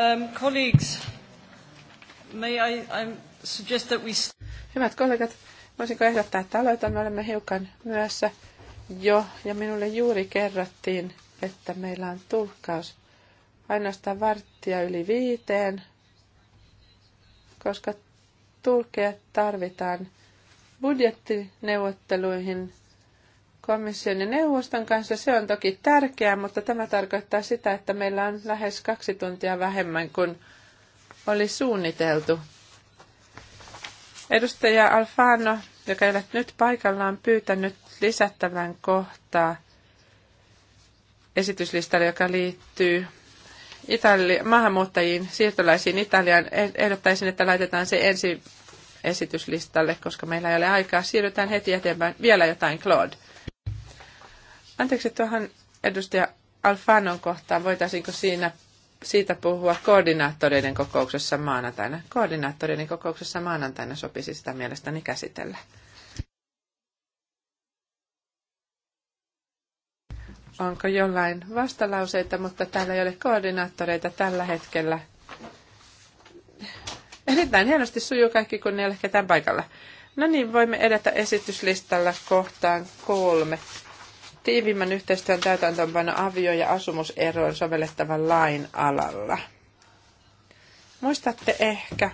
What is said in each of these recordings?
Um, Hyvät kollegat, voisinko ehdottaa, että aloitamme, olemme hiukan myöhässä jo, ja minulle juuri kerrottiin, että meillä on tulkkaus ainoastaan varttia yli viiteen, koska tulkeet tarvitaan budjettineuvotteluihin komission ja neuvoston kanssa. Se on toki tärkeää, mutta tämä tarkoittaa sitä, että meillä on lähes kaksi tuntia vähemmän kuin oli suunniteltu. Edustaja Alfano, joka ei ole nyt paikalla, on pyytänyt lisättävän kohtaa esityslistalle, joka liittyy Itali- maahanmuuttajiin, siirtolaisiin Italiaan. Eh, ehdottaisin, että laitetaan se ensi esityslistalle, koska meillä ei ole aikaa. Siirrytään heti eteenpäin. Vielä jotain, Claude. Anteeksi, tuohon edustaja Alfanon kohtaan, voitaisiinko siinä siitä puhua koordinaattoreiden kokouksessa maanantaina. Koordinaattoreiden kokouksessa maanantaina sopisi sitä mielestäni käsitellä. Onko jollain vastalauseita, mutta täällä ei ole koordinaattoreita tällä hetkellä. Erittäin hienosti sujuu kaikki, kun ei ole ketään paikalla. No niin, voimme edetä esityslistalla kohtaan kolme tiivimmän yhteistyön täytäntöönpano avio- ja asumuseroon sovellettavan lain alalla. Muistatte ehkä,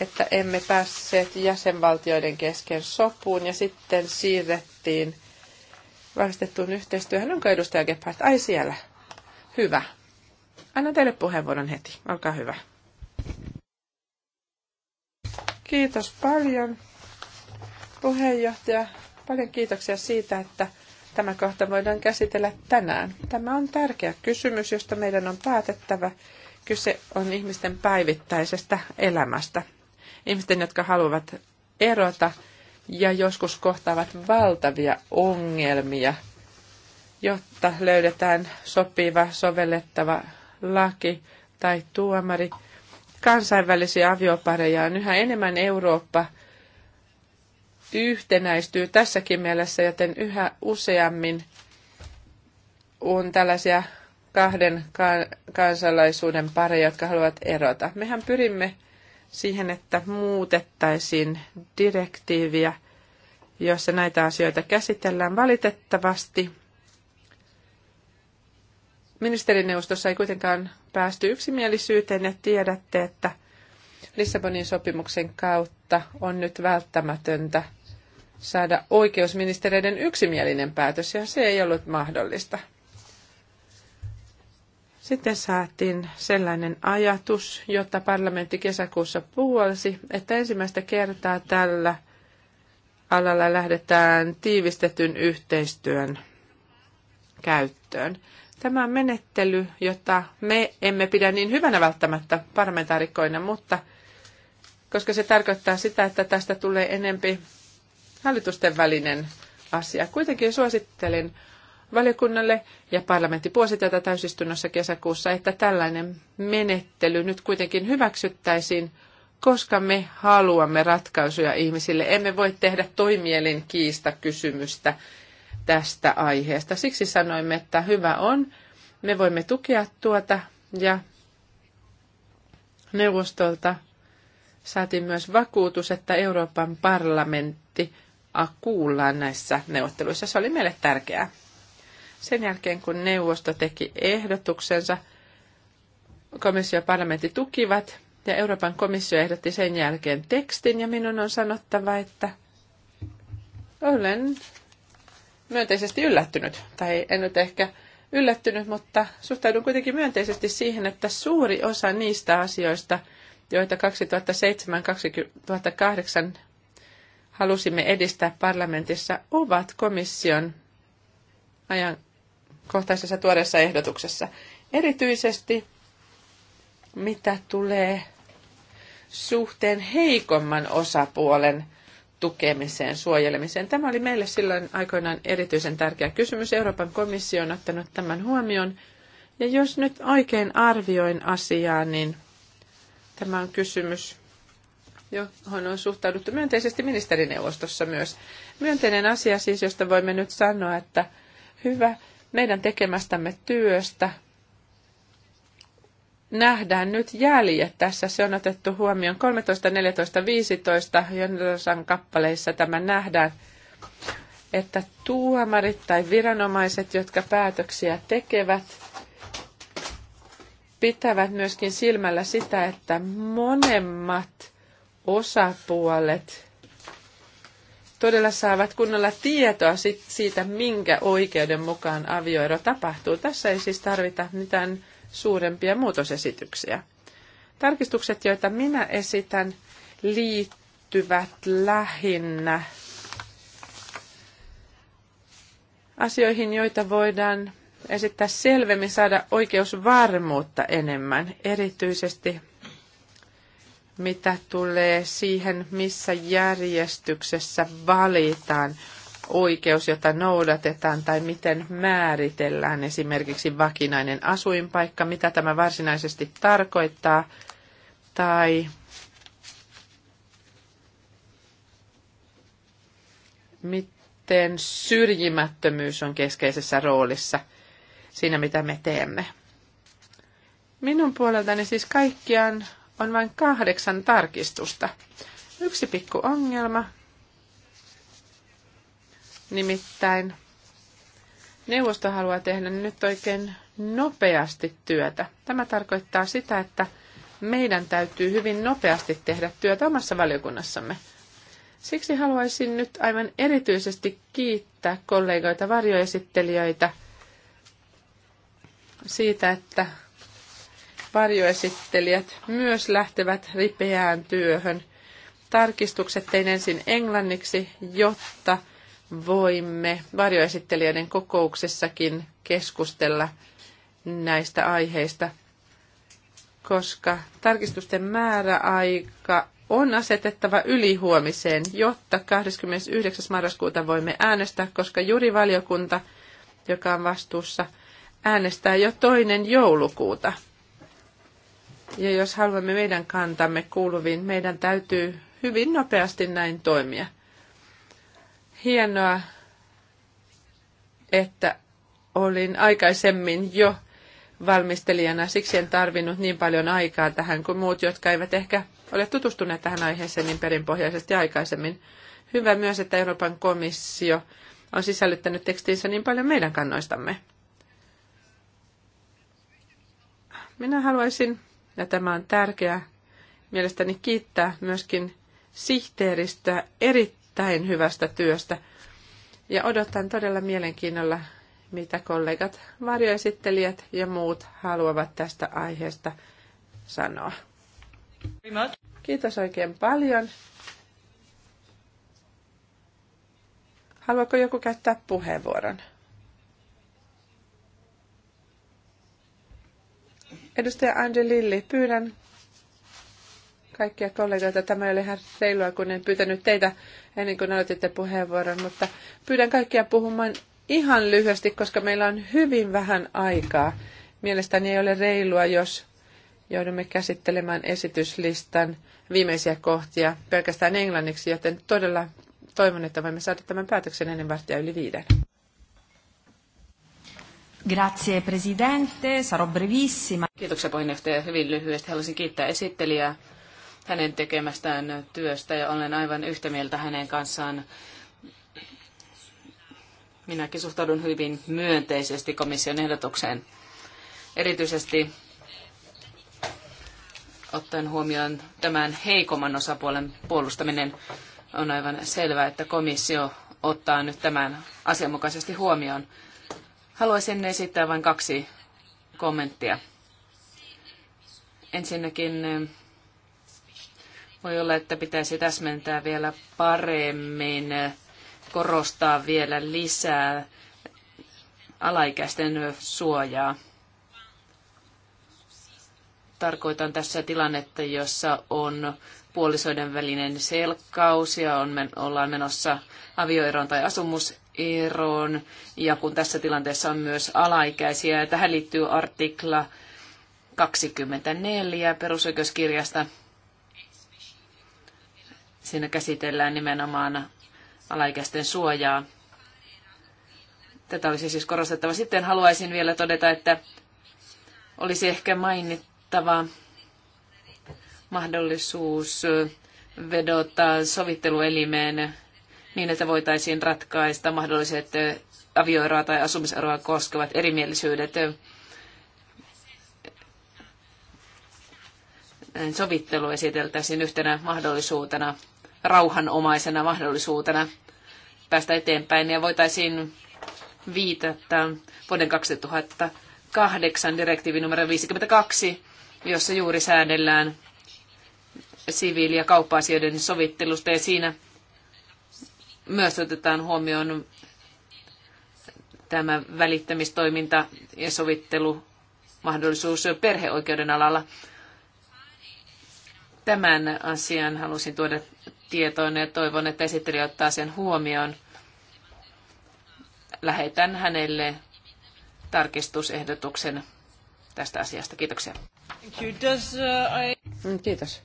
että emme päässeet jäsenvaltioiden kesken sopuun ja sitten siirrettiin vahvistettuun yhteistyöhön. Onko edustaja Gebhardt? Ai siellä. Hyvä. Anna teille puheenvuoron heti. Olkaa hyvä. Kiitos paljon puheenjohtaja. Paljon kiitoksia siitä, että tämä kohta voidaan käsitellä tänään. Tämä on tärkeä kysymys, josta meidän on päätettävä. Kyse on ihmisten päivittäisestä elämästä. Ihmisten, jotka haluavat erota ja joskus kohtaavat valtavia ongelmia, jotta löydetään sopiva, sovellettava laki tai tuomari. Kansainvälisiä aviopareja on yhä enemmän Eurooppa – yhtenäistyy tässäkin mielessä, joten yhä useammin on tällaisia kahden kansalaisuuden pareja, jotka haluavat erota. Mehän pyrimme siihen, että muutettaisiin direktiiviä, jossa näitä asioita käsitellään valitettavasti. Ministerineuvostossa ei kuitenkaan päästy yksimielisyyteen ja tiedätte, että Lissabonin sopimuksen kautta on nyt välttämätöntä – saada oikeusministereiden yksimielinen päätös, ja se ei ollut mahdollista. Sitten saatiin sellainen ajatus, jota parlamentti kesäkuussa puolsi, että ensimmäistä kertaa tällä alalla lähdetään tiivistetyn yhteistyön käyttöön. Tämä on menettely, jota me emme pidä niin hyvänä välttämättä parlamentaarikkoina, mutta koska se tarkoittaa sitä, että tästä tulee enempi hallitusten välinen asia. Kuitenkin suosittelen valiokunnalle ja parlamentti puosi tätä täysistunnossa kesäkuussa, että tällainen menettely nyt kuitenkin hyväksyttäisiin, koska me haluamme ratkaisuja ihmisille. Emme voi tehdä toimielin kiista kysymystä tästä aiheesta. Siksi sanoimme, että hyvä on. Me voimme tukea tuota ja neuvostolta saatiin myös vakuutus, että Euroopan parlamentti kuullaan näissä neuvotteluissa. Se oli meille tärkeää. Sen jälkeen, kun neuvosto teki ehdotuksensa, komissio ja parlamentti tukivat ja Euroopan komissio ehdotti sen jälkeen tekstin ja minun on sanottava, että olen myönteisesti yllättynyt. Tai en nyt ehkä yllättynyt, mutta suhtaudun kuitenkin myönteisesti siihen, että suuri osa niistä asioista, joita 2007-2008 halusimme edistää parlamentissa, ovat komission ajankohtaisessa tuoreessa ehdotuksessa. Erityisesti mitä tulee suhteen heikomman osapuolen tukemiseen, suojelemiseen. Tämä oli meille silloin aikoinaan erityisen tärkeä kysymys. Euroopan komissio on ottanut tämän huomioon. Ja jos nyt oikein arvioin asiaa, niin tämä on kysymys, johon on suhtauduttu myönteisesti ministerineuvostossa myös. Myönteinen asia siis, josta voimme nyt sanoa, että hyvä meidän tekemästämme työstä nähdään nyt jäljet tässä. Se on otettu huomioon 13, 14, 15 Jönnösan kappaleissa tämä nähdään, että tuomarit tai viranomaiset, jotka päätöksiä tekevät, pitävät myöskin silmällä sitä, että monemmat osapuolet todella saavat kunnolla tietoa siitä, minkä oikeuden mukaan avioero tapahtuu. Tässä ei siis tarvita mitään suurempia muutosesityksiä. Tarkistukset, joita minä esitän, liittyvät lähinnä asioihin, joita voidaan esittää selvemmin, saada oikeusvarmuutta enemmän, erityisesti mitä tulee siihen, missä järjestyksessä valitaan oikeus, jota noudatetaan, tai miten määritellään esimerkiksi vakinainen asuinpaikka, mitä tämä varsinaisesti tarkoittaa, tai miten syrjimättömyys on keskeisessä roolissa siinä, mitä me teemme. Minun puoleltani siis kaikkiaan on vain kahdeksan tarkistusta. Yksi pikku ongelma, nimittäin neuvosto haluaa tehdä nyt oikein nopeasti työtä. Tämä tarkoittaa sitä, että meidän täytyy hyvin nopeasti tehdä työtä omassa valiokunnassamme. Siksi haluaisin nyt aivan erityisesti kiittää kollegoita, varjoesittelijöitä siitä, että varjoesittelijät myös lähtevät ripeään työhön. Tarkistukset tein ensin englanniksi, jotta voimme varjoesittelijöiden kokouksessakin keskustella näistä aiheista, koska tarkistusten määräaika on asetettava ylihuomiseen, jotta 29. marraskuuta voimme äänestää, koska jurivaliokunta, joka on vastuussa, äänestää jo toinen joulukuuta. Ja jos haluamme meidän kantamme kuuluviin, meidän täytyy hyvin nopeasti näin toimia. Hienoa, että olin aikaisemmin jo valmistelijana, siksi en tarvinnut niin paljon aikaa tähän kuin muut, jotka eivät ehkä ole tutustuneet tähän aiheeseen niin perinpohjaisesti aikaisemmin. Hyvä myös, että Euroopan komissio on sisällyttänyt tekstiinsä niin paljon meidän kannoistamme. Minä haluaisin ja tämä on tärkeää mielestäni kiittää myöskin sihteeristä erittäin hyvästä työstä. Ja odotan todella mielenkiinnolla, mitä kollegat, varjoesittelijät ja muut haluavat tästä aiheesta sanoa. Kiitos oikein paljon. Haluaako joku käyttää puheenvuoron? Edustaja Angelilli, pyydän kaikkia kollegoita. Tämä ei ole ihan reilua, kun en pyytänyt teitä ennen kuin aloititte puheenvuoron, mutta pyydän kaikkia puhumaan ihan lyhyesti, koska meillä on hyvin vähän aikaa. Mielestäni ei ole reilua, jos joudumme käsittelemään esityslistan viimeisiä kohtia pelkästään englanniksi, joten todella toivon, että voimme saada tämän päätöksen ennen vartia yli viiden. Grazie presidente, sarò brevissima. Kiitoksia puheenjohtaja hyvin lyhyesti. Haluaisin kiittää esittelijää hänen tekemästään työstä ja olen aivan yhtä mieltä hänen kanssaan. Minäkin suhtaudun hyvin myönteisesti komission ehdotukseen. Erityisesti ottaen huomioon tämän heikomman osapuolen puolustaminen, on aivan selvää, että komissio ottaa nyt tämän asianmukaisesti huomioon. Haluaisin esittää vain kaksi kommenttia. Ensinnäkin eh, voi olla, että pitäisi täsmentää vielä paremmin, eh, korostaa vielä lisää alaikäisten suojaa. Tarkoitan tässä tilannetta, jossa on puolisoiden välinen selkkaus ja on, ollaan menossa avioeroon tai asumus, eroon ja kun tässä tilanteessa on myös alaikäisiä. Ja tähän liittyy artikla 24 perusoikeuskirjasta. Siinä käsitellään nimenomaan alaikäisten suojaa. Tätä olisi siis korostettava. Sitten haluaisin vielä todeta, että olisi ehkä mainittava mahdollisuus vedota sovitteluelimeen niin, että voitaisiin ratkaista mahdolliset avioeroa tai asumiseroa koskevat erimielisyydet sovittelu esiteltäisiin yhtenä mahdollisuutena, rauhanomaisena mahdollisuutena päästä eteenpäin ja voitaisiin viitata vuoden 2008 direktiivi numero 52, jossa juuri säädellään siviili- ja kauppa-asioiden sovittelusta ja siinä myös otetaan huomioon tämä välittämistoiminta ja sovittelumahdollisuus perheoikeuden alalla. Tämän asian halusin tuoda tietoon ja toivon, että esittelijä ottaa sen huomioon. Lähetän hänelle tarkistusehdotuksen tästä asiasta. Kiitoksia. Uh, Kiitos.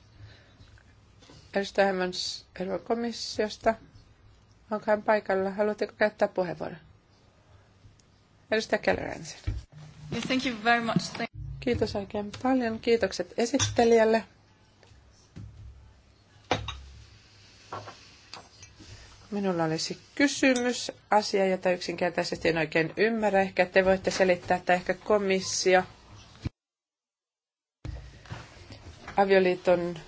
Edustaja Hemmans komissiosta. Onko hän paikalla? Haluatteko käyttää puheenvuoron? Edustaja Keller ensin. thank you very much. Kiitos oikein paljon. Kiitokset esittelijälle. Minulla olisi kysymys, asia, jota yksinkertaisesti en oikein ymmärrä. Ehkä te voitte selittää, että ehkä komissio avioliiton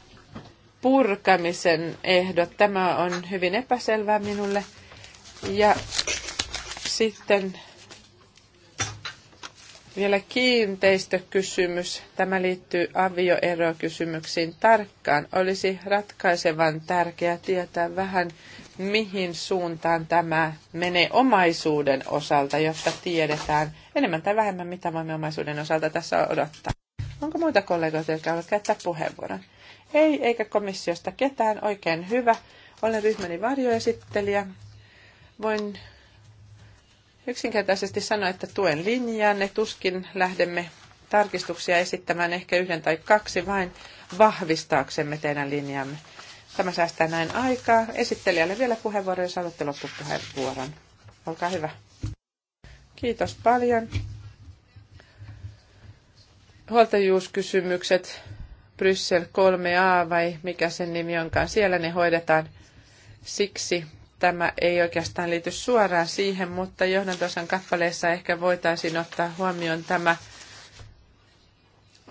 purkamisen ehdot. Tämä on hyvin epäselvää minulle. Ja sitten vielä kiinteistökysymys. Tämä liittyy avioerokysymyksiin tarkkaan. Olisi ratkaisevan tärkeää tietää vähän, mihin suuntaan tämä menee omaisuuden osalta, jotta tiedetään enemmän tai vähemmän, mitä voimme omaisuuden osalta tässä odottaa. Onko muita kollegoita, jotka haluavat käyttää puheenvuoron? Ei, eikä komissiosta ketään. Oikein hyvä. Olen ryhmäni varjoesittelijä. Voin yksinkertaisesti sanoa, että tuen linjaa. Ne tuskin lähdemme tarkistuksia esittämään ehkä yhden tai kaksi vain vahvistaaksemme teidän linjamme. Tämä säästää näin aikaa. Esittelijälle vielä puheenvuoro, jos haluatte loppupuheenvuoron. Olkaa hyvä. Kiitos paljon huoltajuuskysymykset, Bryssel 3a vai mikä sen nimi onkaan, siellä ne hoidetaan. Siksi tämä ei oikeastaan liity suoraan siihen, mutta johdantosan kappaleessa ehkä voitaisiin ottaa huomioon tämä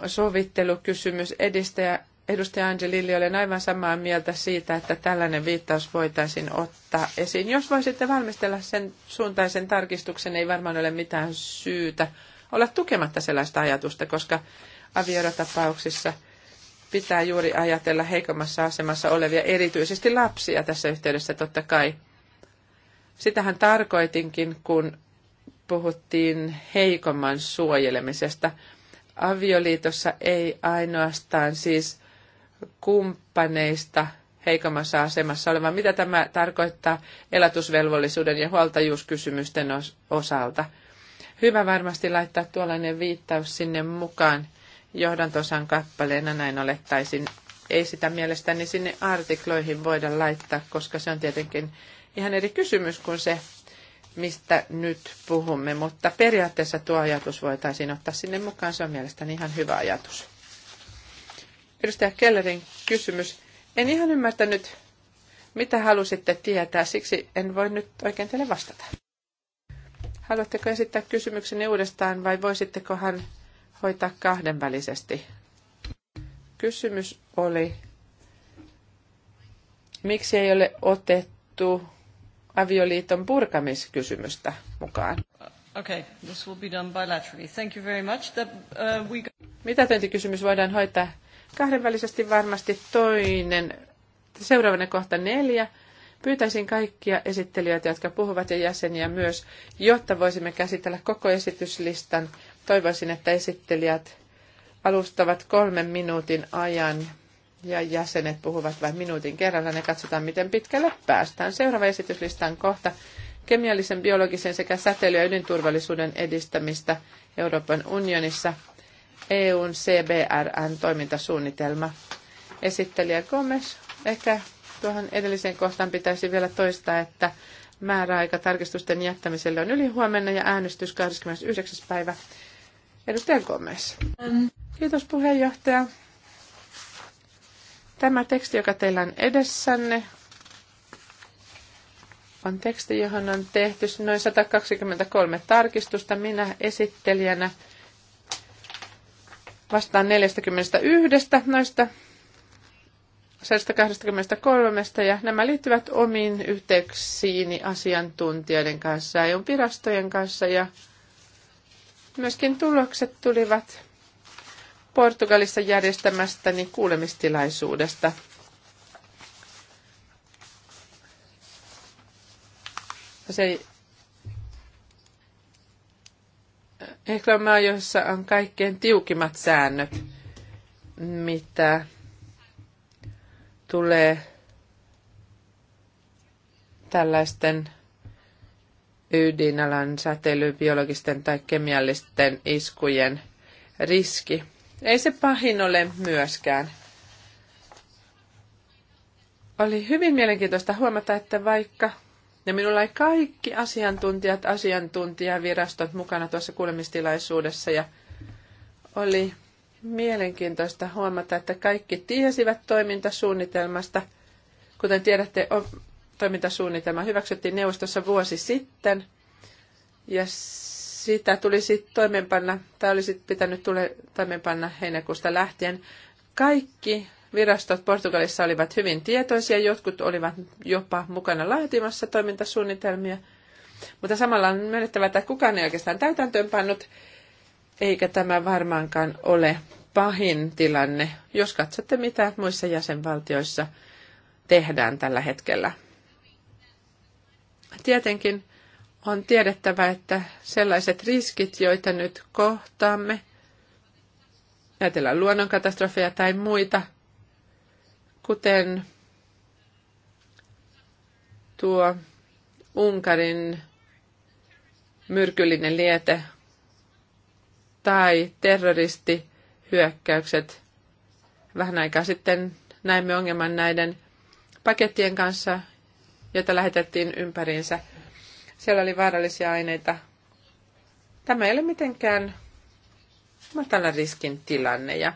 sovittelukysymys. Edistäjä, edustaja Angelilli, olen aivan samaa mieltä siitä, että tällainen viittaus voitaisiin ottaa esiin. Jos voisitte valmistella sen suuntaisen tarkistuksen, ei varmaan ole mitään syytä olla tukematta sellaista ajatusta, koska avioerotapauksissa pitää juuri ajatella heikommassa asemassa olevia, erityisesti lapsia tässä yhteydessä totta kai. Sitähän tarkoitinkin, kun puhuttiin heikomman suojelemisesta. Avioliitossa ei ainoastaan siis kumppaneista heikommassa asemassa oleva. Mitä tämä tarkoittaa elatusvelvollisuuden ja huoltajuuskysymysten osalta? hyvä varmasti laittaa tuollainen viittaus sinne mukaan johdantosan kappaleena, näin olettaisin. Ei sitä mielestäni sinne artikloihin voida laittaa, koska se on tietenkin ihan eri kysymys kuin se, mistä nyt puhumme, mutta periaatteessa tuo ajatus voitaisiin ottaa sinne mukaan. Se on mielestäni ihan hyvä ajatus. Edustaja Kellerin kysymys. En ihan ymmärtänyt, mitä halusitte tietää, siksi en voi nyt oikein teille vastata. Haluatteko esittää kysymyksen uudestaan vai voisitteko hän hoitaa kahdenvälisesti? Kysymys oli, miksi ei ole otettu avioliiton purkamiskysymystä mukaan? Okay, this will be done bilaterally. Thank you very much. The, uh, we... kysymys voidaan hoitaa kahdenvälisesti varmasti toinen. Seuraavana kohta neljä. Pyytäisin kaikkia esittelijöitä, jotka puhuvat ja jäseniä myös, jotta voisimme käsitellä koko esityslistan. Toivoisin, että esittelijät alustavat kolmen minuutin ajan ja jäsenet puhuvat vain minuutin kerrallaan ja katsotaan, miten pitkälle päästään. Seuraava esityslista on kohta kemiallisen, biologisen sekä säteily- ja ydinturvallisuuden edistämistä Euroopan unionissa. EUn CBRN toimintasuunnitelma. Esittelijä Gomes, ehkä Tuohon edelliseen kohtaan pitäisi vielä toistaa, että määräaika tarkistusten jättämiselle on ylihuomenna ja äänestys 29. päivä. Edustaja Gomez. Kiitos puheenjohtaja. Tämä teksti, joka teillä on edessänne, on teksti, johon on tehty noin 123 tarkistusta. Minä esittelijänä vastaan 41 noista 123 ja nämä liittyvät omiin yhteyksiini asiantuntijoiden kanssa ja virastojen kanssa ja myöskin tulokset tulivat Portugalissa järjestämästäni kuulemistilaisuudesta. Se ehkä maa, jossa on kaikkein tiukimmat säännöt, mitä tulee tällaisten ydinalan säteilybiologisten tai kemiallisten iskujen riski. Ei se pahin ole myöskään. Oli hyvin mielenkiintoista huomata, että vaikka ja minulla oli kaikki asiantuntijat, asiantuntijavirastot mukana tuossa kuulemistilaisuudessa ja oli mielenkiintoista huomata, että kaikki tiesivät toimintasuunnitelmasta. Kuten tiedätte, toimintasuunnitelma hyväksyttiin neuvostossa vuosi sitten ja sitä tulisi toimeenpanna, tai olisi pitänyt tule, toimeenpanna heinäkuusta lähtien. Kaikki virastot Portugalissa olivat hyvin tietoisia, jotkut olivat jopa mukana laatimassa toimintasuunnitelmia, mutta samalla on myönnettävä, että kukaan ei oikeastaan täytäntöönpannut eikä tämä varmaankaan ole pahin tilanne, jos katsotte mitä muissa jäsenvaltioissa tehdään tällä hetkellä. Tietenkin on tiedettävä, että sellaiset riskit, joita nyt kohtaamme, ajatellaan luonnonkatastrofeja tai muita, kuten tuo Unkarin myrkyllinen liete tai terroristihyökkäykset. Vähän aikaa sitten näimme ongelman näiden pakettien kanssa, joita lähetettiin ympäriinsä. Siellä oli vaarallisia aineita. Tämä ei ole mitenkään matalan riskin tilanne ja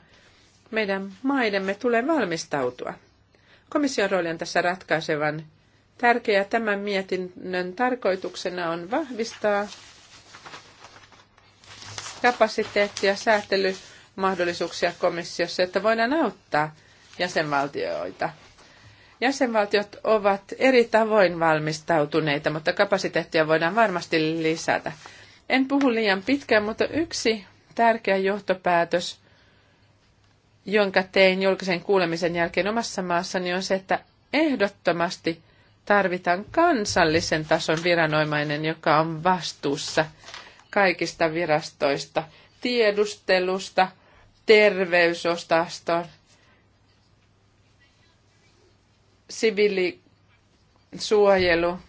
meidän maidemme tulee valmistautua. Komission rooli on tässä ratkaisevan tärkeä. Tämän mietinnön tarkoituksena on vahvistaa kapasiteettia, säätelymahdollisuuksia komissiossa, että voidaan auttaa jäsenvaltioita. Jäsenvaltiot ovat eri tavoin valmistautuneita, mutta kapasiteettia voidaan varmasti lisätä. En puhu liian pitkään, mutta yksi tärkeä johtopäätös, jonka tein julkisen kuulemisen jälkeen omassa maassani, on se, että ehdottomasti tarvitaan kansallisen tason viranomainen, joka on vastuussa kaikista virastoista, tiedustelusta, terveysosaston, siviilisuojelu.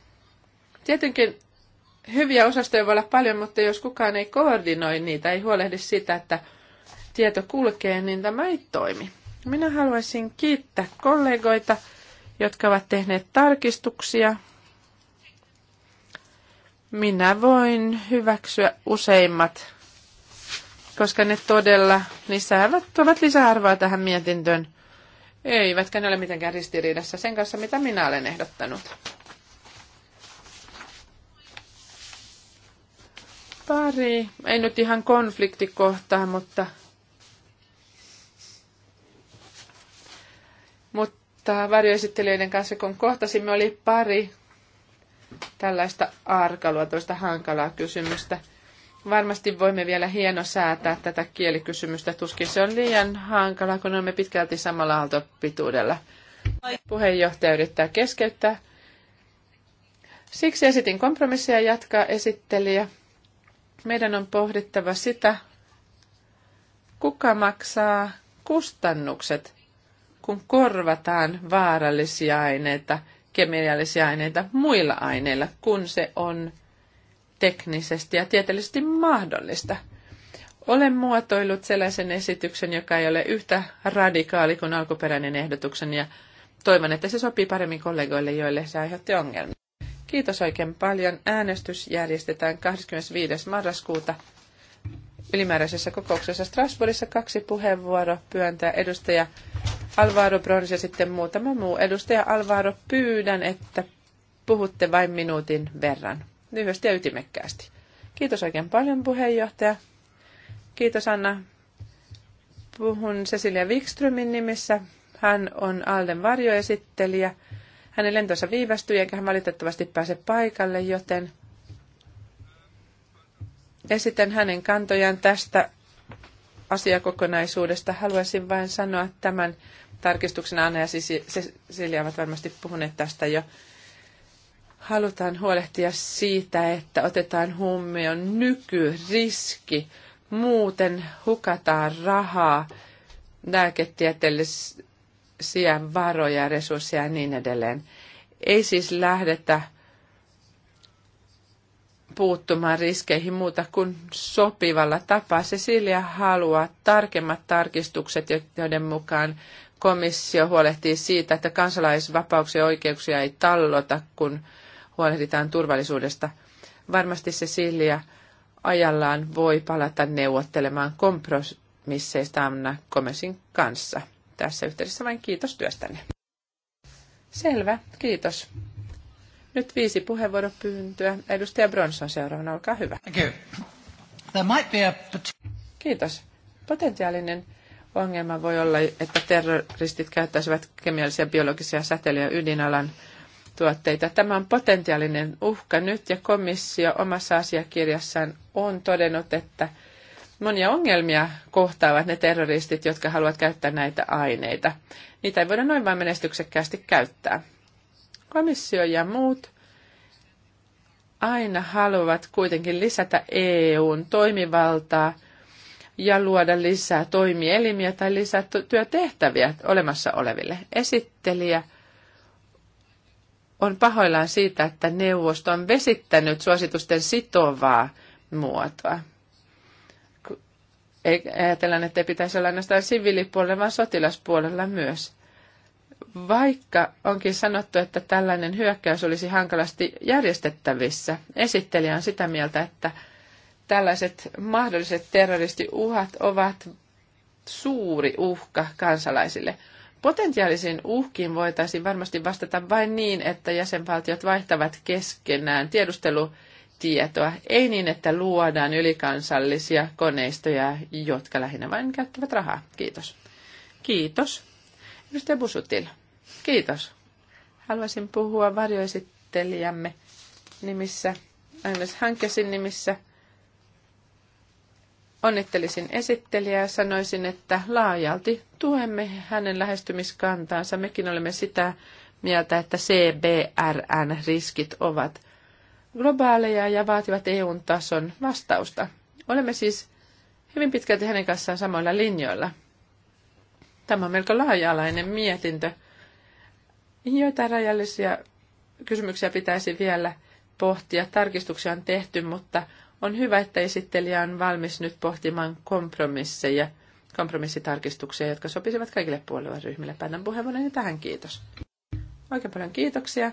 Tietenkin hyviä osastoja voi olla paljon, mutta jos kukaan ei koordinoi niitä, ei huolehdi sitä, että tieto kulkee, niin tämä ei toimi. Minä haluaisin kiittää kollegoita, jotka ovat tehneet tarkistuksia minä voin hyväksyä useimmat, koska ne todella lisäävät, tuovat lisäarvoa tähän mietintöön. Eivätkä ne ole mitenkään ristiriidassa sen kanssa, mitä minä olen ehdottanut. Pari, ei nyt ihan konfliktikohtaa, mutta mutta varjoesittelijöiden kanssa kun kohtasimme, oli pari tällaista arkalua, toista hankalaa kysymystä. Varmasti voimme vielä hieno säätää tätä kielikysymystä. Tuskin se on liian hankala, kun olemme pitkälti samalla aaltopituudella. Puheenjohtaja yrittää keskeyttää. Siksi esitin kompromissia jatkaa esittelijä. Meidän on pohdittava sitä, kuka maksaa kustannukset, kun korvataan vaarallisia aineita – kemiallisia aineita muilla aineilla, kun se on teknisesti ja tieteellisesti mahdollista. Olen muotoillut sellaisen esityksen, joka ei ole yhtä radikaali kuin alkuperäinen ehdotuksen ja toivon, että se sopii paremmin kollegoille, joille se aiheutti ongelmia. Kiitos oikein paljon. Äänestys järjestetään 25. marraskuuta ylimääräisessä kokouksessa Strasbourgissa kaksi puheenvuoropyöntöä edustaja Alvaro Brons ja sitten muutama muu. Edustaja Alvaro, pyydän, että puhutte vain minuutin verran. Lyhyesti ja ytimekkäästi. Kiitos oikein paljon puheenjohtaja. Kiitos Anna. Puhun Cecilia Wikströmin nimissä. Hän on Alden varjoesittelijä. Hänen lentonsa viivästyi eikä hän valitettavasti pääse paikalle, joten esitän hänen kantojaan tästä asiakokonaisuudesta. Haluaisin vain sanoa tämän tarkistuksena Anna ja Cecilia ovat varmasti puhuneet tästä jo. Halutaan huolehtia siitä, että otetaan huomioon nykyriski, muuten hukataan rahaa, lääketieteellisiä varoja, resursseja ja niin edelleen. Ei siis lähdetä puuttumaan riskeihin muuta kuin sopivalla tapaa. Cecilia haluaa tarkemmat tarkistukset, joiden mukaan komissio huolehtii siitä, että kansalaisvapauksia ja oikeuksia ei tallota, kun huolehditaan turvallisuudesta. Varmasti Cecilia ajallaan voi palata neuvottelemaan kompromisseista Anna Komesin kanssa. Tässä yhteydessä vain kiitos työstänne. Selvä, kiitos. Nyt viisi puheenvuoropyyntöä. Edustaja Bronson seuraavana, olkaa hyvä. Kiitos. Potentiaalinen Ongelma voi olla, että terroristit käyttäisivät kemiallisia, biologisia säteilyjä ydinalan tuotteita. Tämä on potentiaalinen uhka nyt ja komissio omassa asiakirjassaan on todennut, että monia ongelmia kohtaavat ne terroristit, jotka haluavat käyttää näitä aineita. Niitä ei voida noin vain menestyksekkäästi käyttää. Komissio ja muut aina haluavat kuitenkin lisätä EUn toimivaltaa – ja luoda lisää toimielimiä tai lisää työtehtäviä olemassa oleville. Esittelijä on pahoillaan siitä, että neuvosto on vesittänyt suositusten sitovaa muotoa. Ajatellaan, että ei pitäisi olla ainoastaan siviilipuolella, vaan sotilaspuolella myös. Vaikka onkin sanottu, että tällainen hyökkäys olisi hankalasti järjestettävissä, esittelijä on sitä mieltä, että tällaiset mahdolliset terroristiuhat ovat suuri uhka kansalaisille. Potentiaalisiin uhkiin voitaisiin varmasti vastata vain niin, että jäsenvaltiot vaihtavat keskenään tiedustelutietoa, ei niin, että luodaan ylikansallisia koneistoja, jotka lähinnä vain käyttävät rahaa. Kiitos. Kiitos. Edustaja Busutil. Kiitos. Haluaisin puhua varjoesittelijämme nimissä, Agnes Hankesin nimissä – Onnittelisin esittelijää ja sanoisin, että laajalti tuemme hänen lähestymiskantaansa. Mekin olemme sitä mieltä, että CBRN-riskit ovat globaaleja ja vaativat EUn tason vastausta. Olemme siis hyvin pitkälti hänen kanssaan samoilla linjoilla. Tämä on melko laaja-alainen mietintö. Joitain rajallisia kysymyksiä pitäisi vielä pohtia. Tarkistuksia on tehty, mutta on hyvä, että esittelijä on valmis nyt pohtimaan kompromisseja, kompromissitarkistuksia, jotka sopisivat kaikille puolueryhmille. Päätän puheenvuoron ja tähän kiitos. Oikein paljon kiitoksia.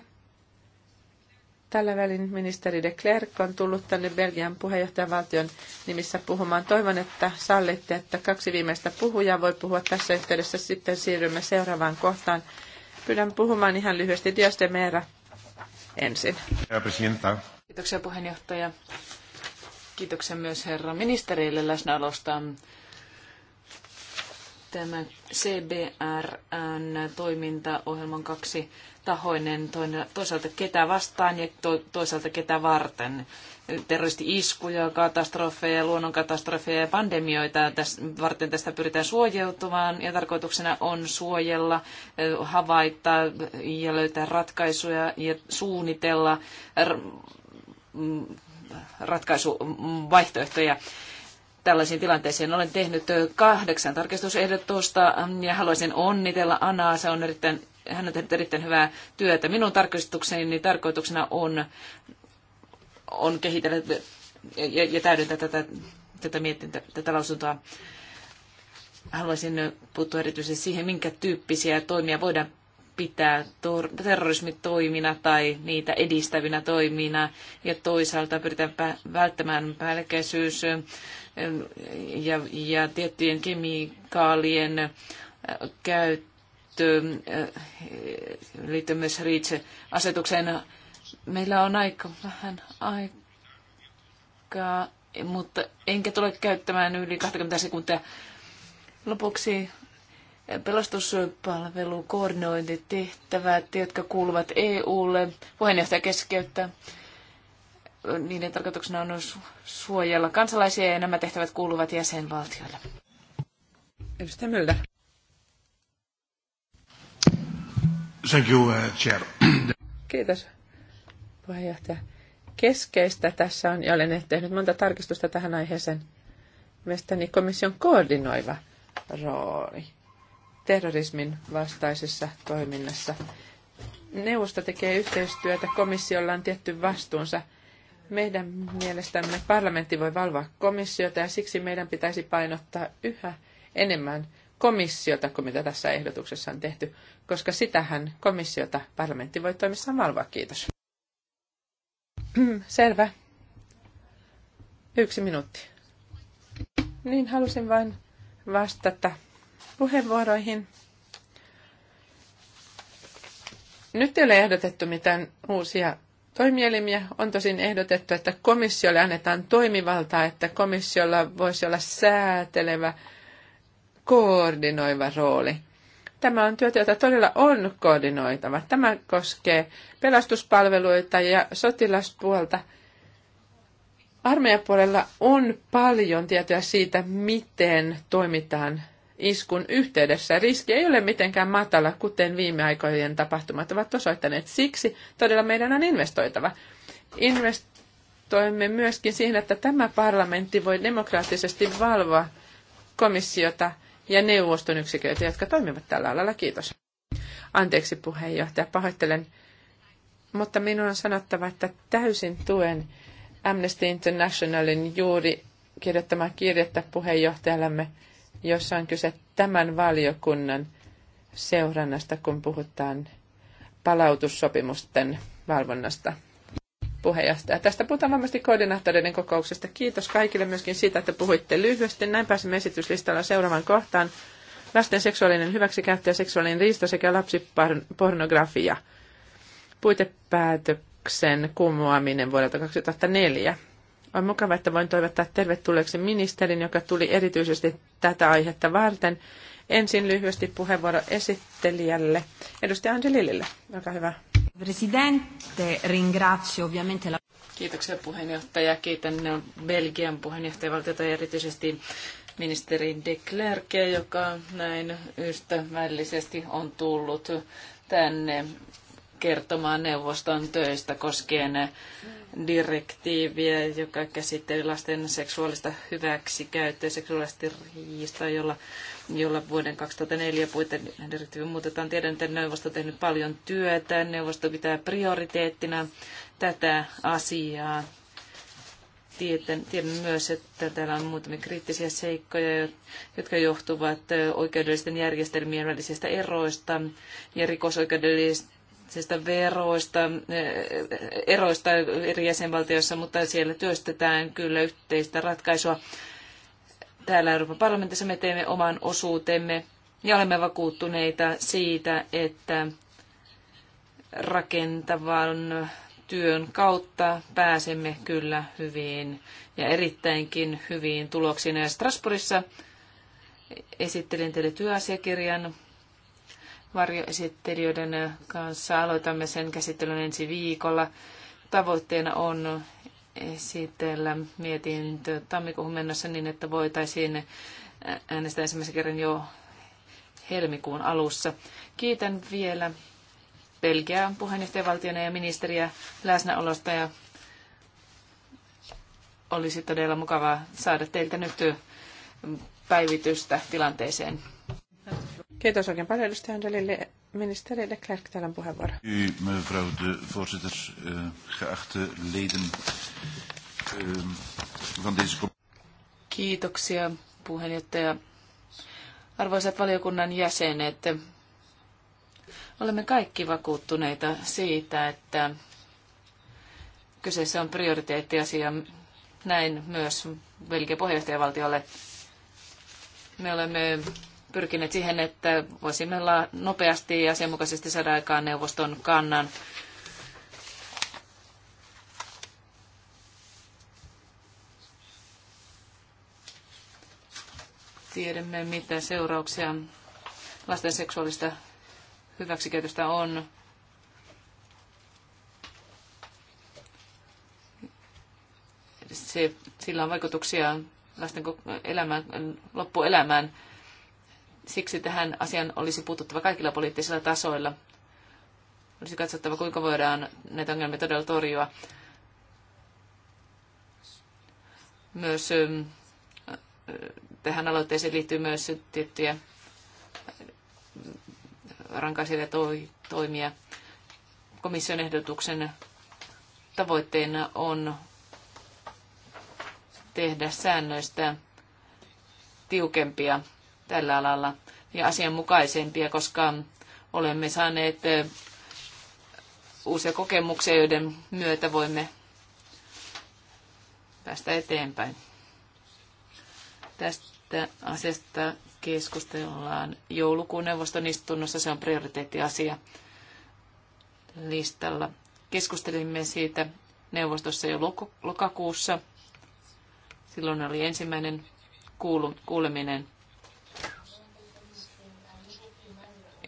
Tällä välin ministeri de Klerk on tullut tänne Belgian puheenjohtajavaltion nimissä puhumaan. Toivon, että sallitte, että kaksi viimeistä puhujaa voi puhua tässä yhteydessä. Sitten siirrymme seuraavaan kohtaan. Pyydän puhumaan ihan lyhyesti Dios de Mera ensin. Kiitoksia puheenjohtaja. Kiitoksia myös herra ministerille läsnäolosta. Tämä CBRN toimintaohjelman kaksi tahoinen, toisaalta ketä vastaan ja toisaalta ketä varten. Terroristi-iskuja, katastrofeja, luonnonkatastrofeja ja pandemioita varten tästä pyritään suojeutumaan ja tarkoituksena on suojella, havaita ja löytää ratkaisuja ja suunnitella ratkaisuvaihtoehtoja tällaisiin tilanteisiin. Olen tehnyt kahdeksan tarkistusehdotusta ja haluaisin onnitella Anaa. Se on erittäin, hän on tehnyt erittäin hyvää työtä. Minun tarkistukseni niin tarkoituksena on, on kehitellä ja, ja täydentää tätä, tätä, mietintä, tätä lausuntoa. Haluaisin puuttua erityisesti siihen, minkä tyyppisiä toimia voidaan pitää tor- terrorismitoimina tai niitä edistävinä toimina ja toisaalta pyritään välttämään päällekkäisyys ja, ja tiettyjen kemikaalien käyttö liittyen myös REACH-asetukseen. Meillä on aika vähän aikaa, mutta enkä tule käyttämään yli 20 sekuntia. Lopuksi koordinointitehtävät, jotka kuuluvat EUlle. Puheenjohtaja keskeyttää. Niiden tarkoituksena on suojella kansalaisia ja nämä tehtävät kuuluvat jäsenvaltioille. Edustaja Myllä. Thank you, uh, chair. Kiitos, puheenjohtaja. Keskeistä tässä on, ja olen tehnyt monta tarkistusta tähän aiheeseen, mielestäni komission koordinoiva rooli terrorismin vastaisessa toiminnassa. Neuvosto tekee yhteistyötä, komissiolla on tietty vastuunsa. Meidän mielestämme parlamentti voi valvoa komissiota ja siksi meidän pitäisi painottaa yhä enemmän komissiota kuin mitä tässä ehdotuksessa on tehty, koska sitähän komissiota parlamentti voi toimissaan valvoa. Kiitos. Mm, selvä. Yksi minuutti. Niin, halusin vain vastata puheenvuoroihin. Nyt ei ole ehdotettu mitään uusia toimielimiä. On tosin ehdotettu, että komissiolle annetaan toimivaltaa, että komissiolla voisi olla säätelevä, koordinoiva rooli. Tämä on työtä, jota todella on koordinoitava. Tämä koskee pelastuspalveluita ja sotilaspuolta. Armeijapuolella on paljon tietoa siitä, miten toimitaan iskun yhteydessä. Riski ei ole mitenkään matala, kuten viime aikojen tapahtumat ovat osoittaneet. Siksi todella meidän on investoitava. Investoimme myöskin siihen, että tämä parlamentti voi demokraattisesti valvoa komissiota ja neuvoston yksiköitä, jotka toimivat tällä alalla. Kiitos. Anteeksi puheenjohtaja, pahoittelen. Mutta minun on sanottava, että täysin tuen Amnesty Internationalin juuri kirjoittamaa kirjettä puheenjohtajallemme jossa on kyse tämän valiokunnan seurannasta, kun puhutaan palautussopimusten valvonnasta puheenjohtaja. Tästä puhutaan varmasti koordinaattoreiden kokouksesta. Kiitos kaikille myöskin siitä, että puhuitte lyhyesti. Näin pääsemme esityslistalla seuraavaan kohtaan. Lasten seksuaalinen hyväksikäyttö ja seksuaalinen riisto sekä lapsipornografia. Puitepäätöksen kumoaminen vuodelta 2004. On mukava, että voin toivottaa tervetulleeksi ministerin, joka tuli erityisesti tätä aihetta varten. Ensin lyhyesti puheenvuoro esittelijälle, edustaja Angelilille. Olkaa hyvä. Presidente, ringrazio ovviamente la... Kiitoksia puheenjohtaja. Kiitän Belgian puheenjohtajavaltiota ja erityisesti ministeri de Klerke, joka näin ystävällisesti on tullut tänne kertomaan neuvoston töistä koskien direktiiviä, joka käsitteli lasten seksuaalista hyväksikäyttöä, seksuaalista riistaa, jolla, jolla vuoden 2004 direktiivi muutetaan. Tiedän, että neuvosto on tehnyt paljon työtä. Neuvosto pitää prioriteettina tätä asiaa. Tiedän, tiedän myös, että täällä on muutamia kriittisiä seikkoja, jotka johtuvat oikeudellisten järjestelmien välisistä eroista ja rikosoikeudellisista veroista, eh, eroista eri jäsenvaltioissa, mutta siellä työstetään kyllä yhteistä ratkaisua. Täällä Euroopan parlamentissa me teemme oman osuutemme ja olemme vakuuttuneita siitä, että rakentavan työn kautta pääsemme kyllä hyvin ja erittäinkin hyviin tuloksiin. Ja Strasbourgissa esittelin teille työasiakirjan varjoesittelijöiden kanssa. Aloitamme sen käsittelyn ensi viikolla. Tavoitteena on esitellä mietintö tammikuuhun mennessä niin, että voitaisiin äänestää ensimmäisen kerran jo helmikuun alussa. Kiitän vielä Belgiaa puheenjohtajavaltiona ja ministeriä läsnäolosta ja olisi todella mukavaa saada teiltä nyt päivitystä tilanteeseen. Kiitos oikein paljon edustaja Angelille. Ministeri de täällä on puheenvuoro. mevrouw de voorzitter, eh, geachte leden eh, van deze Kiitoksia puheenjohtaja. Arvoisat valiokunnan jäsenet, olemme kaikki vakuuttuneita siitä, että kyseessä on prioriteettiasia näin myös Belgian puheenjohtajavaltiolle. Me olemme pyrkineet siihen, että voisimme nopeasti ja asianmukaisesti saada aikaan neuvoston kannan. Tiedämme, mitä seurauksia lasten seksuaalista hyväksikäytöstä on. Se, sillä on vaikutuksia lasten elämään, loppuelämään Siksi tähän asiaan olisi puututtava kaikilla poliittisilla tasoilla. Olisi katsottava, kuinka voidaan näitä ongelmia todella torjua. Myös ähm, äh, tähän aloitteeseen liittyy myös tiettyjä äh, rankaisevia toimia. Komission ehdotuksen tavoitteena on tehdä säännöistä tiukempia tällä alalla ja asianmukaisempia, koska olemme saaneet eh, uusia kokemuksia, joiden myötä voimme päästä eteenpäin. Tästä asiasta keskustellaan joulukuun neuvoston istunnossa. Se on prioriteettiasia listalla. Keskustelimme siitä neuvostossa jo lokakuussa. Silloin oli ensimmäinen kuuleminen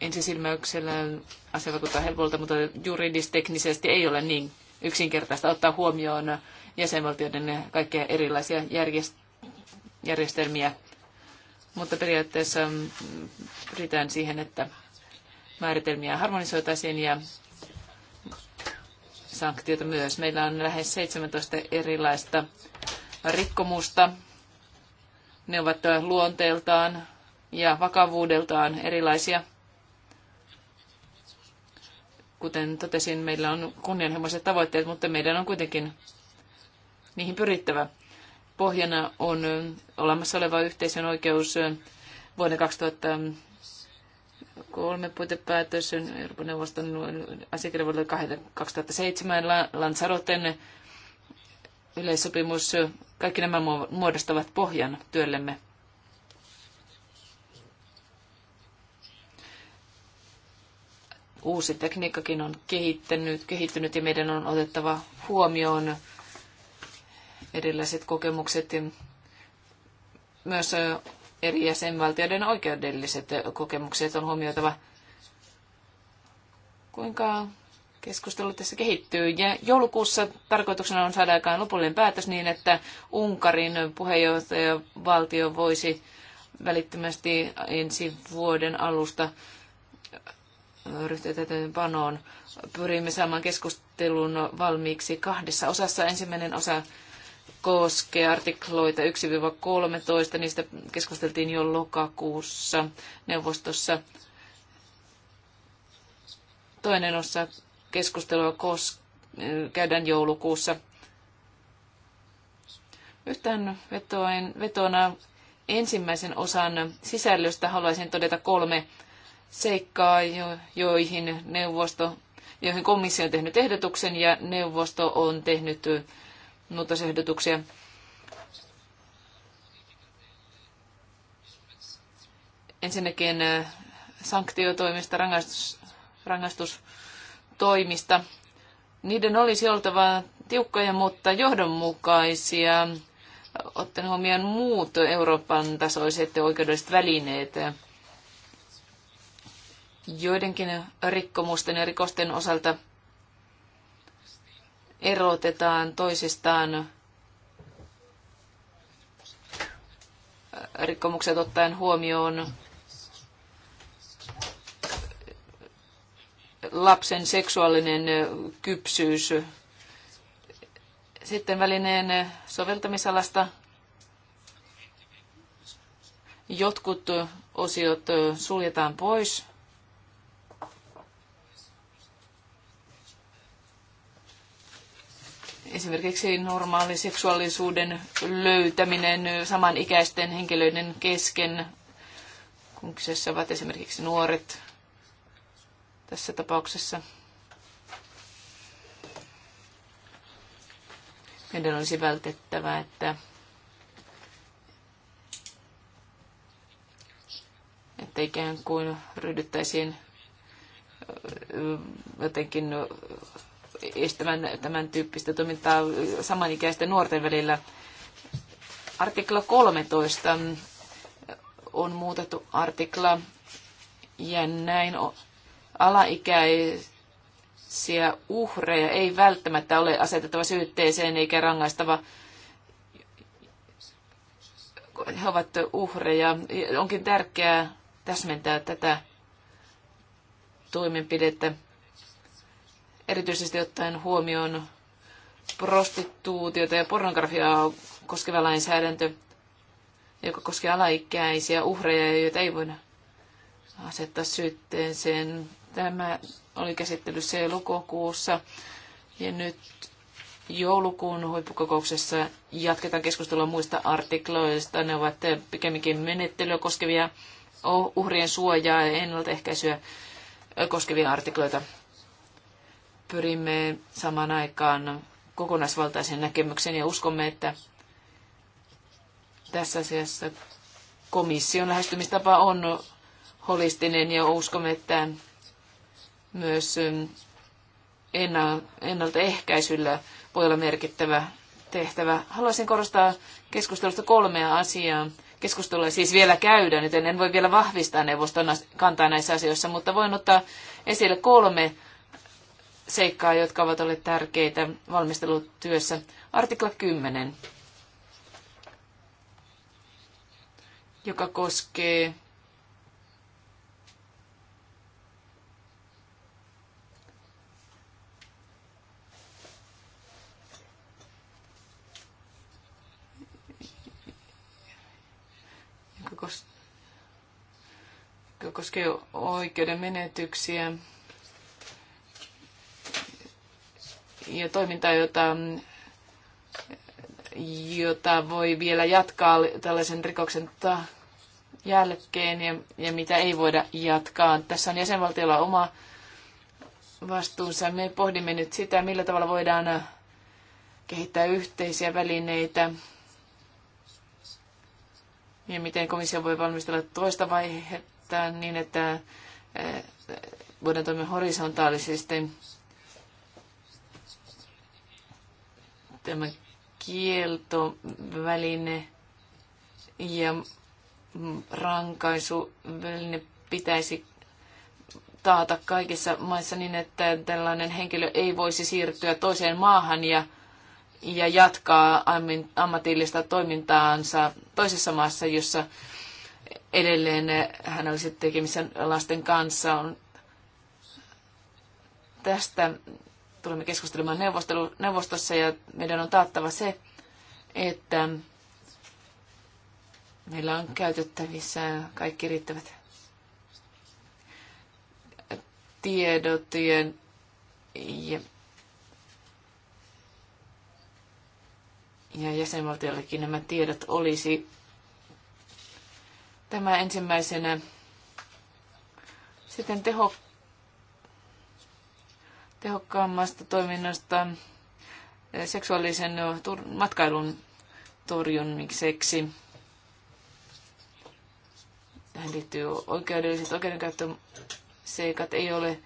ensisilmäyksellään asia vaikuttaa helpolta, mutta juridisteknisesti ei ole niin yksinkertaista ottaa huomioon jäsenvaltioiden kaikkia erilaisia järjestelmiä. Mutta periaatteessa pyritään siihen, että määritelmiä harmonisoitaisiin ja sanktioita myös. Meillä on lähes 17 erilaista rikkomusta. Ne ovat luonteeltaan ja vakavuudeltaan erilaisia. Kuten totesin, meillä on kunnianhimoiset tavoitteet, mutta meidän on kuitenkin niihin pyrittävä. Pohjana on olemassa oleva yhteisön oikeus vuoden 2003 puitepäätös Euroopan neuvoston asiakirja vuodelta 2007 Lanzaroten yleissopimus. Kaikki nämä muodostavat pohjan työllemme. Uusi tekniikkakin on kehittynyt, kehittynyt ja meidän on otettava huomioon erilaiset kokemukset ja myös eri jäsenvaltioiden oikeudelliset kokemukset on huomioitava. Kuinka keskustelu tässä kehittyy. Ja joulukuussa tarkoituksena on saada aikaan lopullinen päätös niin, että Unkarin puheenjohtajavaltio voisi välittömästi ensi vuoden alusta ryhtyä panoon. Pyrimme saamaan keskustelun valmiiksi kahdessa osassa. Ensimmäinen osa koskee artikloita 1-13. Niistä keskusteltiin jo lokakuussa neuvostossa. Toinen osa keskustelua kos- käydään joulukuussa. Yhtään vetoin, vetona ensimmäisen osan sisällöstä haluaisin todeta kolme seikkaa, joihin neuvosto, joihin komissio on tehnyt ehdotuksen ja neuvosto on tehnyt muutosehdotuksia. Ensinnäkin sanktiotoimista, rangaistus, rangaistustoimista. Niiden olisi oltava tiukkoja, mutta johdonmukaisia, ottaen huomioon muut Euroopan tasoiset oikeudelliset välineet joidenkin rikkomusten ja rikosten osalta erotetaan toisistaan äh, rikkomukset ottaen huomioon lapsen seksuaalinen kypsyys. Sitten välineen soveltamisalasta jotkut osiot suljetaan pois. esimerkiksi normaali seksuaalisuuden löytäminen samanikäisten henkilöiden kesken, kun kyseessä ovat esimerkiksi nuoret tässä tapauksessa. Meidän olisi vältettävä, että, että ikään kuin ryhdyttäisiin jotenkin estämään tämän tyyppistä toimintaa samanikäisten nuorten välillä. Artikla 13 on muutettu artikla ja näin alaikäisiä uhreja ei välttämättä ole asetettava syytteeseen eikä rangaistava he ovat uhreja. Onkin tärkeää täsmentää tätä toimenpidettä erityisesti ottaen huomioon prostituutiota ja pornografiaa koskeva lainsäädäntö, joka koskee alaikäisiä uhreja, joita ei voida asettaa syytteeseen. Tämä oli käsittelyssä jo lokakuussa ja nyt joulukuun huippukokouksessa jatketaan keskustelua muista artikloista. Ne ovat pikemminkin menettelyä koskevia uhrien suojaa ja ennaltaehkäisyä koskevia artikloita pyrimme samaan aikaan kokonaisvaltaisen näkemyksen ja uskomme, että tässä asiassa komission lähestymistapa on holistinen ja uskomme, että myös mm, ennaltaehkäisyllä voi olla merkittävä tehtävä. Haluaisin korostaa keskustelusta kolmea asiaa. Keskustelua siis vielä käydään, joten en voi vielä vahvistaa neuvoston kantaa näissä asioissa, mutta voin ottaa esille kolme seikkaa, jotka ovat olleet tärkeitä valmistelutyössä. Artikla 10, joka koskee joka koskee oikeuden menetyksiä. ja toimintaa, jota, jota voi vielä jatkaa tällaisen rikoksen jälkeen ja, ja mitä ei voida jatkaa. Tässä on jäsenvaltiolla oma vastuunsa. Me pohdimme nyt sitä, millä tavalla voidaan kehittää yhteisiä välineitä ja miten komissio voi valmistella toista vaihetta niin, että eh, voidaan toimia horisontaalisesti tämä kieltoväline ja mm, rankaisuväline pitäisi taata kaikissa maissa niin, että tällainen henkilö ei voisi siirtyä toiseen maahan ja, ja jatkaa ammatillista toimintaansa toisessa maassa, jossa edelleen hän olisi tekemisen lasten kanssa. On tästä tulemme keskustelemaan neuvostossa ja meidän on taattava se, että meillä on käytettävissä kaikki riittävät tiedot ja, ja jäsenvaltiollekin nämä tiedot olisi. Tämä ensimmäisenä sitten tehokkuus tehokkaammasta toiminnasta eh, seksuaalisen eh, matkailun torjumiseksi. Tähän liittyy oikeudelliset oikeudenkäyttöseikat. Ei ole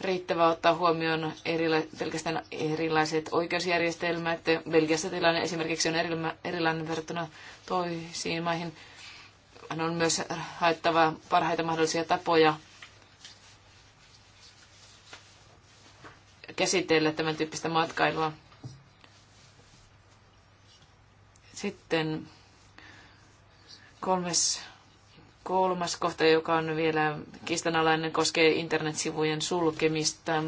riittävää ottaa huomioon erila- pelkästään erilaiset oikeusjärjestelmät. Belgiassa tilanne esimerkiksi on erilainen verrattuna toisiin maihin. On myös haettava parhaita mahdollisia tapoja käsitellä tämän tyyppistä matkailua. Sitten kolmas, kolmas kohta, joka on vielä kistanalainen, koskee internetsivujen sulkemista,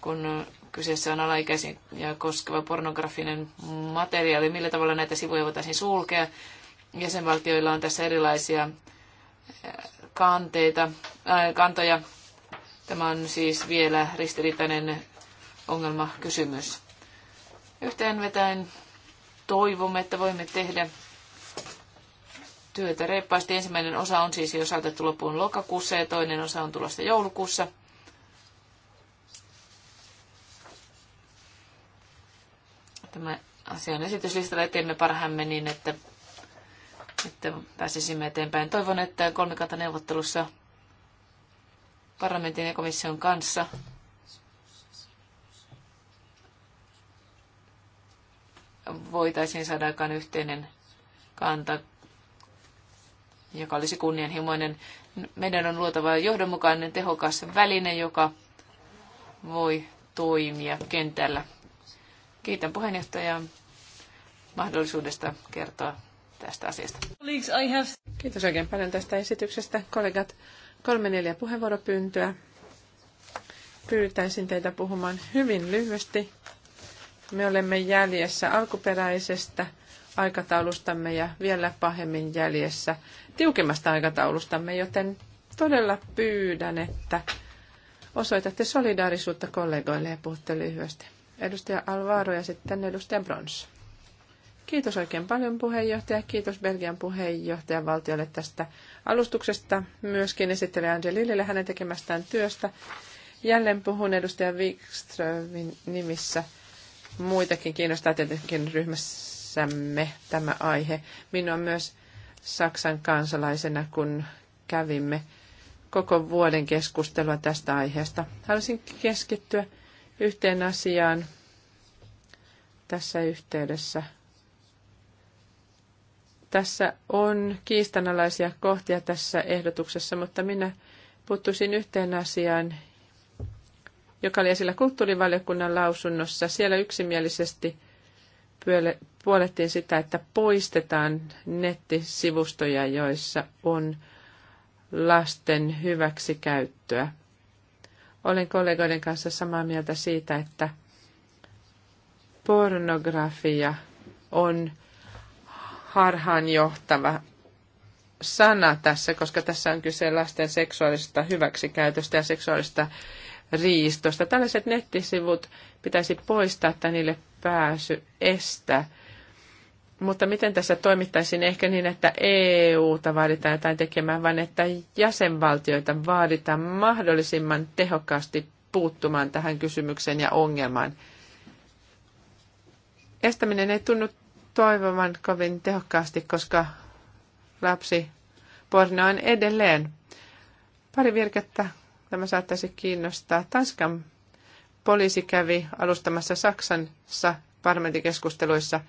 kun kyseessä on alaikäisiä koskeva pornografinen materiaali. Millä tavalla näitä sivuja voitaisiin sulkea? Jäsenvaltioilla on tässä erilaisia kanteita, äh, kantoja Tämä on siis vielä ristiriitainen ongelmakysymys. Yhteenvetäen toivomme, että voimme tehdä työtä reippaasti. Ensimmäinen osa on siis jo saatettu loppuun lokakuussa ja toinen osa on tulossa joulukuussa. Tämä asia on esityslistalla eteemme parhaamme niin, että, että pääsisimme eteenpäin. Toivon, että kolmikantaneuvottelussa parlamentin ja komission kanssa. Voitaisiin saada aikaan yhteinen kanta, joka olisi kunnianhimoinen. Meidän on luotava johdonmukainen tehokas väline, joka voi toimia kentällä. Kiitän puheenjohtajaa mahdollisuudesta kertoa tästä asiasta. Kiitos oikein paljon tästä esityksestä, kollegat. Kolme neljä puheenvuoropyyntöä. Pyytäisin teitä puhumaan hyvin lyhyesti. Me olemme jäljessä alkuperäisestä aikataulustamme ja vielä pahemmin jäljessä tiukemmasta aikataulustamme, joten todella pyydän, että osoitatte solidaarisuutta kollegoille ja puhutte lyhyesti. Edustaja Alvaro ja sitten edustaja Brons. Kiitos oikein paljon puheenjohtaja. Kiitos Belgian puheenjohtajan valtiolle tästä alustuksesta. Myöskin esittelee Angelille hänen tekemästään työstä. Jälleen puhun edustaja Wikströmin nimissä. Muitakin kiinnostaa tietenkin ryhmässämme tämä aihe. Minua myös Saksan kansalaisena, kun kävimme koko vuoden keskustelua tästä aiheesta. Haluaisin keskittyä yhteen asiaan tässä yhteydessä – tässä on kiistanalaisia kohtia tässä ehdotuksessa, mutta minä puuttuisin yhteen asiaan, joka oli esillä kulttuurivaliokunnan lausunnossa. Siellä yksimielisesti puolettiin sitä, että poistetaan nettisivustoja, joissa on lasten hyväksikäyttöä. Olen kollegoiden kanssa samaa mieltä siitä, että pornografia on harhaanjohtava sana tässä, koska tässä on kyse lasten seksuaalista hyväksikäytöstä ja seksuaalista riistosta. Tällaiset nettisivut pitäisi poistaa että niille pääsy estää. Mutta miten tässä toimittaisiin ehkä niin, että EUta vaaditaan jotain tekemään, vaan että jäsenvaltioita vaaditaan mahdollisimman tehokkaasti puuttumaan tähän kysymykseen ja ongelmaan. Estäminen ei tunnu toivovan kovin tehokkaasti, koska lapsi porno on edelleen. Pari virkettä tämä saattaisi kiinnostaa. Tanskan poliisi kävi alustamassa Saksassa parlamenttikeskusteluissa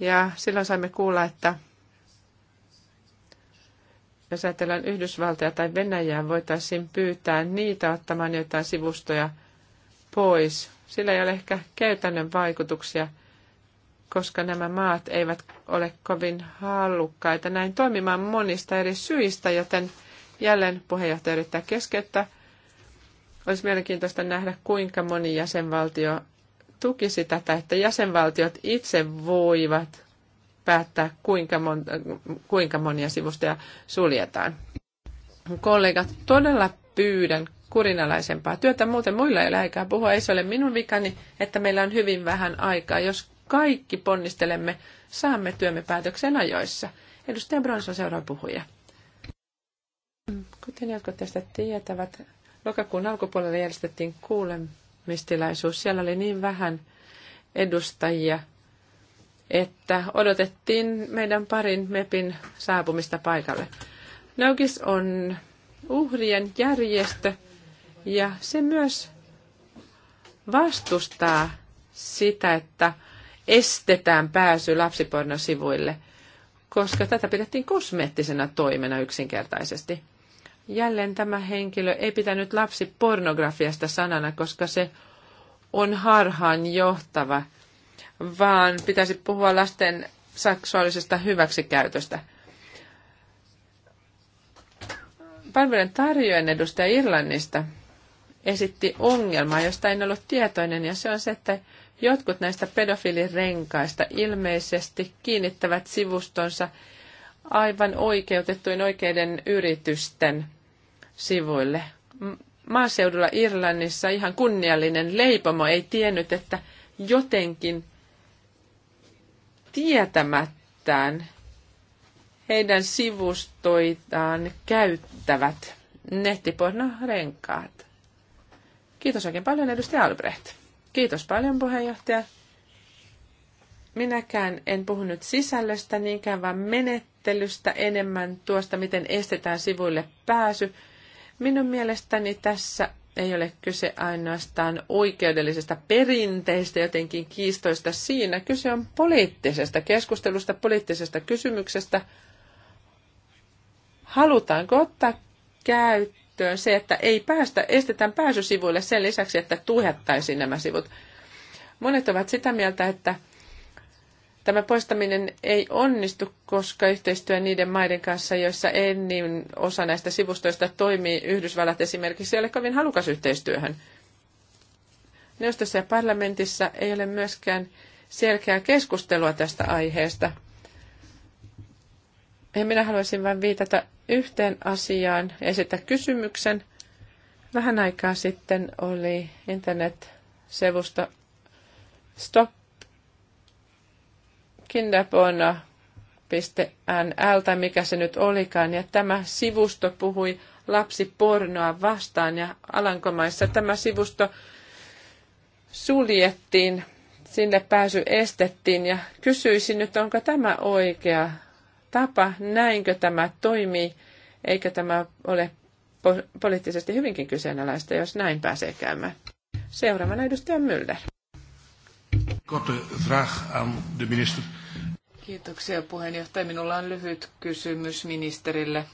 ja silloin saimme kuulla, että jos ajatellaan Yhdysvaltoja tai Venäjää, voitaisiin pyytää niitä ottamaan jotain sivustoja pois. Sillä ei ole ehkä käytännön vaikutuksia – koska nämä maat eivät ole kovin hallukkaita näin toimimaan monista eri syistä, joten jälleen puheenjohtaja yrittää keskeyttää. Olisi mielenkiintoista nähdä, kuinka moni jäsenvaltio tukisi tätä, että jäsenvaltiot itse voivat päättää, kuinka, mon, kuinka monia sivustoja suljetaan. Kollegat, todella pyydän kurinalaisempaa työtä, muuten muilla ei ole aikaa puhua. Ei se ole minun vikani, että meillä on hyvin vähän aikaa. Jos kaikki ponnistelemme, saamme työmme päätökseen ajoissa. Edustaja Bronson seuraava puhuja. Kuten jotkut tästä tietävät, lokakuun alkupuolella järjestettiin kuulemistilaisuus. Siellä oli niin vähän edustajia, että odotettiin meidän parin MEPin saapumista paikalle. Naukis on uhrien järjestö ja se myös vastustaa sitä, että estetään pääsy lapsipornosivuille, koska tätä pidettiin kosmeettisena toimena yksinkertaisesti. Jälleen tämä henkilö ei pitänyt lapsipornografiasta sanana, koska se on harhaan johtava, vaan pitäisi puhua lasten seksuaalisesta hyväksikäytöstä. Palvelujen tarjoajan edustaja Irlannista esitti ongelmaa, josta en ollut tietoinen, ja se on se, että Jotkut näistä pedofiilirenkaista ilmeisesti kiinnittävät sivustonsa aivan oikeutettuin oikeiden yritysten sivuille. Maaseudulla Irlannissa ihan kunniallinen leipomo ei tiennyt, että jotenkin tietämättään heidän sivustoitaan käyttävät nettipornorenkaat. Kiitos oikein paljon edustaja Albrecht. Kiitos paljon puheenjohtaja. Minäkään en puhunut sisällöstä niinkään, vaan menettelystä enemmän tuosta, miten estetään sivuille pääsy. Minun mielestäni tässä ei ole kyse ainoastaan oikeudellisesta perinteistä, jotenkin kiistoista siinä. Kyse on poliittisesta keskustelusta, poliittisesta kysymyksestä. Halutaanko ottaa käyttöön? käyttöön se, että ei päästä, estetään pääsysivuille sen lisäksi, että tuhettaisiin nämä sivut. Monet ovat sitä mieltä, että Tämä poistaminen ei onnistu, koska yhteistyö niiden maiden kanssa, joissa ei niin osa näistä sivustoista toimii, Yhdysvallat esimerkiksi, ei ole kovin halukas yhteistyöhön. Neuvostossa ja parlamentissa ei ole myöskään selkeää keskustelua tästä aiheesta. Ja minä haluaisin vain viitata yhteen asiaan ja esittää kysymyksen. Vähän aikaa sitten oli internet-sevusta Stop kinderporno.nl tai mikä se nyt olikaan. Ja tämä sivusto puhui lapsipornoa vastaan ja Alankomaissa tämä sivusto suljettiin, sinne pääsy estettiin ja kysyisin nyt, onko tämä oikea tapa, näinkö tämä toimii, eikä tämä ole poliittisesti hyvinkin kyseenalaista, jos näin pääsee käymään. Seuraavana edustaja Müller. Korte vraag aan de minister. Kiitoksia puheenjohtaja. Minulla on lyhyt kysymys ministerille.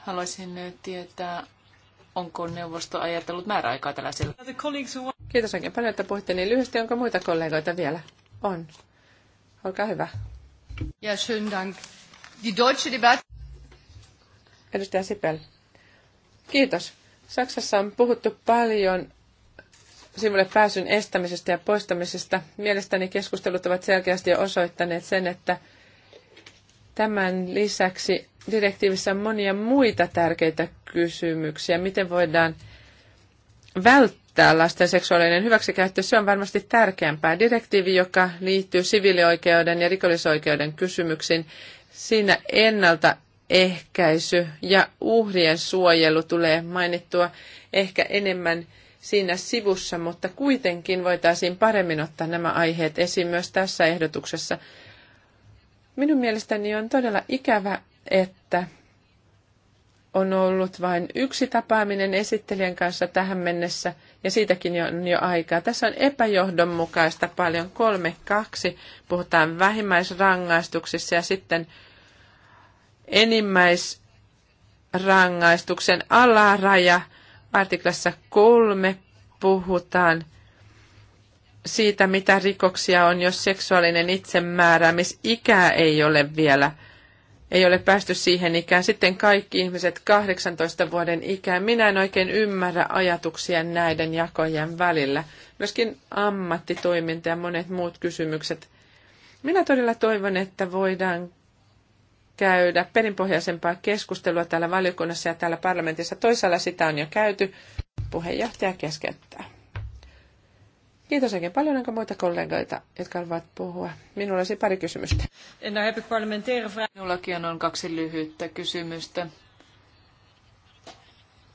Haluaisin tietää, onko neuvosto ajatellut määräaikaa tällaisella. Kiitos oikein paljon, että puhutte niin lyhyesti. Onko muita kollegoita vielä? On. Olkaa hyvä. Ja, schönen dank. Die deutsche Debatte... Edustaja Sipel. Kiitos. Saksassa on puhuttu paljon sivulle pääsyn estämisestä ja poistamisesta. Mielestäni keskustelut ovat selkeästi osoittaneet sen, että tämän lisäksi direktiivissä on monia muita tärkeitä kysymyksiä. Miten voidaan välttää että lasten seksuaalinen hyväksikäyttö, se on varmasti tärkeämpää. Direktiivi, joka liittyy siviilioikeuden ja rikollisoikeuden kysymyksiin, siinä ennaltaehkäisy ja uhrien suojelu tulee mainittua ehkä enemmän siinä sivussa, mutta kuitenkin voitaisiin paremmin ottaa nämä aiheet esiin myös tässä ehdotuksessa. Minun mielestäni on todella ikävä, että on ollut vain yksi tapaaminen esittelijän kanssa tähän mennessä, ja siitäkin on jo aikaa. Tässä on epäjohdonmukaista paljon. Kolme, kaksi, puhutaan vähimmäisrangaistuksissa ja sitten enimmäisrangaistuksen alaraja. Artiklassa kolme puhutaan siitä, mitä rikoksia on, jos seksuaalinen itsemääräämisikä ei ole vielä – ei ole päästy siihen ikään. Sitten kaikki ihmiset 18 vuoden ikään. Minä en oikein ymmärrä ajatuksia näiden jakojen välillä. Myöskin ammattitoiminta ja monet muut kysymykset. Minä todella toivon, että voidaan käydä perinpohjaisempaa keskustelua täällä valiokunnassa ja täällä parlamentissa. Toisaalla sitä on jo käyty. Puheenjohtaja keskeyttää. Kiitos oikein paljon, onko muita kollegoita, jotka haluavat puhua? Minulla olisi pari kysymystä. Minullakin on kaksi lyhyttä kysymystä.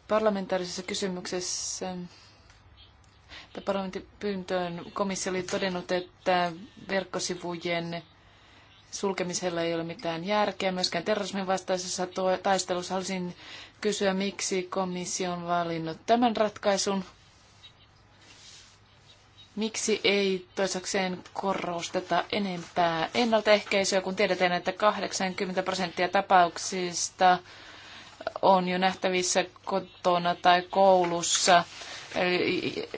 Parlamentaarisessa kysymyksessä tai parlamentin pyyntöön komissio oli todennut, että verkkosivujen sulkemisella ei ole mitään järkeä. Myöskään terrorismin vastaisessa taistelussa haluaisin kysyä, miksi komissio on valinnut tämän ratkaisun. Miksi ei toisakseen korosteta enempää ennaltaehkäisyä, kun tiedetään, että 80 prosenttia tapauksista on jo nähtävissä kotona tai koulussa. Eli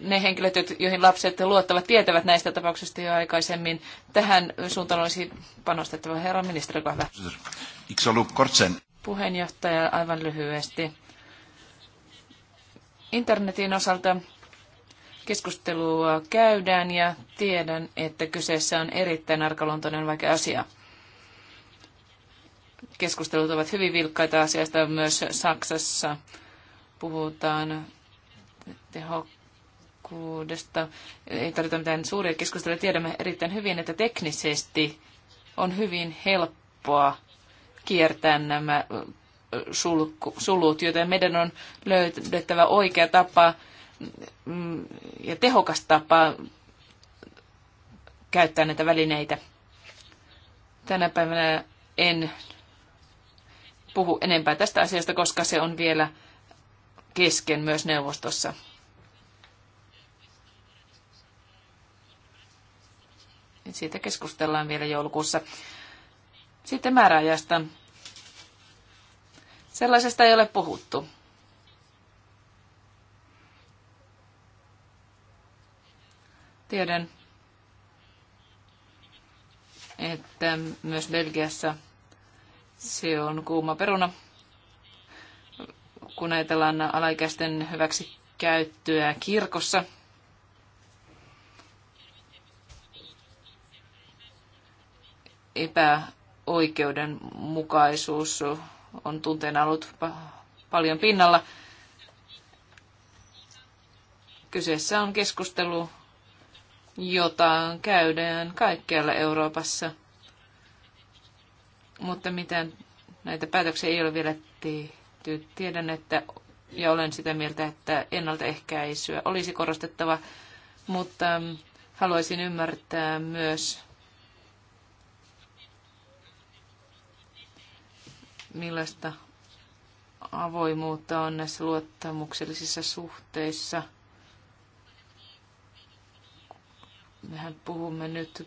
ne henkilöt, joihin lapset luottavat, tietävät näistä tapauksista jo aikaisemmin. Tähän suuntaan olisi panostettava. Herra ministeri, olkaa hyvä. Puheenjohtaja aivan lyhyesti. Internetin osalta keskustelua käydään ja tiedän, että kyseessä on erittäin arkaluontoinen vaikea asia. Keskustelut ovat hyvin vilkkaita asiasta myös Saksassa. Puhutaan tehokkuudesta. Ei tarvita mitään suuria keskusteluja. Tiedämme erittäin hyvin, että teknisesti on hyvin helppoa kiertää nämä sulut, joten meidän on löydettävä oikea tapa Mm, ja tehokas tapa käyttää näitä välineitä. Tänä päivänä en puhu enempää tästä asiasta, koska se on vielä kesken myös neuvostossa. Siitä keskustellaan vielä joulukuussa. Sitten määräajasta. Sellaisesta ei ole puhuttu. Tiedän, että myös Belgiassa se on kuuma peruna, kun ajatellaan alaikäisten hyväksi käyttöä kirkossa. Epäoikeudenmukaisuus on tunteena ollut paljon pinnalla. Kyseessä on keskustelu jota käydään kaikkialla Euroopassa. Mutta mitään näitä päätöksiä ei ole vielä tehty. Tiedän, että ja olen sitä mieltä, että ennaltaehkäisyä olisi korostettava, mutta mm, haluaisin ymmärtää myös, millaista avoimuutta on näissä luottamuksellisissa suhteissa – Mehän puhumme nyt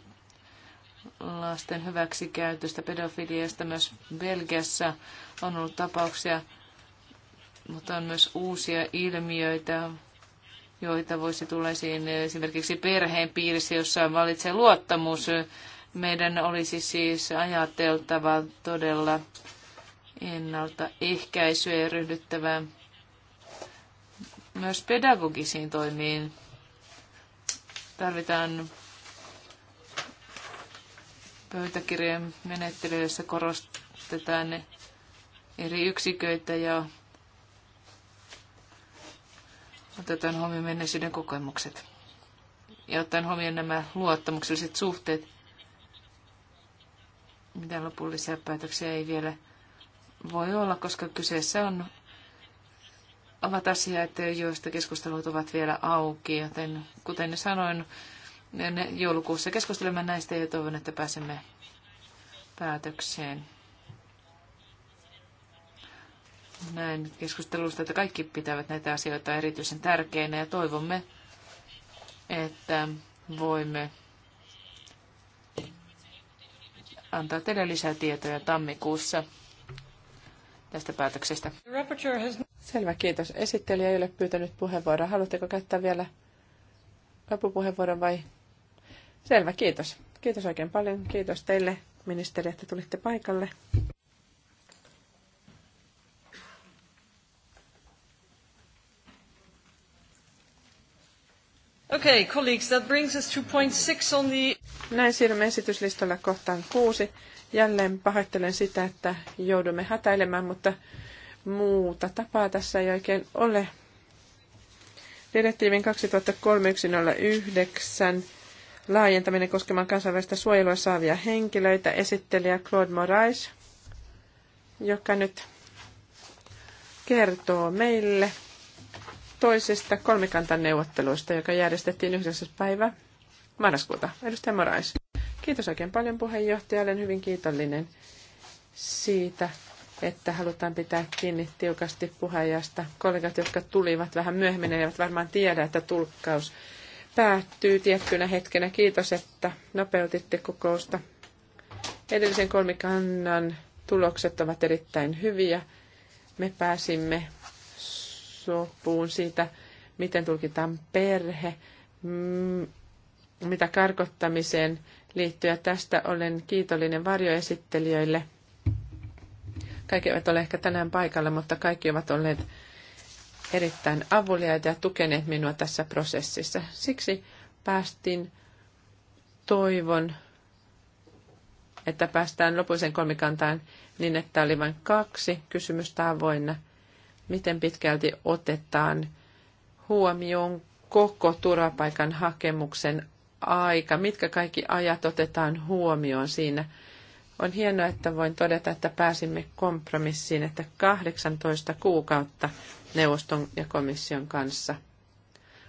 lasten hyväksikäytöstä, pedofiliasta myös Belgiassa on ollut tapauksia, mutta on myös uusia ilmiöitä, joita voisi tulla esiin esimerkiksi perheen piirissä, jossa valitsee luottamus. Meidän olisi siis ajateltava todella ennaltaehkäisyä ja ryhdyttävä myös pedagogisiin toimiin tarvitaan pöytäkirjan menettely, jossa korostetaan ne eri yksiköitä ja otetaan huomioon menneisyyden kokemukset. Ja ottaen huomioon nämä luottamukselliset suhteet, mitä lopullisia päätöksiä ei vielä voi olla, koska kyseessä on ovat että joista keskustelut ovat vielä auki, joten kuten sanoin, niin joulukuussa keskustelemme näistä ja toivon, että pääsemme päätökseen. Näin keskustelusta, että kaikki pitävät näitä asioita erityisen tärkeinä ja toivomme, että voimme antaa teille lisää tietoja tammikuussa tästä päätöksestä. Selvä, kiitos. Esittelijä ei ole pyytänyt puheenvuoroa. Haluatteko käyttää vielä loppupuheenvuoron vai? Selvä, kiitos. Kiitos oikein paljon. Kiitos teille, ministeri, että tulitte paikalle. Okay, colleagues, that brings us to point six on the... Näin siirrymme esityslistalla kohtaan kuusi. Jälleen pahoittelen sitä, että joudumme hätäilemään, mutta muuta tapaa tässä ei oikein ole. Direktiivin 2003-109 laajentaminen koskemaan kansainvälistä suojelua saavia henkilöitä esittelijä Claude Moraes, joka nyt kertoo meille toisesta kolmikantaneuvotteluista, joka järjestettiin 9. päivä marraskuuta. Edustaja Morais. Kiitos oikein paljon puheenjohtaja. Olen hyvin kiitollinen siitä, että halutaan pitää kiinni tiukasti puheenjohtajasta. Kollegat, jotka tulivat vähän myöhemmin, eivät varmaan tiedä, että tulkkaus päättyy tiettynä hetkenä. Kiitos, että nopeutitte kokousta. Edellisen kolmikannan tulokset ovat erittäin hyviä. Me pääsimme sopuun siitä, miten tulkitaan perhe, mm, mitä karkottamiseen liittyy. Ja tästä olen kiitollinen varjoesittelijöille kaikki eivät ole ehkä tänään paikalla, mutta kaikki ovat olleet erittäin avuliaita ja tukeneet minua tässä prosessissa. Siksi päästin toivon, että päästään lopuisen kolmikantaan niin, että oli vain kaksi kysymystä avoinna. Miten pitkälti otetaan huomioon koko turvapaikan hakemuksen aika? Mitkä kaikki ajat otetaan huomioon siinä? On hienoa, että voin todeta, että pääsimme kompromissiin, että 18 kuukautta neuvoston ja komission kanssa.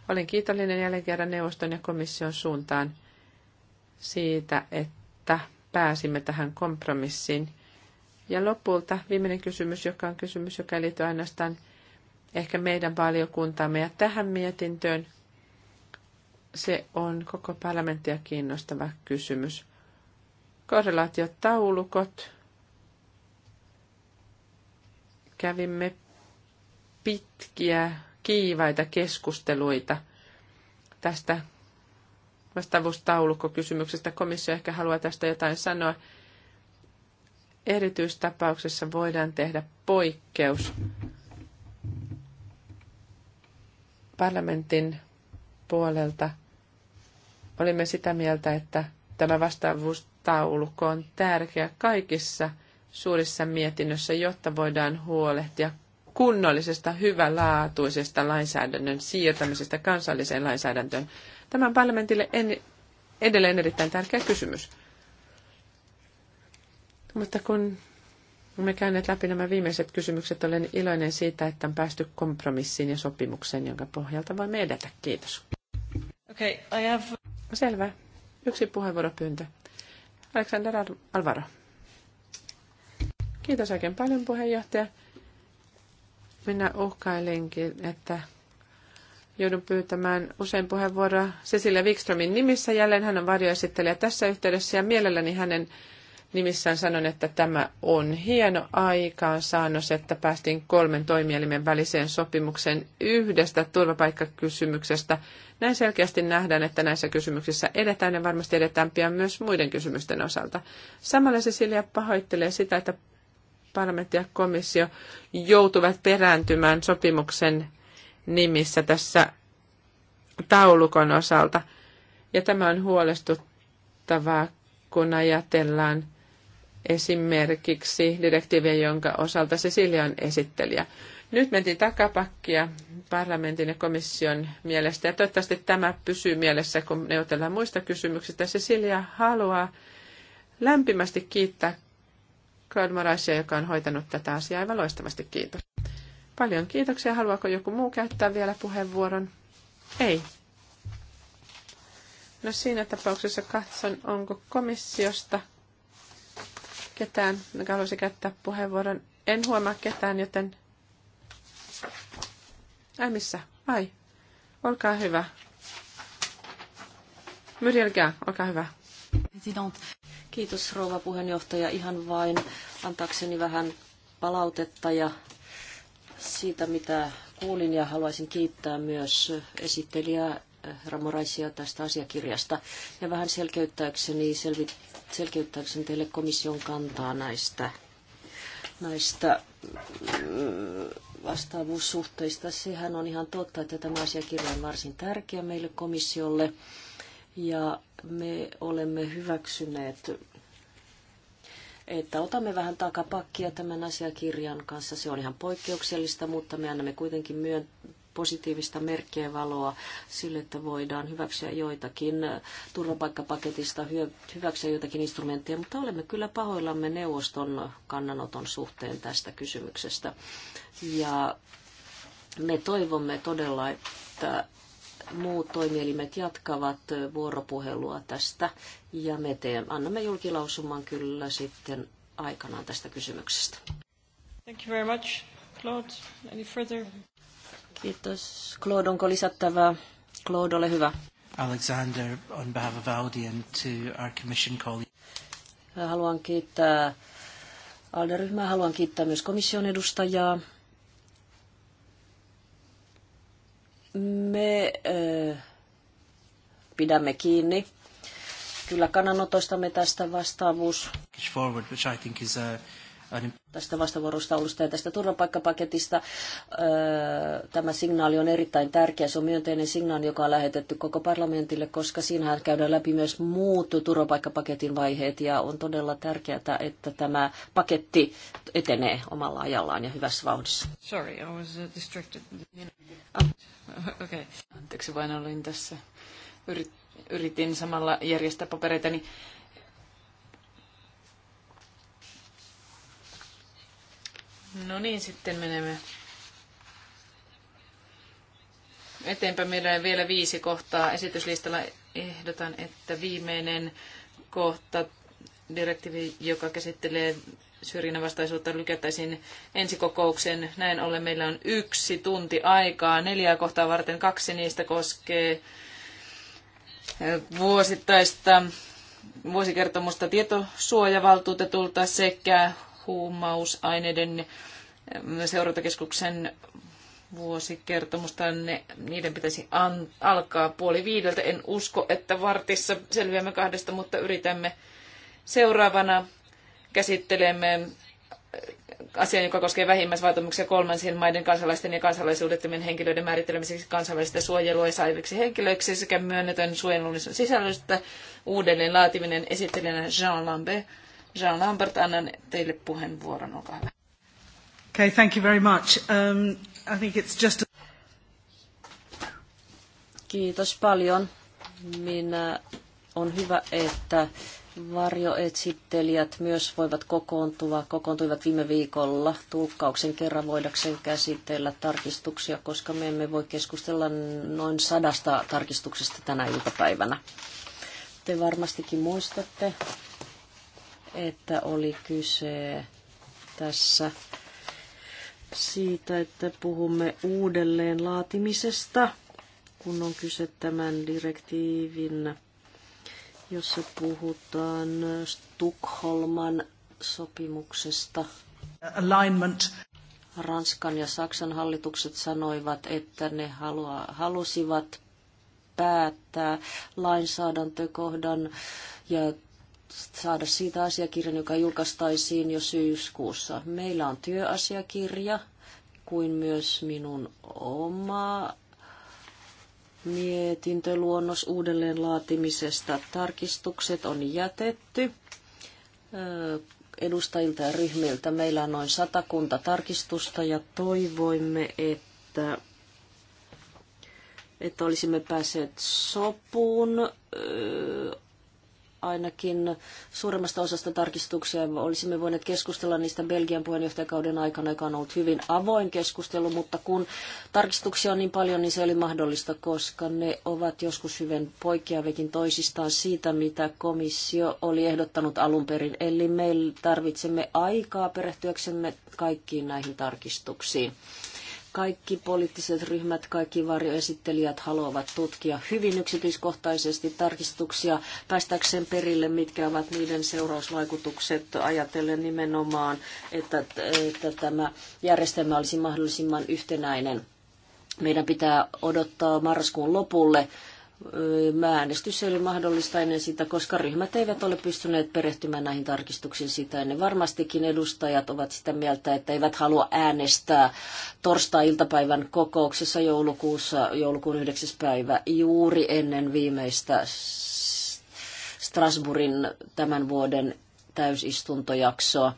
Olen kiitollinen jälleen kerran neuvoston ja komission suuntaan siitä, että pääsimme tähän kompromissiin. Ja lopulta viimeinen kysymys, joka on kysymys, joka liittyy ainoastaan ehkä meidän valiokuntaamme ja tähän mietintöön. Se on koko parlamenttia kiinnostava kysymys korrelaatiotaulukot. Kävimme pitkiä, kiivaita keskusteluita tästä vastaavuustaulukkokysymyksestä. Komissio ehkä haluaa tästä jotain sanoa. Erityistapauksessa voidaan tehdä poikkeus parlamentin puolelta. Olimme sitä mieltä, että tämä vastaavuus taulukko on tärkeä kaikissa suurissa mietinnössä, jotta voidaan huolehtia kunnollisesta, hyvälaatuisesta lainsäädännön siirtämisestä kansalliseen lainsäädäntöön. Tämän parlamentille en, edelleen erittäin tärkeä kysymys. Mutta kun me käyneet läpi nämä viimeiset kysymykset, olen iloinen siitä, että on päästy kompromissiin ja sopimukseen, jonka pohjalta voi edetä. Kiitos. Okay, I have... Selvä. Yksi puheenvuoropyyntö. Alexander Alvaro. Kiitos oikein paljon puheenjohtaja. Minä uhkailenkin, että joudun pyytämään usein puheenvuoroa Cecilia Wikströmin nimissä. Jälleen hän on varjoesittelijä tässä yhteydessä ja mielelläni hänen nimissään sanon, että tämä on hieno aikaansaannos, että päästiin kolmen toimielimen väliseen sopimukseen yhdestä turvapaikkakysymyksestä. Näin selkeästi nähdään, että näissä kysymyksissä edetään ja varmasti edetään pian myös muiden kysymysten osalta. Samalla Cecilia pahoittelee sitä, että parlamentti ja komissio joutuvat perääntymään sopimuksen nimissä tässä taulukon osalta. Ja tämä on huolestuttavaa, kun ajatellaan esimerkiksi direktiiviä, jonka osalta Cecilia on esittelijä. Nyt mentiin takapakkia parlamentin ja komission mielestä, ja toivottavasti tämä pysyy mielessä, kun neuvotellaan muista kysymyksistä. Cecilia haluaa lämpimästi kiittää Claude Moraisia, joka on hoitanut tätä asiaa aivan loistavasti. Kiitos. Paljon kiitoksia. Haluaako joku muu käyttää vielä puheenvuoron? Ei. No siinä tapauksessa katson, onko komissiosta – ketään, joka haluaisi käyttää puheenvuoron. En huomaa ketään, joten... Ai missä? Ai. Olkaa hyvä. Myrjelkää, olkaa hyvä. Kiitos rouva puheenjohtaja. Ihan vain antaakseni vähän palautetta ja siitä, mitä kuulin ja haluaisin kiittää myös esittelijää Ramoraisia tästä asiakirjasta. Ja vähän selkeyttääkseni, selvi, selkeyttääkseni teille komission kantaa näistä, näistä mm, vastaavuussuhteista. Sehän on ihan totta, että tämä asiakirja on varsin tärkeä meille komissiolle. Ja me olemme hyväksyneet että otamme vähän takapakkia tämän asiakirjan kanssa. Se on ihan poikkeuksellista, mutta me annamme kuitenkin myön- positiivista merkkiä valoa sille, että voidaan hyväksyä joitakin äh, turvapaikkapaketista, hyväksyä joitakin instrumentteja, mutta olemme kyllä pahoillamme neuvoston kannanoton suhteen tästä kysymyksestä. Ja me toivomme todella, että muut toimielimet jatkavat vuoropuhelua tästä ja me teemme, annamme julkilausuman kyllä sitten aikanaan tästä kysymyksestä. Thank you very much. Claude, any further? Kiitos. Claude, onko lisättävää? Claude, ole hyvä. Alexander, on behalf of Audi and to our commission colleague. Haluan kiittää ALDE-ryhmää, haluan kiittää myös komission edustajaa. Me äh, pidämme kiinni kyllä kannanotoistamme tästä vastaavuus. Forward, which I think is a tästä vastavuorostaulusta ja tästä turvapaikkapaketista. Öö, tämä signaali on erittäin tärkeä. Se on myönteinen signaali, joka on lähetetty koko parlamentille, koska siinähän käydään läpi myös muut turvapaikkapaketin vaiheet ja on todella tärkeää, että tämä paketti etenee omalla ajallaan ja hyvässä vauhdissa. Sorry, I was uh, distracted. Ah. Okay. Anteeksi, vain olin tässä. Yritin samalla järjestää papereita. Niin No niin, sitten menemme eteenpäin. Meillä on vielä viisi kohtaa esityslistalla. Ehdotan, että viimeinen kohta, direktiivi, joka käsittelee syrjinnänvastaisuutta, vastaisuutta, lykätäisiin ensi kokoukseen. Näin ollen meillä on yksi tunti aikaa. Neljää kohtaa varten kaksi niistä koskee vuosittaista vuosikertomusta tietosuojavaltuutetulta sekä huumausaineiden seurantakeskuksen vuosikertomusta, ne, niiden pitäisi an, alkaa puoli viideltä. En usko, että vartissa selviämme kahdesta, mutta yritämme seuraavana käsittelemme asian, joka koskee vähimmäisvaatimuksia kolmansien maiden kansalaisten ja kansalaisuudettomien henkilöiden määrittelemiseksi kansainvälistä suojelua saiviksi henkilöiksi sekä myönnetön suojelun sisällöstä uudelleen laatiminen esittelijänä Jean Lambert. Jean Lambert, annan teille puheenvuoron, olkaa hyvä. Okay, thank you very much. Um, I think it's just a... Kiitos paljon. Minä on hyvä, että varjoetsittelijät myös voivat kokoontua, kokoontuivat viime viikolla tulkkauksen kerran voidakseen käsitellä tarkistuksia, koska me emme voi keskustella noin sadasta tarkistuksesta tänä iltapäivänä. Te varmastikin muistatte, että oli kyse tässä siitä, että puhumme uudelleen laatimisesta, kun on kyse tämän direktiivin, jossa puhutaan Tukholman sopimuksesta. Alignment. Ranskan ja Saksan hallitukset sanoivat, että ne halua, halusivat päättää lainsäädäntökohdan ja saada siitä asiakirjan, joka julkaistaisiin jo syyskuussa. Meillä on työasiakirja, kuin myös minun oma mietintöluonnos uudelleen laatimisesta. Tarkistukset on jätetty edustajilta ja ryhmiltä. Meillä on noin satakunta tarkistusta ja toivoimme, että, että olisimme päässeet sopuun ainakin suuremmasta osasta tarkistuksia. Olisimme voineet keskustella niistä Belgian puheenjohtajakauden aikana, joka on ollut hyvin avoin keskustelu, mutta kun tarkistuksia on niin paljon, niin se oli mahdollista, koska ne ovat joskus hyvin poikkeavikin toisistaan siitä, mitä komissio oli ehdottanut alun perin. Eli me tarvitsemme aikaa perehtyäksemme kaikkiin näihin tarkistuksiin. Kaikki poliittiset ryhmät, kaikki varjoesittelijät haluavat tutkia hyvin yksityiskohtaisesti tarkistuksia päästäkseen perille, mitkä ovat niiden seurausvaikutukset ajatellen nimenomaan, että, että tämä järjestelmä olisi mahdollisimman yhtenäinen. Meidän pitää odottaa marraskuun lopulle äänestys ei ole mahdollista ennen sitä, koska ryhmät eivät ole pystyneet perehtymään näihin tarkistuksiin sitä ennen. Varmastikin edustajat ovat sitä mieltä, että eivät halua äänestää torstai-iltapäivän kokouksessa joulukuussa, joulukuun 9. päivä, juuri ennen viimeistä Strasbourgin tämän vuoden täysistuntojaksoa.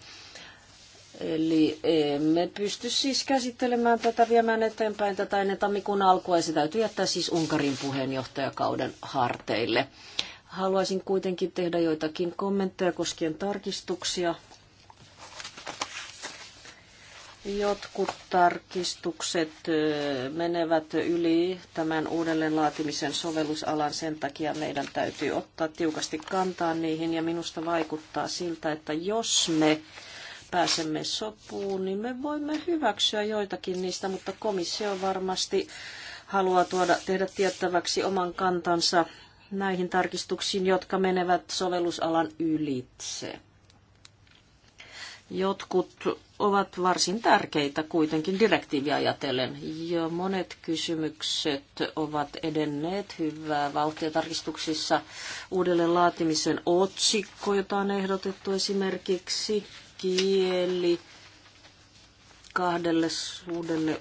Eli emme pysty siis käsittelemään tätä, viemään eteenpäin tätä ennen tammikuun alkua, ja se täytyy jättää siis Unkarin puheenjohtajakauden harteille. Haluaisin kuitenkin tehdä joitakin kommentteja koskien tarkistuksia. Jotkut tarkistukset menevät yli tämän uudelleen laatimisen sovellusalan. Sen takia meidän täytyy ottaa tiukasti kantaa niihin ja minusta vaikuttaa siltä, että jos me pääsemme sopuun, niin me voimme hyväksyä joitakin niistä, mutta komissio varmasti haluaa tuoda, tehdä tiettäväksi oman kantansa näihin tarkistuksiin, jotka menevät sovellusalan ylitse. Jotkut ovat varsin tärkeitä kuitenkin direktiiviä ajatellen. Ja monet kysymykset ovat edenneet hyvää vauhtia tarkistuksissa. Uudelleen laatimisen otsikko, jota on ehdotettu esimerkiksi, kieli kahdelle suudelle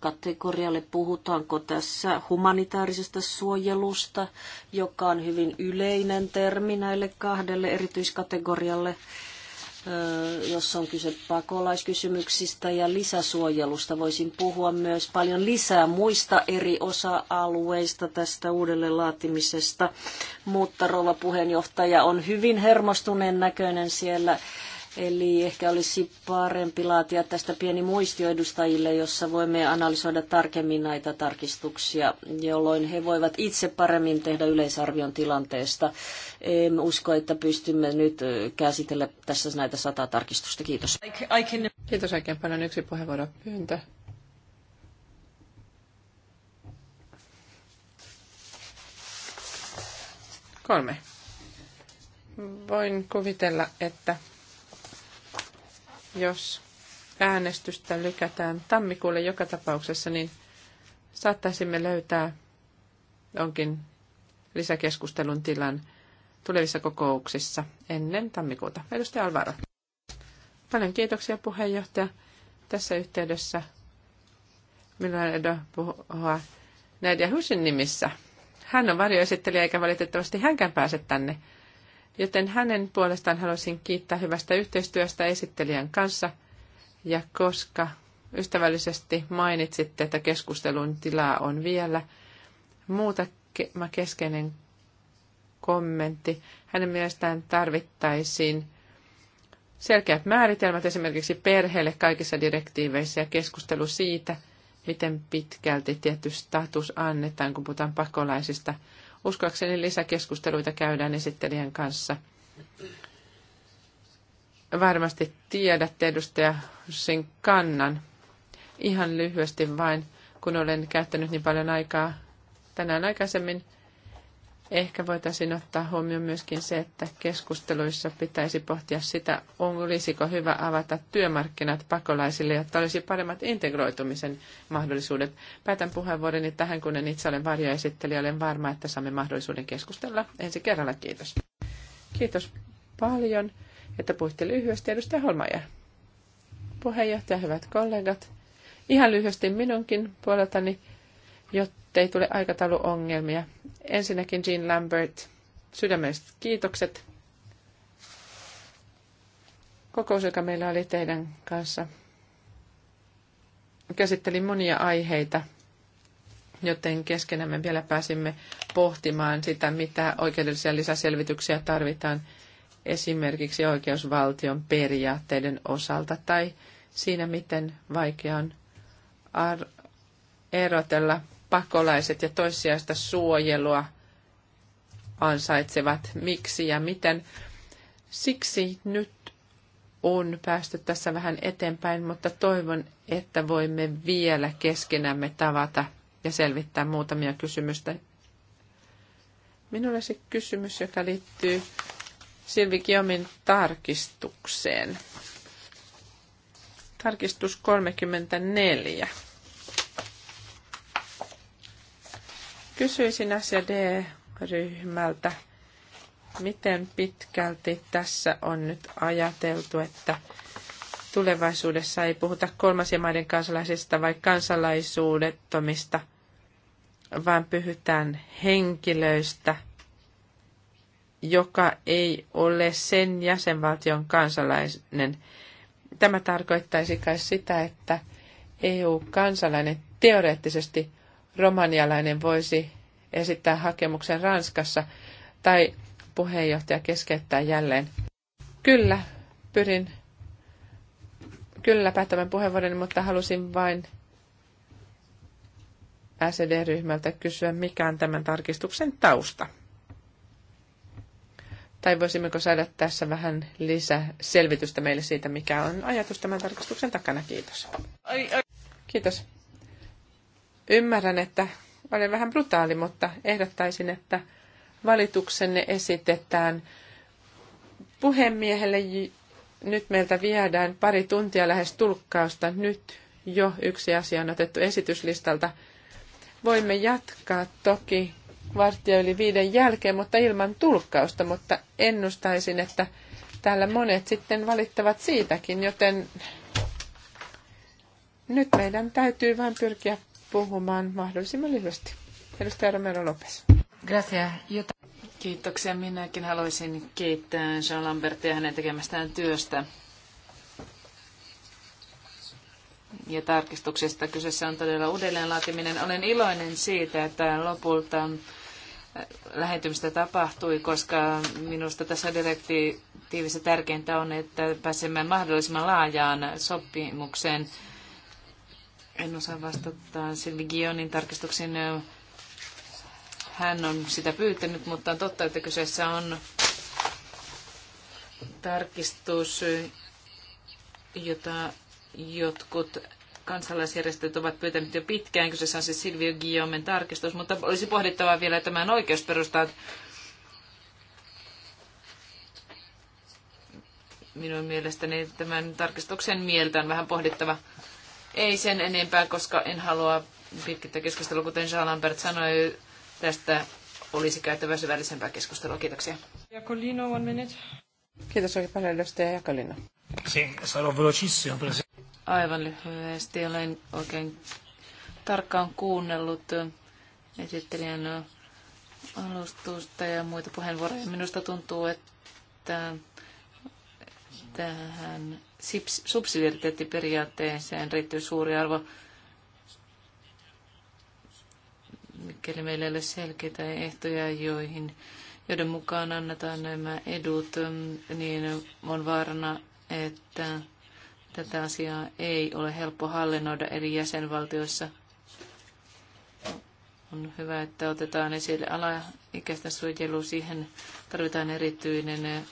kategorialle. Puhutaanko tässä humanitaarisesta suojelusta, joka on hyvin yleinen termi näille kahdelle erityiskategorialle, jos on kyse pakolaiskysymyksistä ja lisäsuojelusta. Voisin puhua myös paljon lisää muista eri osa-alueista tästä uudelle laatimisesta, mutta rouva puheenjohtaja on hyvin hermostuneen näköinen siellä Eli ehkä olisi parempi laatia tästä pieni muistio edustajille, jossa voimme analysoida tarkemmin näitä tarkistuksia, jolloin he voivat itse paremmin tehdä yleisarvion tilanteesta. En usko, että pystymme nyt käsitellä tässä näitä sata tarkistusta. Kiitos. Kiitos oikein paljon. Yksi puheenvuoro pyyntö. Kolme. Voin kuvitella, että jos äänestystä lykätään tammikuulle joka tapauksessa, niin saattaisimme löytää onkin lisäkeskustelun tilan tulevissa kokouksissa ennen tammikuuta. Edustaja Alvaro. Paljon kiitoksia puheenjohtaja. Tässä yhteydessä minulla on edo puhua Nadia Husin nimissä. Hän on varjoesittelijä eikä valitettavasti hänkään pääse tänne Joten hänen puolestaan haluaisin kiittää hyvästä yhteistyöstä esittelijän kanssa. Ja koska ystävällisesti mainitsitte, että keskustelun tilaa on vielä, muutama keskeinen kommentti. Hänen mielestään tarvittaisiin selkeät määritelmät esimerkiksi perheelle kaikissa direktiiveissä ja keskustelu siitä, miten pitkälti tietty status annetaan, kun puhutaan pakolaisista – Uskoakseni lisäkeskusteluita käydään esittelijän kanssa. Varmasti tiedätte edustaja Hussin kannan. Ihan lyhyesti vain, kun olen käyttänyt niin paljon aikaa tänään aikaisemmin Ehkä voitaisiin ottaa huomioon myöskin se, että keskusteluissa pitäisi pohtia sitä, olisiko hyvä avata työmarkkinat pakolaisille, jotta olisi paremmat integroitumisen mahdollisuudet. Päätän puheenvuoroni tähän, kun en itse olen varjoesittelijä. Olen varma, että saamme mahdollisuuden keskustella ensi kerralla. Kiitos. Kiitos paljon, että puhutte lyhyesti. Edustaja Holmaja. Puheenjohtaja, hyvät kollegat. Ihan lyhyesti minunkin puoleltani jotta ei tule aikatauluongelmia. Ensinnäkin Jean Lambert, sydämelliset kiitokset. Kokous, joka meillä oli teidän kanssa, käsitteli monia aiheita, joten keskenämme vielä pääsimme pohtimaan sitä, mitä oikeudellisia lisäselvityksiä tarvitaan esimerkiksi oikeusvaltion periaatteiden osalta tai siinä, miten vaikea on erotella pakolaiset ja toissijaista suojelua ansaitsevat, miksi ja miten. Siksi nyt on päästy tässä vähän eteenpäin, mutta toivon, että voimme vielä keskenämme tavata ja selvittää muutamia kysymystä. Minulle se kysymys, joka liittyy Silvi Kiomin tarkistukseen. Tarkistus 34. Kysyisin SD-ryhmältä, miten pitkälti tässä on nyt ajateltu, että tulevaisuudessa ei puhuta kolmansien maiden kansalaisista vai kansalaisuudettomista, vaan pyhytään henkilöistä, joka ei ole sen jäsenvaltion kansalainen. Tämä tarkoittaisi kai sitä, että EU-kansalainen teoreettisesti – romanialainen voisi esittää hakemuksen Ranskassa tai puheenjohtaja keskeyttää jälleen. Kyllä, pyrin kyllä päättämään puheenvuoron, mutta halusin vain SED-ryhmältä kysyä, mikä on tämän tarkistuksen tausta. Tai voisimmeko saada tässä vähän lisää selvitystä meille siitä, mikä on ajatus tämän tarkistuksen takana. Kiitos. Kiitos. Ymmärrän, että olen vähän brutaali, mutta ehdottaisin, että valituksenne esitetään puhemiehelle. Nyt meiltä viedään pari tuntia lähes tulkkausta. Nyt jo yksi asia on otettu esityslistalta. Voimme jatkaa toki varttia yli viiden jälkeen, mutta ilman tulkkausta, mutta ennustaisin, että täällä monet sitten valittavat siitäkin, joten nyt meidän täytyy vain pyrkiä puhumaan mahdollisimman lyhyesti. Edustaja Romero Lopes. Gracias. Kiitoksia. Minäkin haluaisin kiittää Jean Lambertia hänen tekemästään työstä ja tarkistuksista. Kyseessä on todella uudelleenlaatiminen. Olen iloinen siitä, että lopulta äh, lähetymistä tapahtui, koska minusta tässä direktiivissä tärkeintä on, että pääsemme mahdollisimman laajaan sopimukseen en osaa vastata Silvi Gionin tarkistuksiin. Hän on sitä pyytänyt, mutta on totta, että kyseessä on tarkistus, jota jotkut kansalaisjärjestöt ovat pyytäneet jo pitkään. Kyseessä on siis Silvio Guillaumen tarkistus, mutta olisi pohdittava vielä tämän oikeusperustan Minun mielestäni tämän tarkistuksen mieltä on vähän pohdittava. Ei sen enempää, koska en halua pitkittää keskustelua, kuten Jean Lambert sanoi, tästä olisi käytävä syvällisempää keskustelua. Kiitoksia. Jakolino, one minute. Kiitos oikein paljon, edustaja Jakolino. Aivan lyhyesti. Olen oikein tarkkaan kuunnellut esittelijän alustusta ja muita puheenvuoroja. Minusta tuntuu, että tähän subsidiariteettiperiaatteeseen riittyy suuri arvo, mikäli meillä ei ole selkeitä ehtoja, joihin, joiden mukaan annetaan nämä edut, niin on vaarana, että tätä asiaa ei ole helppo hallinnoida eri jäsenvaltioissa. On hyvä, että otetaan esille alaikäistä suojelu. Siihen tarvitaan erityinen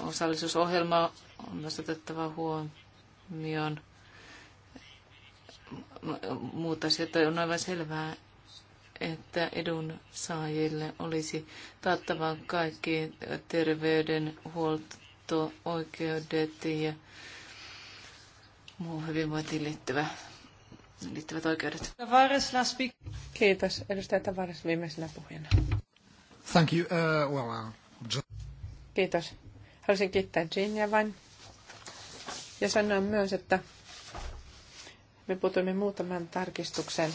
osallisuusohjelma on myös otettava huomioon. Muut asiat on aivan selvää, että edun saajille olisi taattava kaikki terveydenhuolto, oikeudet ja muu hyvinvointiin liittyvä, liittyvät oikeudet. Kiitos. Edustaja Tavares viimeisenä puhujana. Thank you. Uh, well, uh, just... Kiitos. Haluaisin kiittää Ginia vain ja sanoa myös, että me puutuimme muutaman tarkistuksen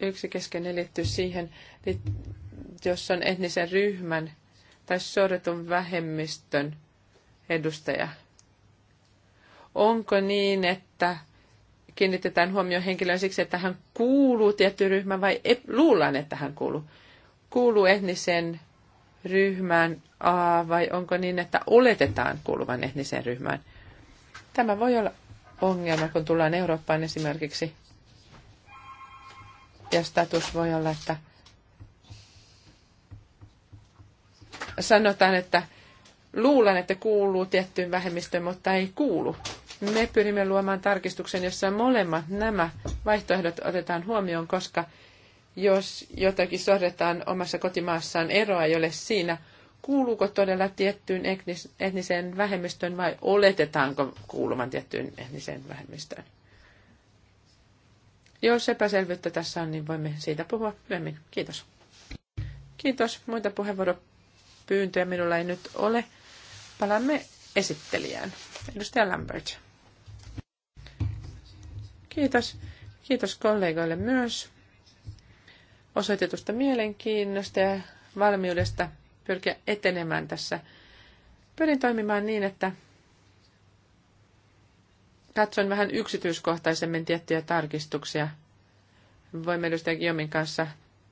Yksi keskeinen liittyy siihen, jos on etnisen ryhmän tai sorretun vähemmistön edustaja. Onko niin, että kiinnitetään huomioon henkilöön siksi, että hän kuuluu tiettyyn ryhmään vai e- luullaan, että hän kuuluu. Kuuluu etnisen ryhmään A vai onko niin, että oletetaan kuuluvan etnisen ryhmään. Tämä voi olla ongelma, kun tullaan Eurooppaan esimerkiksi. Ja status voi olla, että sanotaan, että luulen, että kuuluu tiettyyn vähemmistöön, mutta ei kuulu. Me pyrimme luomaan tarkistuksen, jossa molemmat nämä vaihtoehdot otetaan huomioon, koska jos jotakin sorretaan omassa kotimaassaan, eroa ei ole siinä, kuuluuko todella tiettyyn etniseen vähemmistöön vai oletetaanko kuuluvan tiettyyn etniseen vähemmistöön. Jos epäselvyyttä tässä on, niin voimme siitä puhua myöhemmin. Kiitos. Kiitos. Muita puheenvuoropyyntöjä minulla ei nyt ole. Palaamme esittelijään. Edustaja Lambert. Kiitos. Kiitos kollegoille myös osoitetusta mielenkiinnosta ja valmiudesta pyrkiä etenemään tässä. Pyrin toimimaan niin, että katson vähän yksityiskohtaisemmin tiettyjä tarkistuksia. Voimme edustaja Giomin kanssa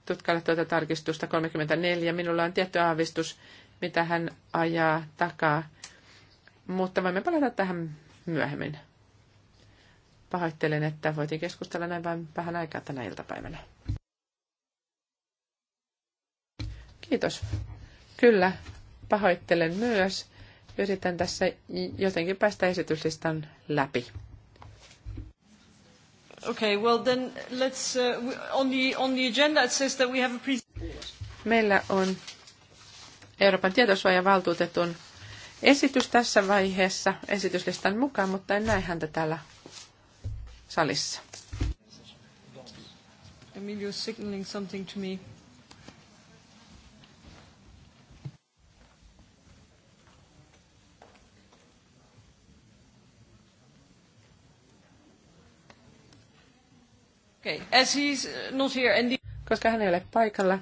tutkailla tuota tarkistusta 34. Minulla on tietty aavistus, mitä hän ajaa takaa, mutta voimme palata tähän myöhemmin. Pahoittelen, että voitiin keskustella näin vain vähän aikaa tänä iltapäivänä. Kiitos. Kyllä, pahoittelen myös. Yritän tässä jotenkin päästä esityslistan läpi. Okay, well then let's uh, on the on the agenda it says that we have a pre- Meillä on Euroopan tietosuojavaltuutetun esitys tässä vaiheessa esityslistan mukaan, mutta en näe häntä täällä salissa. you're signaling something to me. Okay, as he's not here and the... Koska hän ei ole paikalla,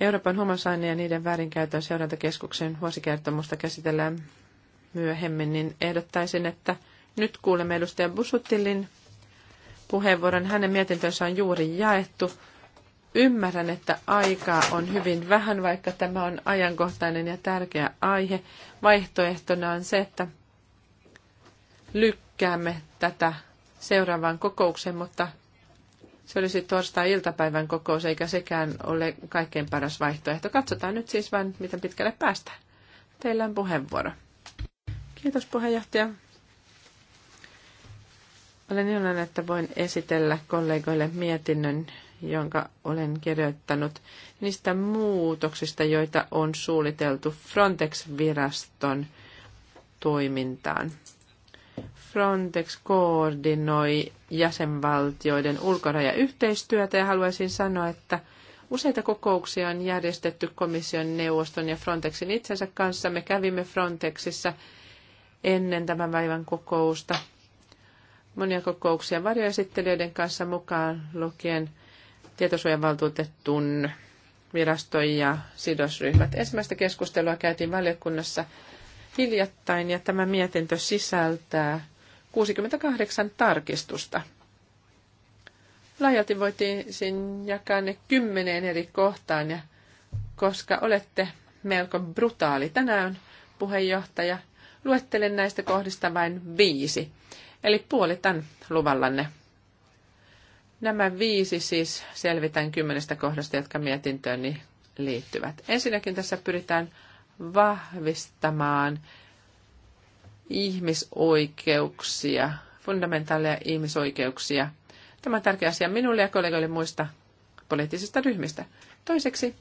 Euroopan huumausaine- ja niiden väärinkäytön seurantakeskuksen vuosikertomusta käsitellään myöhemmin, niin ehdottaisin, että nyt kuulemme edustaja Busuttilin puheenvuoron. Hänen mietintönsä on juuri jaettu. Ymmärrän, että aikaa on hyvin vähän, vaikka tämä on ajankohtainen ja tärkeä aihe. Vaihtoehtona on se, että lykkäämme tätä seuraavaan kokoukseen, mutta se olisi torstai-iltapäivän kokous, eikä sekään ole kaikkein paras vaihtoehto. Katsotaan nyt siis vain, miten pitkälle päästään. Teillä on puheenvuoro. Kiitos puheenjohtaja. Olen iloinen, että voin esitellä kollegoille mietinnön, jonka olen kirjoittanut niistä muutoksista, joita on suunniteltu Frontex-viraston toimintaan. Frontex koordinoi jäsenvaltioiden ulkorajayhteistyötä ja haluaisin sanoa, että useita kokouksia on järjestetty komission neuvoston ja Frontexin itsensä kanssa. Me kävimme Frontexissa ennen tämän päivän kokousta monia kokouksia varjoesittelijöiden kanssa mukaan lukien tietosuojavaltuutettun virastoja ja sidosryhmät. Ensimmäistä keskustelua käytiin valiokunnassa hiljattain ja tämä mietintö sisältää 68 tarkistusta. Laajalti voitiin jakaa ne kymmeneen eri kohtaan ja koska olette melko brutaali tänään puheenjohtaja, luettelen näistä kohdista vain viisi. Eli puolitan luvallanne. Nämä viisi siis selvitän kymmenestä kohdasta, jotka mietintööni liittyvät. Ensinnäkin tässä pyritään vahvistamaan ihmisoikeuksia, fundamentaaleja ihmisoikeuksia. Tämä on tärkeä asia minulle ja kollegoille muista poliittisista ryhmistä. Toiseksi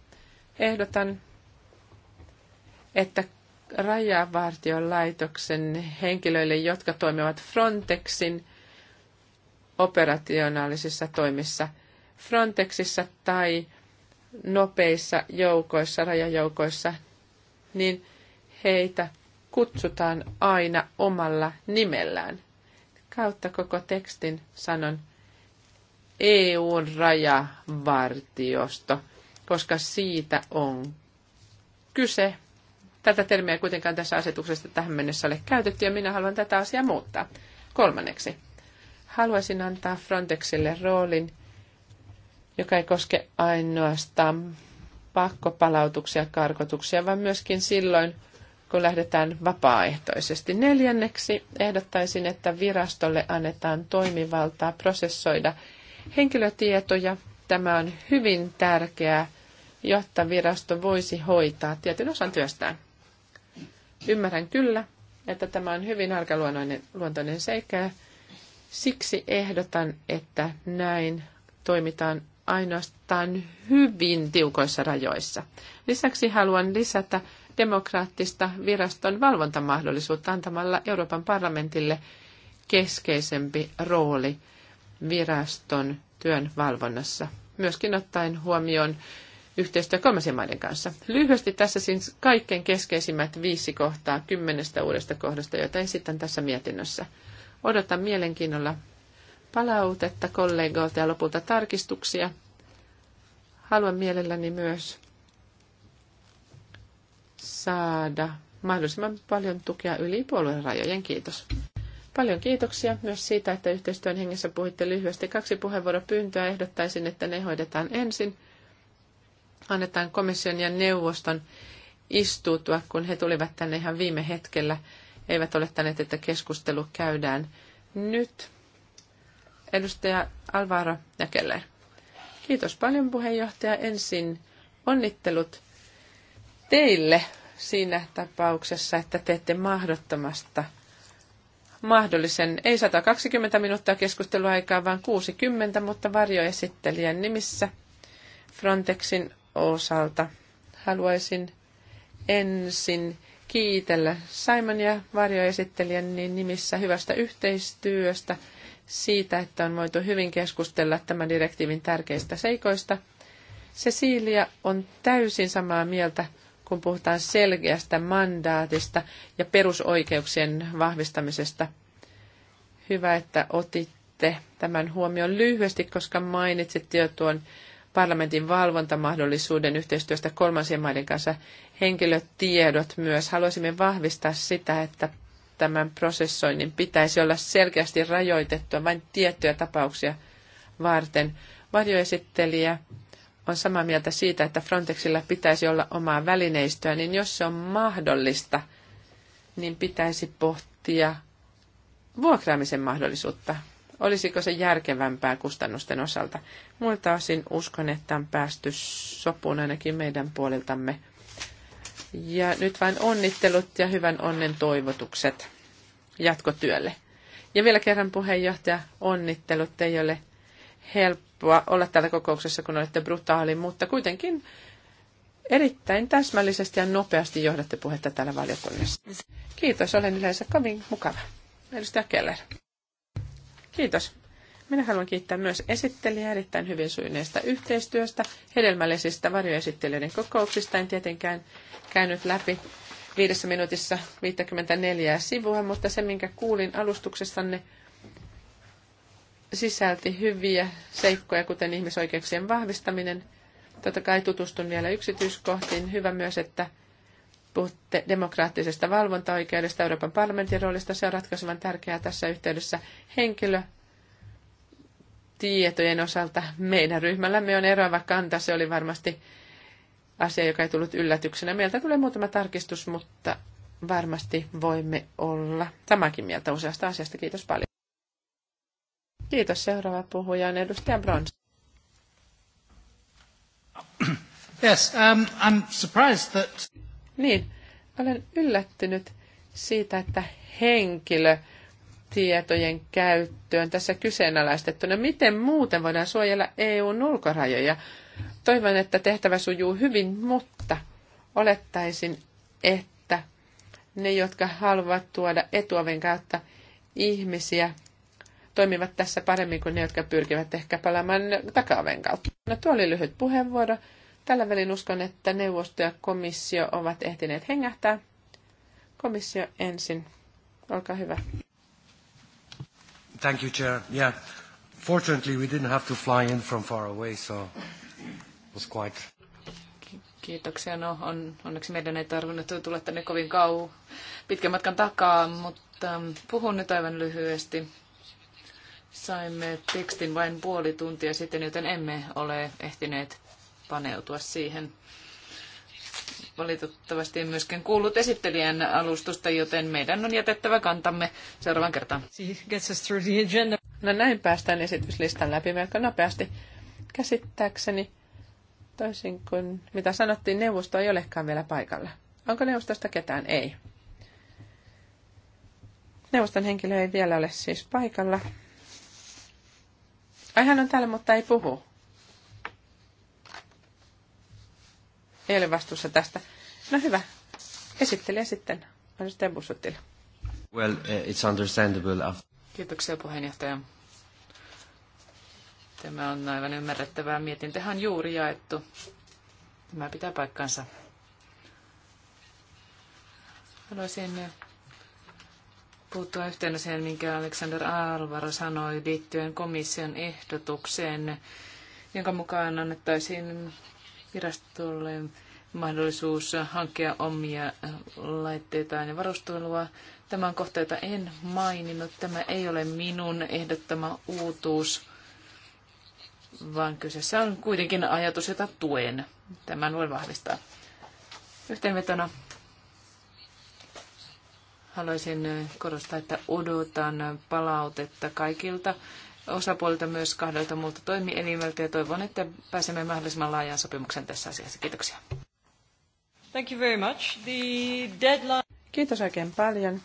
ehdotan, että rajavartion laitoksen henkilöille, jotka toimivat Frontexin operationaalisissa toimissa Frontexissa tai nopeissa joukoissa, rajajoukoissa, niin heitä kutsutaan aina omalla nimellään. Kautta koko tekstin sanon EUn rajavartiosto, koska siitä on kyse Tätä termiä kuitenkaan tässä asetuksessa tähän mennessä ole käytetty ja minä haluan tätä asiaa muuttaa. Kolmanneksi, haluaisin antaa Frontexille roolin, joka ei koske ainoastaan pakkopalautuksia ja karkotuksia, vaan myöskin silloin, kun lähdetään vapaaehtoisesti. Neljänneksi ehdottaisin, että virastolle annetaan toimivaltaa prosessoida henkilötietoja. Tämä on hyvin tärkeää, jotta virasto voisi hoitaa tietyn osan työstään. Ymmärrän kyllä, että tämä on hyvin arkaluontoinen seikka ja siksi ehdotan, että näin toimitaan ainoastaan hyvin tiukoissa rajoissa. Lisäksi haluan lisätä demokraattista viraston valvontamahdollisuutta antamalla Euroopan parlamentille keskeisempi rooli viraston työn valvonnassa, myöskin ottaen huomioon yhteistyö kolmansien maiden kanssa. Lyhyesti tässä siis kaikkein keskeisimmät viisi kohtaa kymmenestä uudesta kohdasta, joita esitän tässä mietinnössä. Odotan mielenkiinnolla palautetta kollegoilta ja lopulta tarkistuksia. Haluan mielelläni myös saada mahdollisimman paljon tukea yli puolueen rajojen. Kiitos. Paljon kiitoksia myös siitä, että yhteistyön hengessä puhuitte lyhyesti kaksi puheenvuoropyyntöä. Ehdottaisin, että ne hoidetaan ensin annetaan komission ja neuvoston istuutua, kun he tulivat tänne ihan viime hetkellä. eivät eivät olettaneet, että keskustelu käydään nyt. Edustaja Alvaro Näkeller. Kiitos paljon puheenjohtaja. Ensin onnittelut teille siinä tapauksessa, että teette mahdottomasta mahdollisen, ei 120 minuuttia keskusteluaikaa, vaan 60, mutta varjoesittelijän nimissä Frontexin osalta haluaisin ensin kiitellä Simon ja varjoesittelijän niin nimissä hyvästä yhteistyöstä siitä, että on voitu hyvin keskustella tämän direktiivin tärkeistä seikoista. Cecilia on täysin samaa mieltä, kun puhutaan selkeästä mandaatista ja perusoikeuksien vahvistamisesta. Hyvä, että otitte tämän huomioon lyhyesti, koska mainitsitte jo tuon parlamentin valvontamahdollisuuden yhteistyöstä kolmansien maiden kanssa henkilötiedot myös. Haluaisimme vahvistaa sitä, että tämän prosessoinnin pitäisi olla selkeästi rajoitettua vain tiettyjä tapauksia varten. Varjoesittelijä on samaa mieltä siitä, että Frontexilla pitäisi olla omaa välineistöä, niin jos se on mahdollista, niin pitäisi pohtia vuokraamisen mahdollisuutta Olisiko se järkevämpää kustannusten osalta? Muilta osin uskon, että on päästy sopuun ainakin meidän puoliltamme. Ja nyt vain onnittelut ja hyvän onnen toivotukset jatkotyölle. Ja vielä kerran puheenjohtaja, onnittelut ei ole helppoa olla täällä kokouksessa, kun olette brutaali, mutta kuitenkin erittäin täsmällisesti ja nopeasti johdatte puhetta täällä valiokunnassa. Kiitos, olen yleensä kovin mukava. Edustaja Keller. Kiitos. Minä haluan kiittää myös esittelijä erittäin hyvin sujuneesta yhteistyöstä, hedelmällisistä varjoesittelijöiden kokouksista. En tietenkään käynyt läpi viidessä minuutissa 54 sivua, mutta se, minkä kuulin alustuksessanne, sisälti hyviä seikkoja, kuten ihmisoikeuksien vahvistaminen. Totta kai tutustun vielä yksityiskohtiin. Hyvä myös, että Puhutte demokraattisesta valvontaoikeudesta, Euroopan parlamentin roolista. Se on ratkaisevan tärkeää tässä yhteydessä henkilö tietojen osalta. Meidän ryhmällämme on eroava kanta. Se oli varmasti asia, joka ei tullut yllätyksenä. Meiltä tulee muutama tarkistus, mutta varmasti voimme olla tämäkin mieltä useasta asiasta. Kiitos paljon. Kiitos. Seuraava puhuja on edustaja Brons. Yes, um, I'm surprised that... Niin, olen yllättynyt siitä, että henkilö tietojen käyttöön tässä kyseenalaistettuna. Miten muuten voidaan suojella EUn ulkorajoja? Toivon, että tehtävä sujuu hyvin, mutta olettaisin, että ne, jotka haluavat tuoda etuoven kautta ihmisiä, toimivat tässä paremmin kuin ne, jotka pyrkivät ehkä palaamaan takaoven kautta. No, tuo oli lyhyt puheenvuoro. Tällä välin uskon, että neuvosto ja komissio ovat ehtineet hengähtää. Komissio ensin. Olkaa hyvä. Thank you, Chair. Yeah. Fortunately, we didn't have to fly in from far away, so it was quite... Kiitoksia. No, on, onneksi meidän ei tarvinnut tulla tänne kovin kau pitkän matkan takaa, mutta mm, puhun nyt aivan lyhyesti. Saimme tekstin vain puoli tuntia sitten, joten emme ole ehtineet paneutua siihen. Valitettavasti en myöskään kuullut esittelijän alustusta, joten meidän on jätettävä kantamme seuraavan kertaan. No näin päästään esityslistan läpi melko nopeasti. Käsittääkseni, toisin kuin mitä sanottiin, neuvosto ei olekaan vielä paikalla. Onko neuvostosta ketään? Ei. Neuvoston henkilö ei vielä ole siis paikalla. Ai hän on täällä, mutta ei puhu. ei ole vastuussa tästä. No hyvä, Esittelee sitten, Well, eh, it's understandable. Kiitoksia puheenjohtaja. Tämä on aivan ymmärrettävää. Mietintähän on juuri jaettu. Tämä pitää paikkansa. Haluaisin puuttua yhteen asiaan, minkä Alexander Alvaro sanoi liittyen komission ehdotukseen, jonka mukaan annettaisiin virastolle mahdollisuus hankkia omia laitteitaan ja varustelua. Tämä on kohta, jota en maininnut. Tämä ei ole minun ehdottama uutuus, vaan kyseessä on kuitenkin ajatus, jota tuen. Tämän voi vahvistaa. Yhteenvetona haluaisin korostaa, että odotan palautetta kaikilta osapuolilta myös kahdelta muulta toimielimeltä ja toivon, että pääsemme mahdollisimman laajaan sopimukseen tässä asiassa. Kiitoksia. Thank you very much. The deadline... Kiitos oikein paljon.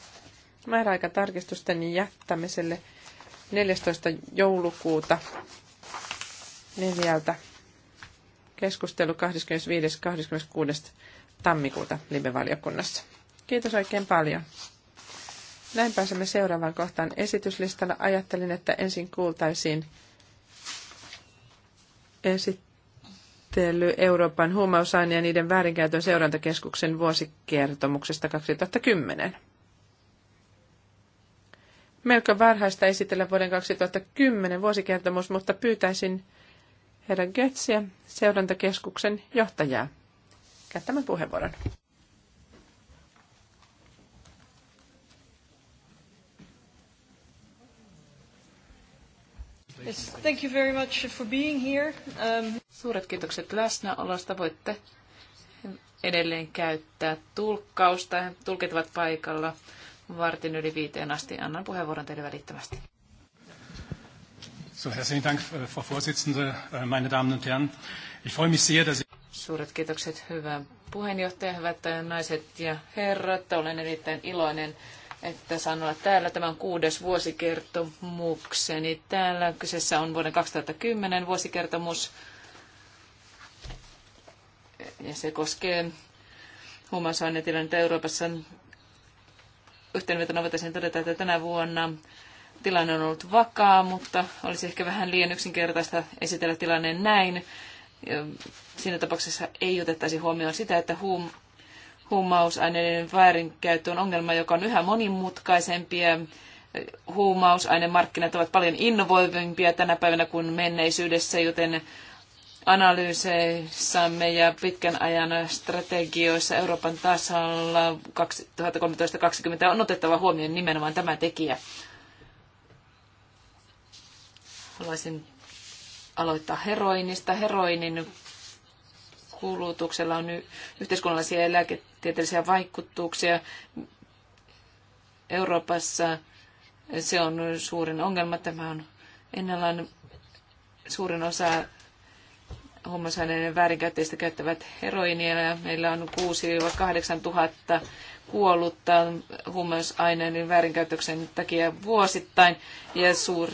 Määräaika tarkistusten jättämiselle 14. joulukuuta neljältä. Keskustelu 25.–26. tammikuuta live-valiokunnassa. Kiitos oikein paljon. Näin pääsemme seuraavaan kohtaan esityslistalla. Ajattelin, että ensin kuultaisiin esittely Euroopan huumausaine- ja niiden väärinkäytön seurantakeskuksen vuosikertomuksesta 2010. Melko varhaista esitellä vuoden 2010 vuosikertomus, mutta pyytäisin Herran Götsiä, seurantakeskuksen johtajaa, käyttämään puheenvuoron. Yes, thank you very much for being here. Um... Suuret kiitokset läsnäolosta. Voitte edelleen käyttää tulkkausta. Tulkit ovat paikalla vartin yli viiteen asti. Annan puheenvuoron teille välittömästi. So, herzlichen Dank, äh, Frau Vorsitzende, äh, meine Damen und Herren. Ich freue mich sehr, dass Suuret kiitokset, hyvä puheenjohtaja, hyvät naiset ja herrat. Olen erittäin iloinen että saan olla täällä. tämän kuudes vuosikertomukseni täällä. Kyseessä on vuoden 2010 vuosikertomus ja se koskee huumausainetilannetta Euroopassa. Yhteenvetona voitaisiin todeta, että tänä vuonna tilanne on ollut vakaa, mutta olisi ehkä vähän liian yksinkertaista esitellä tilanne näin. Siinä tapauksessa ei otettaisi huomioon sitä, että huum- huumausaineiden väärinkäyttö on ongelma, joka on yhä monimutkaisempi ja huumausainemarkkinat ovat paljon innovoivimpia tänä päivänä kuin menneisyydessä, joten analyyseissamme ja pitkän ajan strategioissa Euroopan tasolla 2013-2020 on otettava huomioon nimenomaan tämä tekijä. Haluaisin aloittaa heroinista. Heroinin kulutuksella on yhteiskunnallisia ja lääketieteellisiä tieteellisiä vaikutuksia. Euroopassa se on suurin ongelma. Tämä on ennallaan suurin osa huumausaineiden väärinkäyttäjistä käyttävät heroinia ja meillä on 6-8 tuhatta kuollutta huumausaineiden väärinkäytöksen takia vuosittain. Ja suur,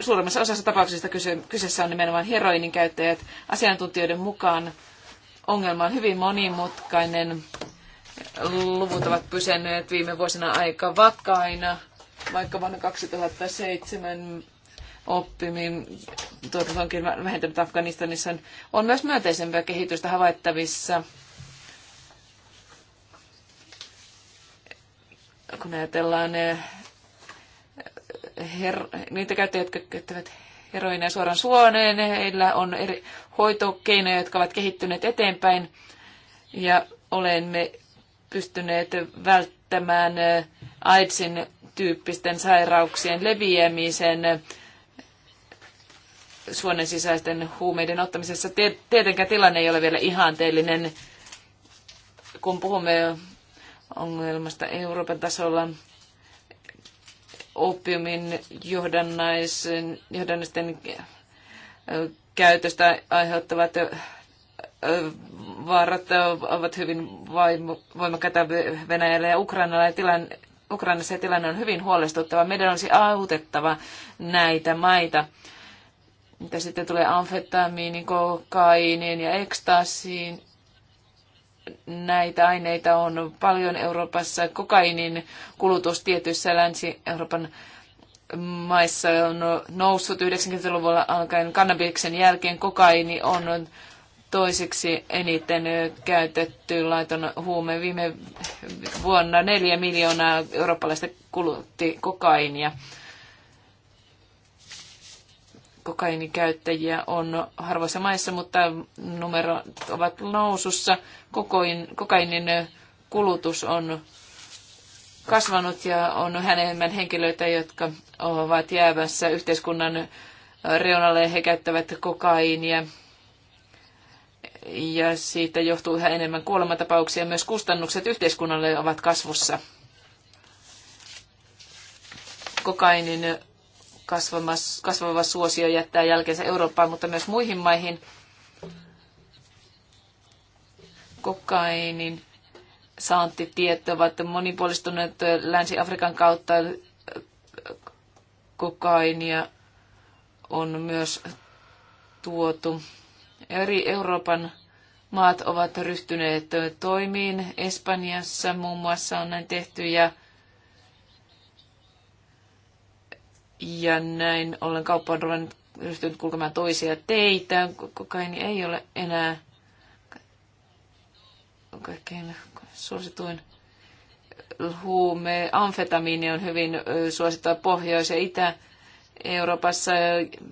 suuremmassa osassa tapauksista kyse, kyseessä on nimenomaan heroinin käyttäjät. Asiantuntijoiden mukaan ongelma on hyvin monimutkainen Luvut ovat pysyneet viime vuosina aika vakaina, vaikka vuonna 2007 oppimin tuotus onkin vähentynyt Afganistanissa, niin on myös myönteisempää kehitystä havaittavissa. Kun ajatellaan eh, her- niitä käyttäjiä, jotka käyttävät heroineja suoraan suoneen, eh, heillä on eri hoitokeinoja, jotka ovat kehittyneet eteenpäin. Ja olemme pystyneet välttämään AIDSin tyyppisten sairauksien leviämisen suonen sisäisten huumeiden ottamisessa. Tietenkään tilanne ei ole vielä ihanteellinen, kun puhumme ongelmasta Euroopan tasolla opiumin johdannaisten käytöstä aiheuttavat vaarat ovat hyvin voimakkaita Venäjällä ja Ukrainalle. Ja tilanne, Ukrainassa ja tilanne on hyvin huolestuttava. Meidän olisi autettava näitä maita. Mitä sitten tulee amfetamiiniin, kokainiin ja ekstasiin, näitä aineita on paljon Euroopassa. Kokainin kulutus tietyissä Länsi-Euroopan maissa on noussut 90-luvulla alkaen kannabiksen jälkeen. Kokaini on toiseksi eniten käytetty laiton huume. Viime vuonna neljä miljoonaa eurooppalaista kulutti kokainia. Kokainikäyttäjiä on harvoissa maissa, mutta numerot ovat nousussa. Kokoin, kokainin kulutus on kasvanut ja on hänemmän henkilöitä, jotka ovat jäävässä yhteiskunnan reunalle. He käyttävät kokainia ja siitä johtuu yhä enemmän kuolemantapauksia. Myös kustannukset yhteiskunnalle ovat kasvussa. Kokainin kasvava suosio jättää jälkeensä Eurooppaan, mutta myös muihin maihin. Kokainin saantitiet ovat monipuolistuneet Länsi-Afrikan kautta. Kokainia on myös tuotu eri Euroopan maat ovat ryhtyneet toimiin. Espanjassa muun muassa on näin tehty ja, ja näin ollen kauppa on ryhtynyt kulkemaan toisia teitä. Kokaini ei ole enää kaikkein suosituin huume. Amfetamiini on hyvin suosittua Pohjois- ja Itä- Euroopassa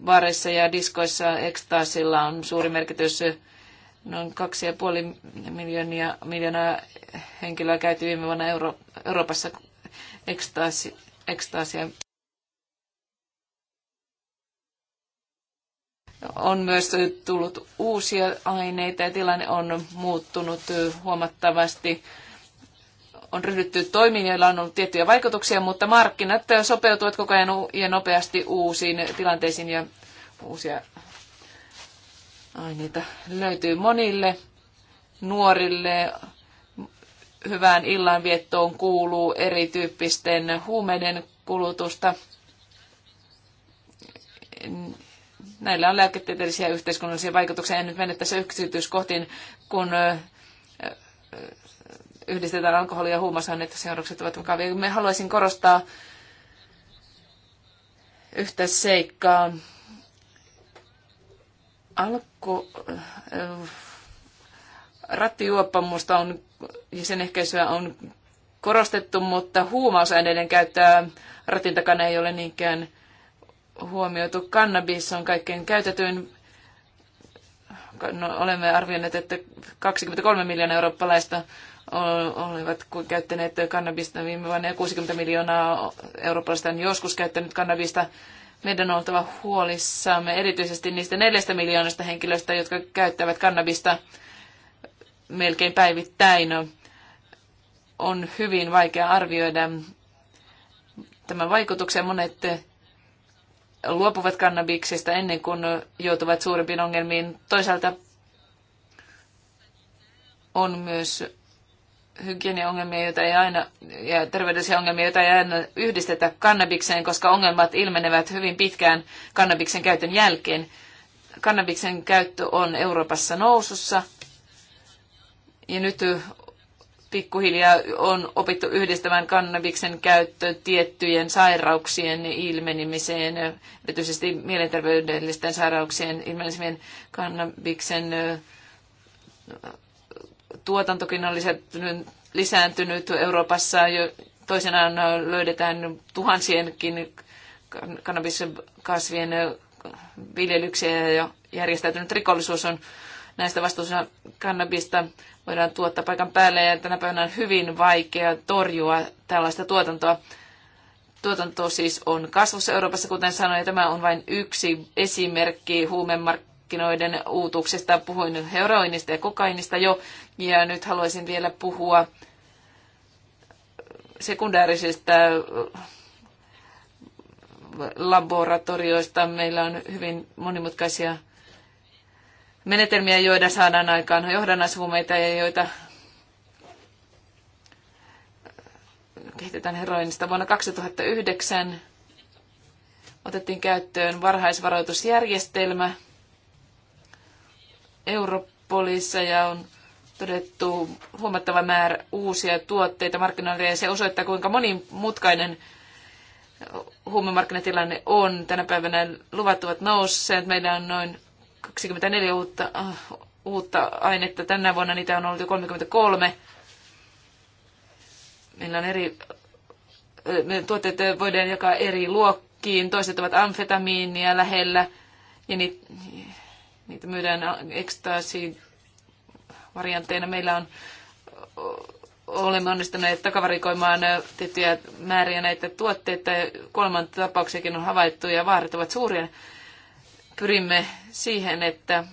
baareissa ja diskoissa ekstaasilla on suuri merkitys. Noin 2,5 miljoonia, miljoonaa henkilöä käyty viime vuonna Euro- Euroopassa ekstaasi, ekstaasia. On myös tullut uusia aineita ja tilanne on muuttunut huomattavasti on ryhdytty toimiin, joilla on ollut tiettyjä vaikutuksia, mutta markkinat sopeutuvat koko ajan ja nopeasti uusiin tilanteisiin ja uusia aineita löytyy monille nuorille. Hyvään illanviettoon kuuluu erityyppisten huumeiden kulutusta. Näillä on lääketieteellisiä ja yhteiskunnallisia vaikutuksia. En nyt mene tässä yksityiskohtiin, kun yhdistetään alkoholia ja huumausaineita, seuraukset ovat vakavia. Me haluaisin korostaa yhtä seikkaa. Alko, rattijuoppamusta on, ja sen ehkäisyä on korostettu, mutta huumausaineiden käyttöä ratin takana ei ole niinkään huomioitu. Kannabis on kaikkein käytetyin. No, olemme arvioineet, että 23 miljoonaa eurooppalaista olivat käyttäneet kannabista viime vuonna 60 miljoonaa eurooppalaista on joskus käyttänyt kannabista. Meidän on oltava huolissamme erityisesti niistä neljästä miljoonasta henkilöstä, jotka käyttävät kannabista melkein päivittäin. On hyvin vaikea arvioida tämän vaikutuksen. Monet luopuvat kannabiksesta ennen kuin joutuvat suurempiin ongelmiin. Toisaalta on myös hygieniaongelmia, joita ei aina, ja terveydellisiä ongelmia, joita ei aina yhdistetä kannabikseen, koska ongelmat ilmenevät hyvin pitkään kannabiksen käytön jälkeen. Kannabiksen käyttö on Euroopassa nousussa, ja nyt pikkuhiljaa on opittu yhdistämään kannabiksen käyttö tiettyjen sairauksien ilmenemiseen, erityisesti mielenterveydellisten sairauksien ilmenemiseen kannabiksen tuotantokin on lisääntynyt Euroopassa. Jo toisenaan löydetään tuhansienkin kannabiskasvien viljelyksiä ja järjestäytynyt rikollisuus on näistä vastuussa kannabista voidaan tuottaa paikan päälle ja tänä päivänä on hyvin vaikea torjua tällaista tuotantoa. Tuotanto siis on kasvussa Euroopassa, kuten sanoin, ja tämä on vain yksi esimerkki huumemark- markkinoiden uutuuksista. Puhuin heroinista ja kokainista jo, ja nyt haluaisin vielä puhua sekundäärisistä äh, laboratorioista. Meillä on hyvin monimutkaisia menetelmiä, joita saadaan aikaan johdannaishuumeita ja joita kehitetään heroinista. Vuonna 2009 otettiin käyttöön varhaisvaroitusjärjestelmä – Europolissa ja on todettu huomattava määrä uusia tuotteita markkinoille ja se osoittaa, kuinka monimutkainen huumemarkkinatilanne on. Tänä päivänä luvat ovat nousseet. Meillä on noin 24 uutta, uh, uutta ainetta. Tänä vuonna niitä on ollut jo 33. Meillä on eri äh, tuotteet voidaan jakaa eri luokkiin. Toiset ovat amfetamiinia lähellä ja, niitä, Niitä myydään ekstaasi varianteina. Meillä on olemme onnistuneet takavarikoimaan tiettyjä määriä näitä tuotteita. Kolmanta tapauksiakin on havaittu ja vaarat ovat suuria. Pyrimme siihen, että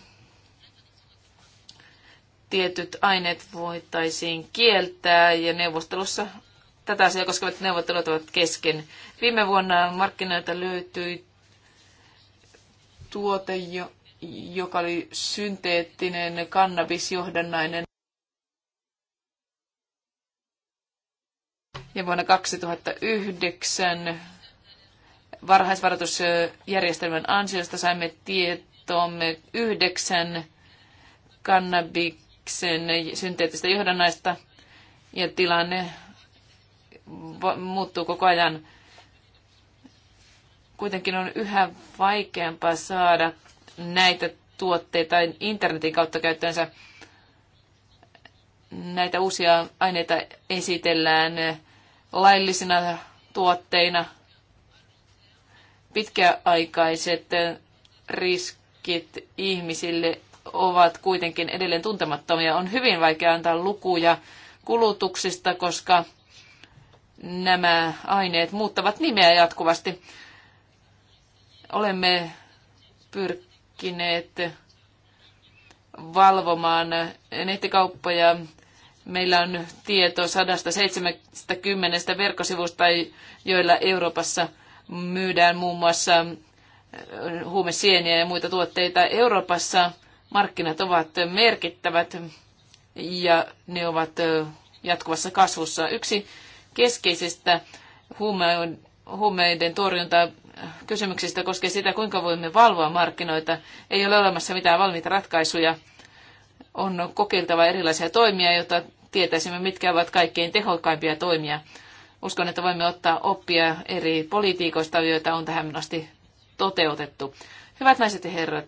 tietyt aineet voitaisiin kieltää ja neuvostelussa tätä asiaa koskevat neuvottelut ovat kesken. Viime vuonna markkinoilta löytyi tuote, jo, joka oli synteettinen kannabisjohdannainen. Ja vuonna 2009 varhaisvaroitusjärjestelmän ansiosta saimme tietoomme yhdeksän kannabiksen synteettistä johdannaista. Ja tilanne muuttuu koko ajan. Kuitenkin on yhä vaikeampaa saada näitä tuotteita internetin kautta käyttöönsä. Näitä uusia aineita esitellään laillisina tuotteina. Pitkäaikaiset riskit ihmisille ovat kuitenkin edelleen tuntemattomia. On hyvin vaikea antaa lukuja kulutuksista, koska nämä aineet muuttavat nimeä jatkuvasti. Olemme pyr- pyrkineet valvomaan nettikauppoja. Meillä on tieto 170 verkkosivusta, joilla Euroopassa myydään muun muassa äh, huumesieniä ja muita tuotteita. Euroopassa markkinat ovat merkittävät ja ne ovat äh, jatkuvassa kasvussa. Yksi keskeisistä huumeiden torjunta kysymyksistä koskee sitä, kuinka voimme valvoa markkinoita. Ei ole olemassa mitään valmiita ratkaisuja. On kokeiltava erilaisia toimia, jotta tietäisimme, mitkä ovat kaikkein tehokkaimpia toimia. Uskon, että voimme ottaa oppia eri politiikoista, joita on tähän asti toteutettu. Hyvät naiset ja herrat,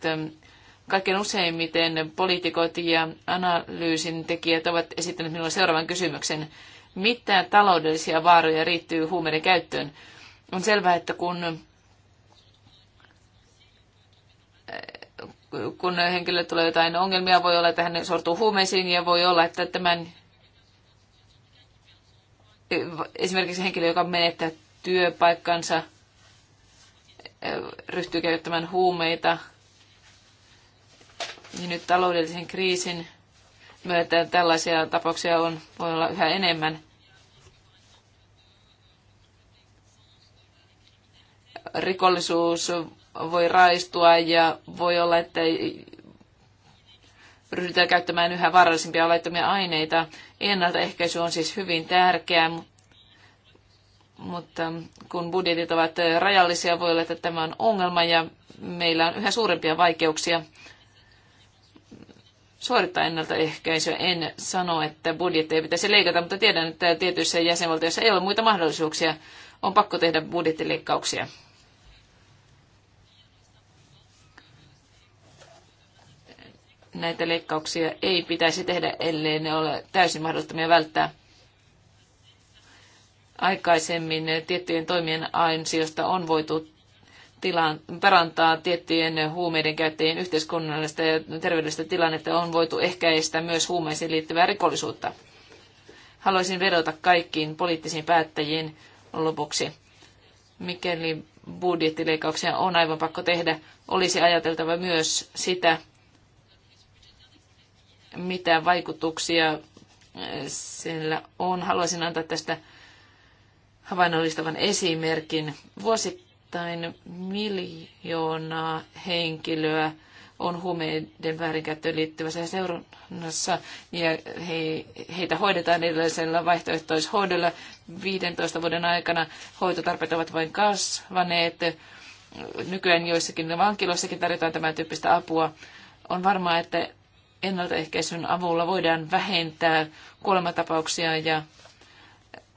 kaikkein useimmiten poliitikot ja analyysin tekijät ovat esittäneet minulle seuraavan kysymyksen. Mitä taloudellisia vaaroja riittyy huumeiden käyttöön? On selvää, että kun kun henkilö tulee jotain ongelmia, voi olla, että hän sortuu huumeisiin ja voi olla, että tämän esimerkiksi henkilö, joka menettää työpaikkansa, ryhtyy käyttämään huumeita, niin nyt taloudellisen kriisin myötä tällaisia tapauksia on, voi olla yhä enemmän. Rikollisuus voi raistua ja voi olla, että ryhdytään käyttämään yhä vaarallisimpia laittomia aineita. Ennaltaehkäisy on siis hyvin tärkeää, mutta kun budjetit ovat rajallisia, voi olla, että tämä on ongelma ja meillä on yhä suurempia vaikeuksia suorittaa ennaltaehkäisyä. En sano, että budjetti ei pitäisi leikata, mutta tiedän, että tietyissä jäsenvaltioissa ei ole muita mahdollisuuksia. On pakko tehdä budjettileikkauksia. näitä leikkauksia ei pitäisi tehdä, ellei ne ole täysin mahdottomia välttää. Aikaisemmin tiettyjen toimien ansiosta on voitu tilan, parantaa tiettyjen huumeiden käyttäjien yhteiskunnallista ja terveydellistä tilannetta, on voitu ehkäistä myös huumeisiin liittyvää rikollisuutta. Haluaisin vedota kaikkiin poliittisiin päättäjiin lopuksi. Mikäli budjettileikkauksia on aivan pakko tehdä, olisi ajateltava myös sitä, mitä vaikutuksia eh, sillä on. Haluaisin antaa tästä havainnollistavan esimerkin. Vuosittain miljoonaa henkilöä on huumeiden väärinkäyttöön liittyvässä seurannassa ja he, heitä hoidetaan erilaisella vaihtoehtoishoidolla. 15 vuoden aikana hoitotarpeet ovat vain kasvaneet. Nykyään joissakin vankiloissakin tarjotaan tämän tyyppistä apua. On varmaa, että ennaltaehkäisyn avulla voidaan vähentää kuolematapauksia ja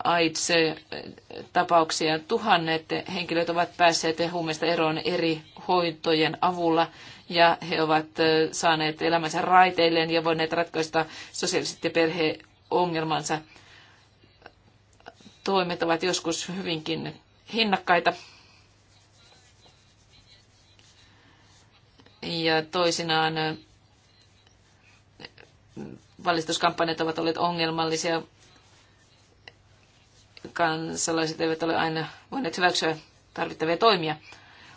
AIDS-tapauksia. Tuhannet henkilöt ovat päässeet huumeista eroon eri hoitojen avulla ja he ovat saaneet elämänsä raiteilleen ja voineet ratkaista sosiaaliset ja perheongelmansa. Toimet ovat joskus hyvinkin hinnakkaita. Ja toisinaan valistuskampanjat ovat olleet ongelmallisia. Kansalaiset eivät ole aina voineet hyväksyä tarvittavia toimia.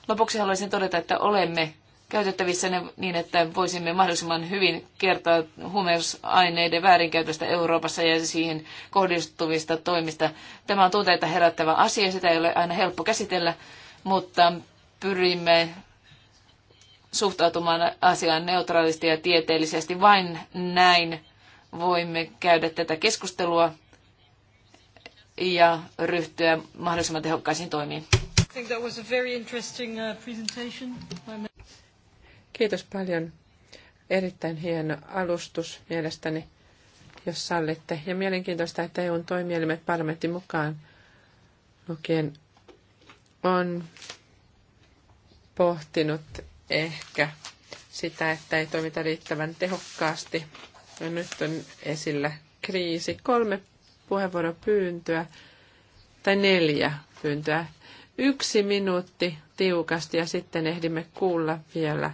Lopuksi haluaisin todeta, että olemme käytettävissä niin, että voisimme mahdollisimman hyvin kertoa huumeusaineiden väärinkäytöstä Euroopassa ja siihen kohdistuvista toimista. Tämä on tunteita herättävä asia, sitä ei ole aina helppo käsitellä, mutta pyrimme suhtautumaan asiaan neutraalisti ja tieteellisesti. Vain näin voimme käydä tätä keskustelua ja ryhtyä mahdollisimman tehokkaisiin toimiin. Uh, Kiitos paljon. Erittäin hieno alustus mielestäni, jos sallitte. Ja mielenkiintoista, että EUn toimielimet parlamentin mukaan lukien on pohtinut ehkä sitä, että ei toimita riittävän tehokkaasti. Ja nyt on esillä kriisi. Kolme puheenvuoropyyntöä tai neljä pyyntöä. Yksi minuutti tiukasti ja sitten ehdimme kuulla vielä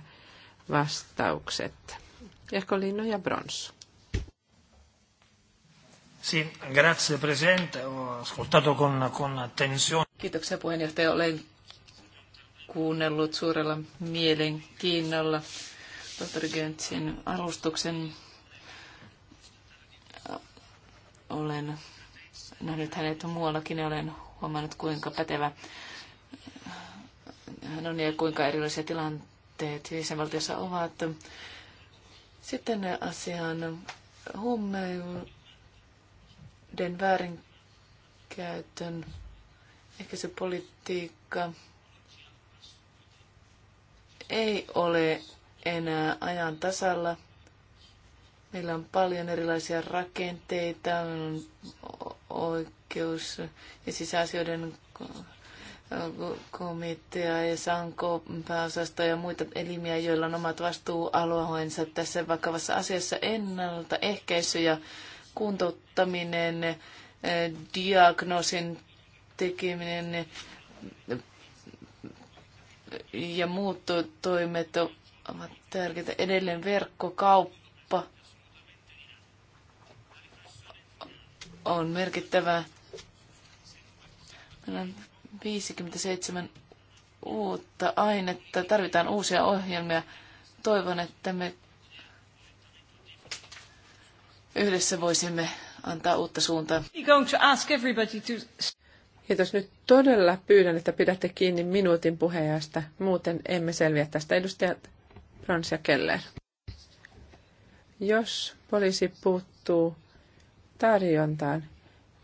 vastaukset. Jakolino ja Brons. Sì, grazie Presidente, ho ascoltato con, con attenzione. Kiitoksia puheenjohtaja. Olen kuunnellut suurella mielenkiinnolla Dr. Göntsin alustuksen. Olen nähnyt hänet muuallakin ja olen huomannut, kuinka pätevä hän on ja kuinka erilaisia tilanteet jäsenvaltiossa ovat. Sitten asiaan huumeiden väärinkäytön, ehkä se politiikka, ei ole enää ajan tasalla. Meillä on paljon erilaisia rakenteita, on oikeus- ja sisäasioiden komitea ja sanko pääosasto ja muita elimiä, joilla on omat vastuualueensa tässä vakavassa asiassa ennaltaehkäisy ja kuntouttaminen, diagnoosin tekeminen, ja muut toimet ovat tärkeitä. Edelleen verkkokauppa on merkittävä. Meillä on 57 uutta ainetta. Tarvitaan uusia ohjelmia. Toivon, että me yhdessä voisimme antaa uutta suuntaa. Kiitos. Nyt todella pyydän, että pidätte kiinni minuutin puheenjohtajasta. Muuten emme selviä tästä. Edustajat Brons ja Keller. Jos poliisi puuttuu tarjontaan,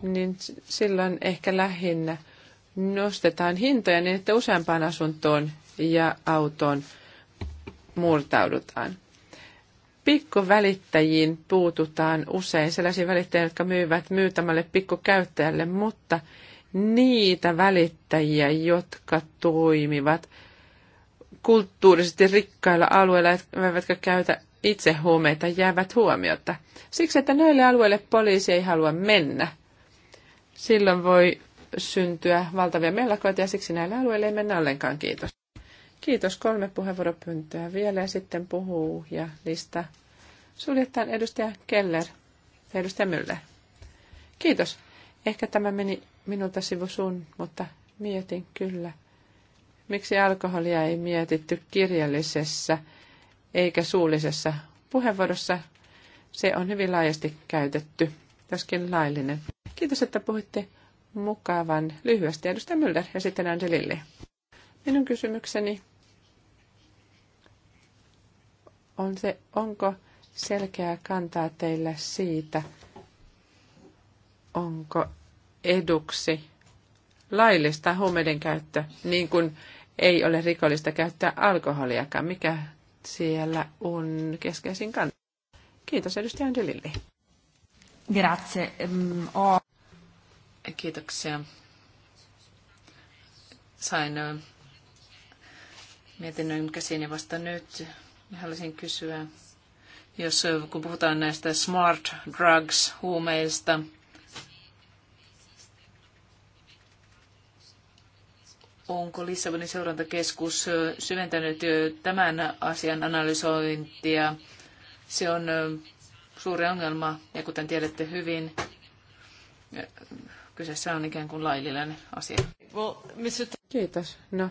niin silloin ehkä lähinnä nostetaan hintoja niin, että useampaan asuntoon ja autoon murtaudutaan. Pikkuvälittäjiin puututaan usein, sellaisiin välittäjiin, jotka myyvät myytämälle pikkukäyttäjälle, mutta – niitä välittäjiä, jotka toimivat kulttuurisesti rikkailla alueilla, eivätkä käytä itse huumeita, jäävät huomiota. Siksi, että näille alueille poliisi ei halua mennä. Silloin voi syntyä valtavia mellakoita ja siksi näillä alueilla ei mennä ollenkaan. Kiitos. Kiitos. Kolme puheenvuoropyyntöä vielä ja sitten puhuu ja lista. Suljetaan edustaja Keller ja edustaja Müller. Kiitos. Ehkä tämä meni minulta sivu sun, mutta mietin kyllä. Miksi alkoholia ei mietitty kirjallisessa eikä suullisessa puheenvuorossa? Se on hyvin laajasti käytetty, joskin laillinen. Kiitos, että puhuitte mukavan lyhyesti. Edustaja Mylder ja sitten Angelilli. Minun kysymykseni on se, onko selkeää kantaa teillä siitä, onko eduksi laillista huumeiden käyttö, niin kuin ei ole rikollista käyttää alkoholiakaan, mikä siellä on keskeisin kanta. Kiitos edustaja Angelilli. Grazie. Ehm, Kiitoksia. Sain uh, mietinnön käsiini vasta nyt. Haluaisin kysyä, jos kun puhutaan näistä smart drugs, huumeista, Onko Lissabonin seurantakeskus syventänyt tämän asian analysointia? Se on suuri ongelma, ja kuten tiedätte hyvin, kyseessä on ikään kuin laillinen asia. Kiitos. No,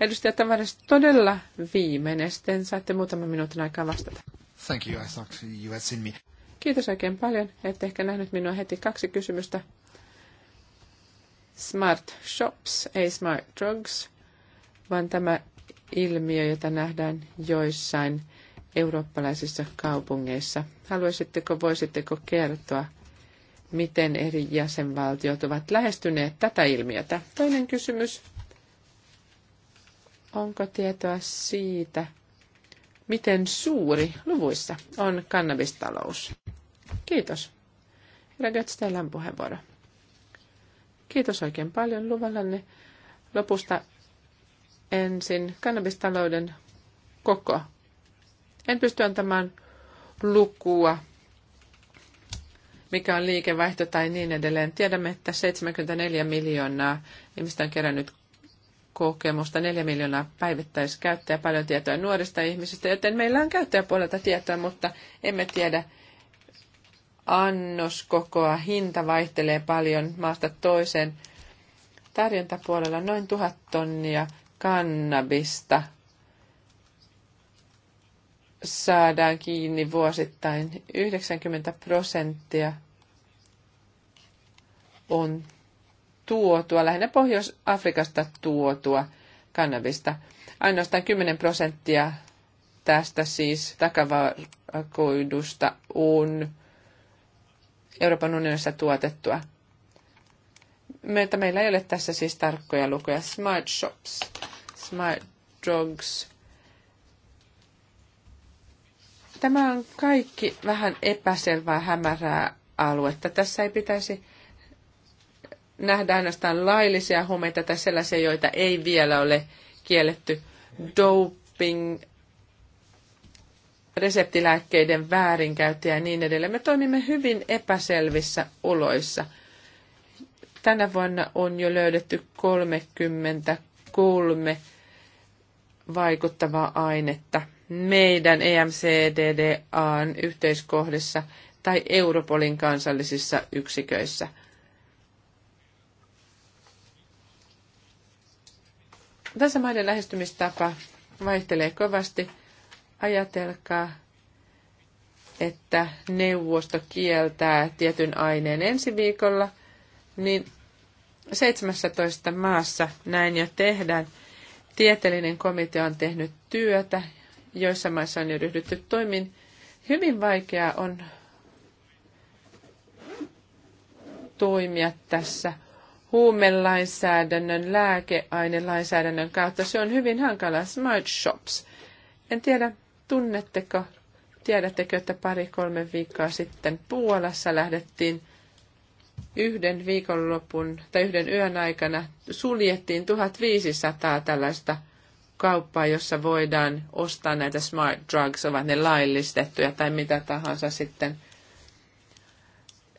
edustaja Tavares, todella viimeinen. Sitten saatte muutaman minuutin aikaa vastata. Thank you, I you had seen me. Kiitos oikein paljon. Et ehkä nähnyt minua heti kaksi kysymystä smart shops, ei smart drugs, vaan tämä ilmiö, jota nähdään joissain eurooppalaisissa kaupungeissa. Haluaisitteko, voisitteko kertoa, miten eri jäsenvaltiot ovat lähestyneet tätä ilmiötä? Toinen kysymys. Onko tietoa siitä, miten suuri luvuissa on kannabistalous? Kiitos. Herra teillä on puheenvuoro. Kiitos oikein paljon luvallanne. Lopusta ensin kannabistalouden koko. En pysty antamaan lukua, mikä on liikevaihto tai niin edelleen. Tiedämme, että 74 miljoonaa ihmistä on kerännyt kokemusta, 4 miljoonaa päivittäiskäyttäjä, paljon tietoa nuorista ihmisistä, joten meillä on käyttäjäpuolelta tietoa, mutta emme tiedä, annoskokoa, hinta vaihtelee paljon maasta toiseen. Tarjontapuolella noin tuhat tonnia kannabista saadaan kiinni vuosittain. 90 prosenttia on tuotua, lähinnä Pohjois-Afrikasta tuotua kannabista. Ainoastaan 10 prosenttia tästä siis takavakoidusta on Euroopan unionissa tuotettua. Meiltä meillä ei ole tässä siis tarkkoja lukuja. Smart shops, smart drugs. Tämä on kaikki vähän epäselvää, hämärää aluetta. Tässä ei pitäisi nähdä ainoastaan laillisia huumeita tai sellaisia, joita ei vielä ole kielletty. Doping, reseptilääkkeiden väärinkäyttö ja niin edelleen. Me toimimme hyvin epäselvissä oloissa. Tänä vuonna on jo löydetty 33 vaikuttavaa ainetta meidän EMCDDAn yhteiskohdissa tai Europolin kansallisissa yksiköissä. Tässä maiden lähestymistapa vaihtelee kovasti – Ajatelkaa, että neuvosto kieltää tietyn aineen ensi viikolla, niin 17 maassa näin jo tehdään. Tieteellinen komitea on tehnyt työtä, joissa maissa on jo ryhdytty toimiin. Hyvin vaikeaa on toimia tässä huumelainsäädännön, lääkeainelainsäädännön kautta. Se on hyvin hankala. Smart shops. En tiedä, Tunnetteko, tiedättekö, että pari-kolme viikkoa sitten Puolassa lähdettiin yhden viikonlopun tai yhden yön aikana suljettiin 1500 tällaista kauppaa, jossa voidaan ostaa näitä smart drugs, ovat ne laillistettuja tai mitä tahansa sitten.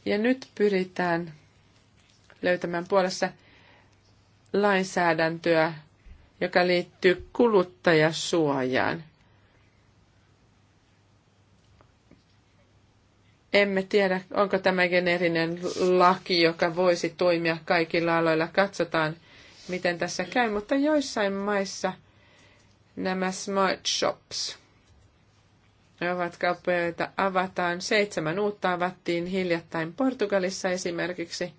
Ja nyt pyritään löytämään puolessa lainsäädäntöä, joka liittyy kuluttajasuojaan. emme tiedä, onko tämä geneerinen laki, joka voisi toimia kaikilla aloilla. Katsotaan, miten tässä käy, mutta joissain maissa nämä smart shops ovat kauppoja, joita avataan. Seitsemän uutta avattiin hiljattain Portugalissa esimerkiksi.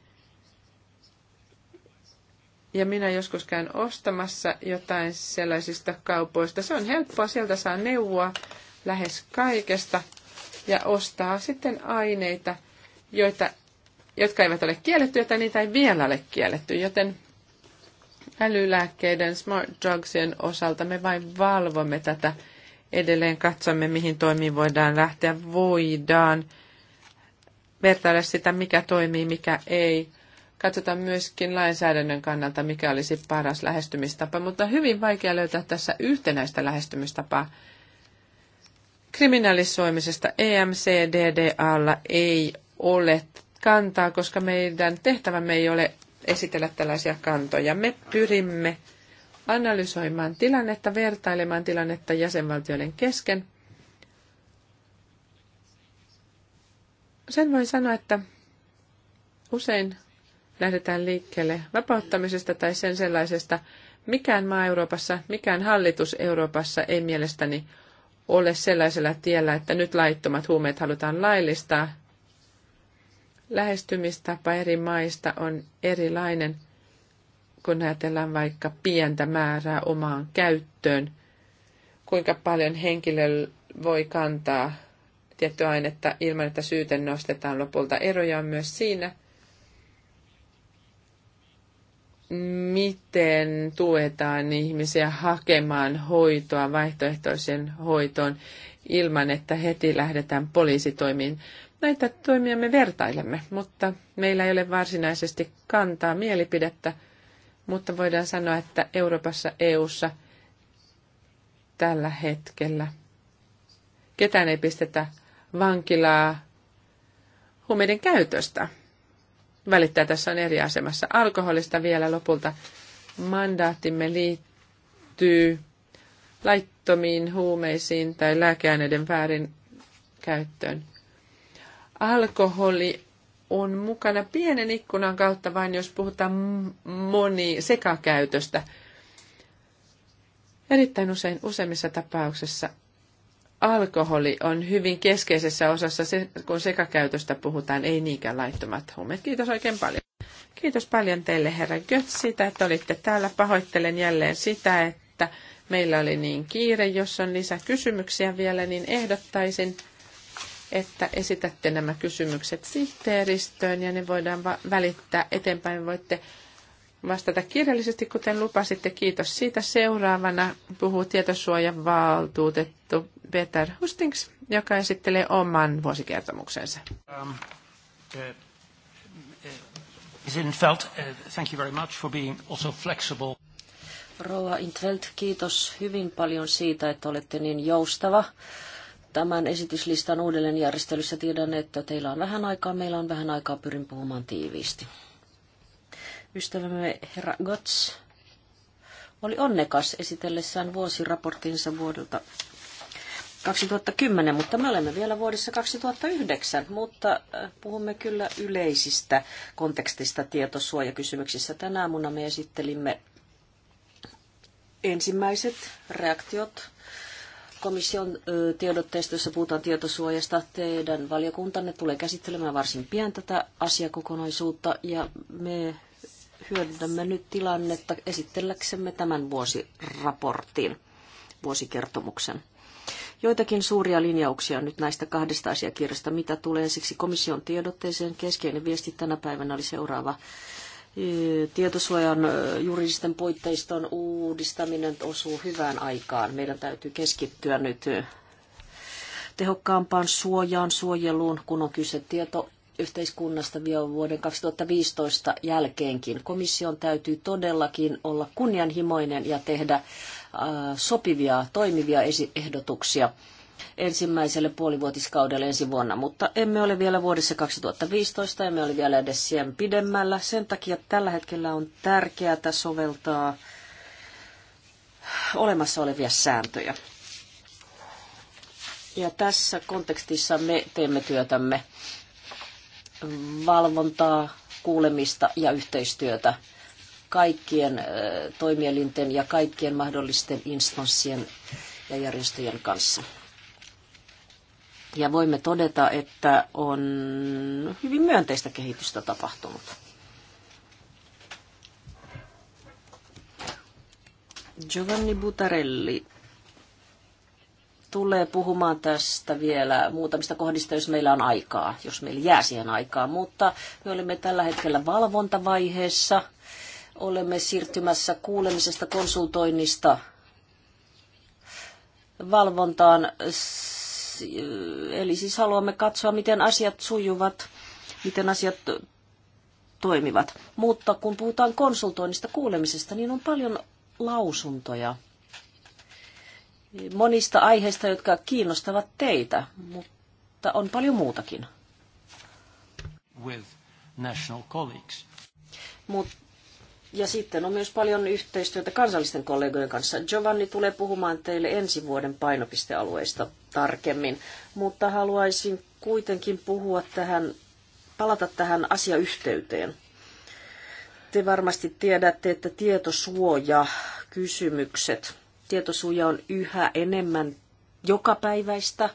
Ja minä joskus käyn ostamassa jotain sellaisista kaupoista. Se on helppoa, sieltä saa neuvoa lähes kaikesta – ja ostaa sitten aineita, joita, jotka eivät ole kiellettyjä tai niitä ei vielä ole kielletty, joten älylääkkeiden, smart drugsien osalta me vain valvomme tätä edelleen, katsomme mihin toimiin voidaan lähteä, voidaan vertailla sitä, mikä toimii, mikä ei. Katsotaan myöskin lainsäädännön kannalta, mikä olisi paras lähestymistapa, mutta hyvin vaikea löytää tässä yhtenäistä lähestymistapaa kriminalisoimisesta EMCDDAlla ei ole kantaa, koska meidän tehtävämme ei ole esitellä tällaisia kantoja. Me pyrimme analysoimaan tilannetta, vertailemaan tilannetta jäsenvaltioiden kesken. Sen voi sanoa, että usein lähdetään liikkeelle vapauttamisesta tai sen sellaisesta, mikään maa Euroopassa, mikään hallitus Euroopassa ei mielestäni ole sellaisella tiellä, että nyt laittomat huumeet halutaan laillistaa. Lähestymistapa eri maista on erilainen, kun ajatellaan vaikka pientä määrää omaan käyttöön, kuinka paljon henkilö voi kantaa tiettyä ainetta ilman, että syyten nostetaan lopulta. Eroja on myös siinä – miten tuetaan ihmisiä hakemaan hoitoa vaihtoehtoisen hoitoon ilman, että heti lähdetään poliisitoimiin. Näitä toimia me vertailemme, mutta meillä ei ole varsinaisesti kantaa mielipidettä, mutta voidaan sanoa, että Euroopassa, EUssa tällä hetkellä ketään ei pistetä vankilaa huumeiden käytöstä välittäjä tässä on eri asemassa. Alkoholista vielä lopulta mandaattimme liittyy laittomiin huumeisiin tai lääkeaineiden väärin käyttöön. Alkoholi on mukana pienen ikkunan kautta vain, jos puhutaan moni sekakäytöstä. Erittäin usein useimmissa tapauksissa alkoholi on hyvin keskeisessä osassa, kun sekakäytöstä puhutaan, ei niinkään laittomat huumeet. Kiitos oikein paljon. Kiitos paljon teille, herra Götz, siitä, että olitte täällä. Pahoittelen jälleen sitä, että meillä oli niin kiire. Jos on lisäkysymyksiä vielä, niin ehdottaisin, että esitätte nämä kysymykset sihteeristöön ja ne voidaan välittää eteenpäin. Voitte vastata kirjallisesti, kuten lupasitte. Kiitos siitä. Seuraavana puhuu valtuutettu Peter Hustings, joka esittelee oman vuosikertomuksensa. Um, uh, uh, uh, thank you very much for being also flexible. Rouva Intveld, kiitos hyvin paljon siitä, että olette niin joustava tämän esityslistan uudelleenjärjestelyssä. Tiedän, että teillä on vähän aikaa, meillä on vähän aikaa, pyrin puhumaan tiiviisti. Ystävämme herra Gotts oli onnekas esitellessään vuosiraporttinsa vuodelta 2010, mutta me olemme vielä vuodessa 2009, mutta äh, puhumme kyllä yleisistä kontekstista tietosuojakysymyksissä. Tänä aamuna me esittelimme ensimmäiset reaktiot komission tiedotteesta, jossa puhutaan tietosuojasta. Teidän valiokuntanne tulee käsittelemään varsin pian tätä asiakokonaisuutta ja me hyödynnämme nyt tilannetta esitelläksemme tämän vuosiraportin, vuosikertomuksen. Joitakin suuria linjauksia nyt näistä kahdesta asiakirjasta, mitä tulee ensiksi komission tiedotteeseen. Keskeinen viesti tänä päivänä oli seuraava. Tietosuojan juridisten puitteiston uudistaminen osuu hyvään aikaan. Meidän täytyy keskittyä nyt tehokkaampaan suojaan, suojeluun, kun on kyse tieto, yhteiskunnasta vielä vuoden 2015 jälkeenkin. Komission täytyy todellakin olla kunnianhimoinen ja tehdä äh, sopivia, toimivia ehdotuksia ensimmäiselle puolivuotiskaudelle ensi vuonna, mutta emme ole vielä vuodessa 2015, emme ole vielä edes siihen pidemmällä. Sen takia tällä hetkellä on tärkeää soveltaa olemassa olevia sääntöjä. Ja tässä kontekstissa me teemme työtämme valvontaa, kuulemista ja yhteistyötä kaikkien toimielinten ja kaikkien mahdollisten instanssien ja järjestöjen kanssa. Ja voimme todeta, että on hyvin myönteistä kehitystä tapahtunut. Giovanni Butarelli tulee puhumaan tästä vielä muutamista kohdista, jos meillä on aikaa, jos meillä jää siihen aikaa. Mutta me olemme tällä hetkellä valvontavaiheessa. Olemme siirtymässä kuulemisesta konsultoinnista valvontaan. Eli siis haluamme katsoa, miten asiat sujuvat, miten asiat toimivat. Mutta kun puhutaan konsultoinnista kuulemisesta, niin on paljon lausuntoja – monista aiheista, jotka kiinnostavat teitä, mutta on paljon muutakin. With national colleagues. Mut, ja sitten on myös paljon yhteistyötä kansallisten kollegojen kanssa. Giovanni tulee puhumaan teille ensi vuoden painopistealueista tarkemmin, mutta haluaisin kuitenkin puhua tähän, palata tähän asiayhteyteen. Te varmasti tiedätte, että tietosuoja kysymykset Tietosuoja on yhä enemmän jokapäiväistä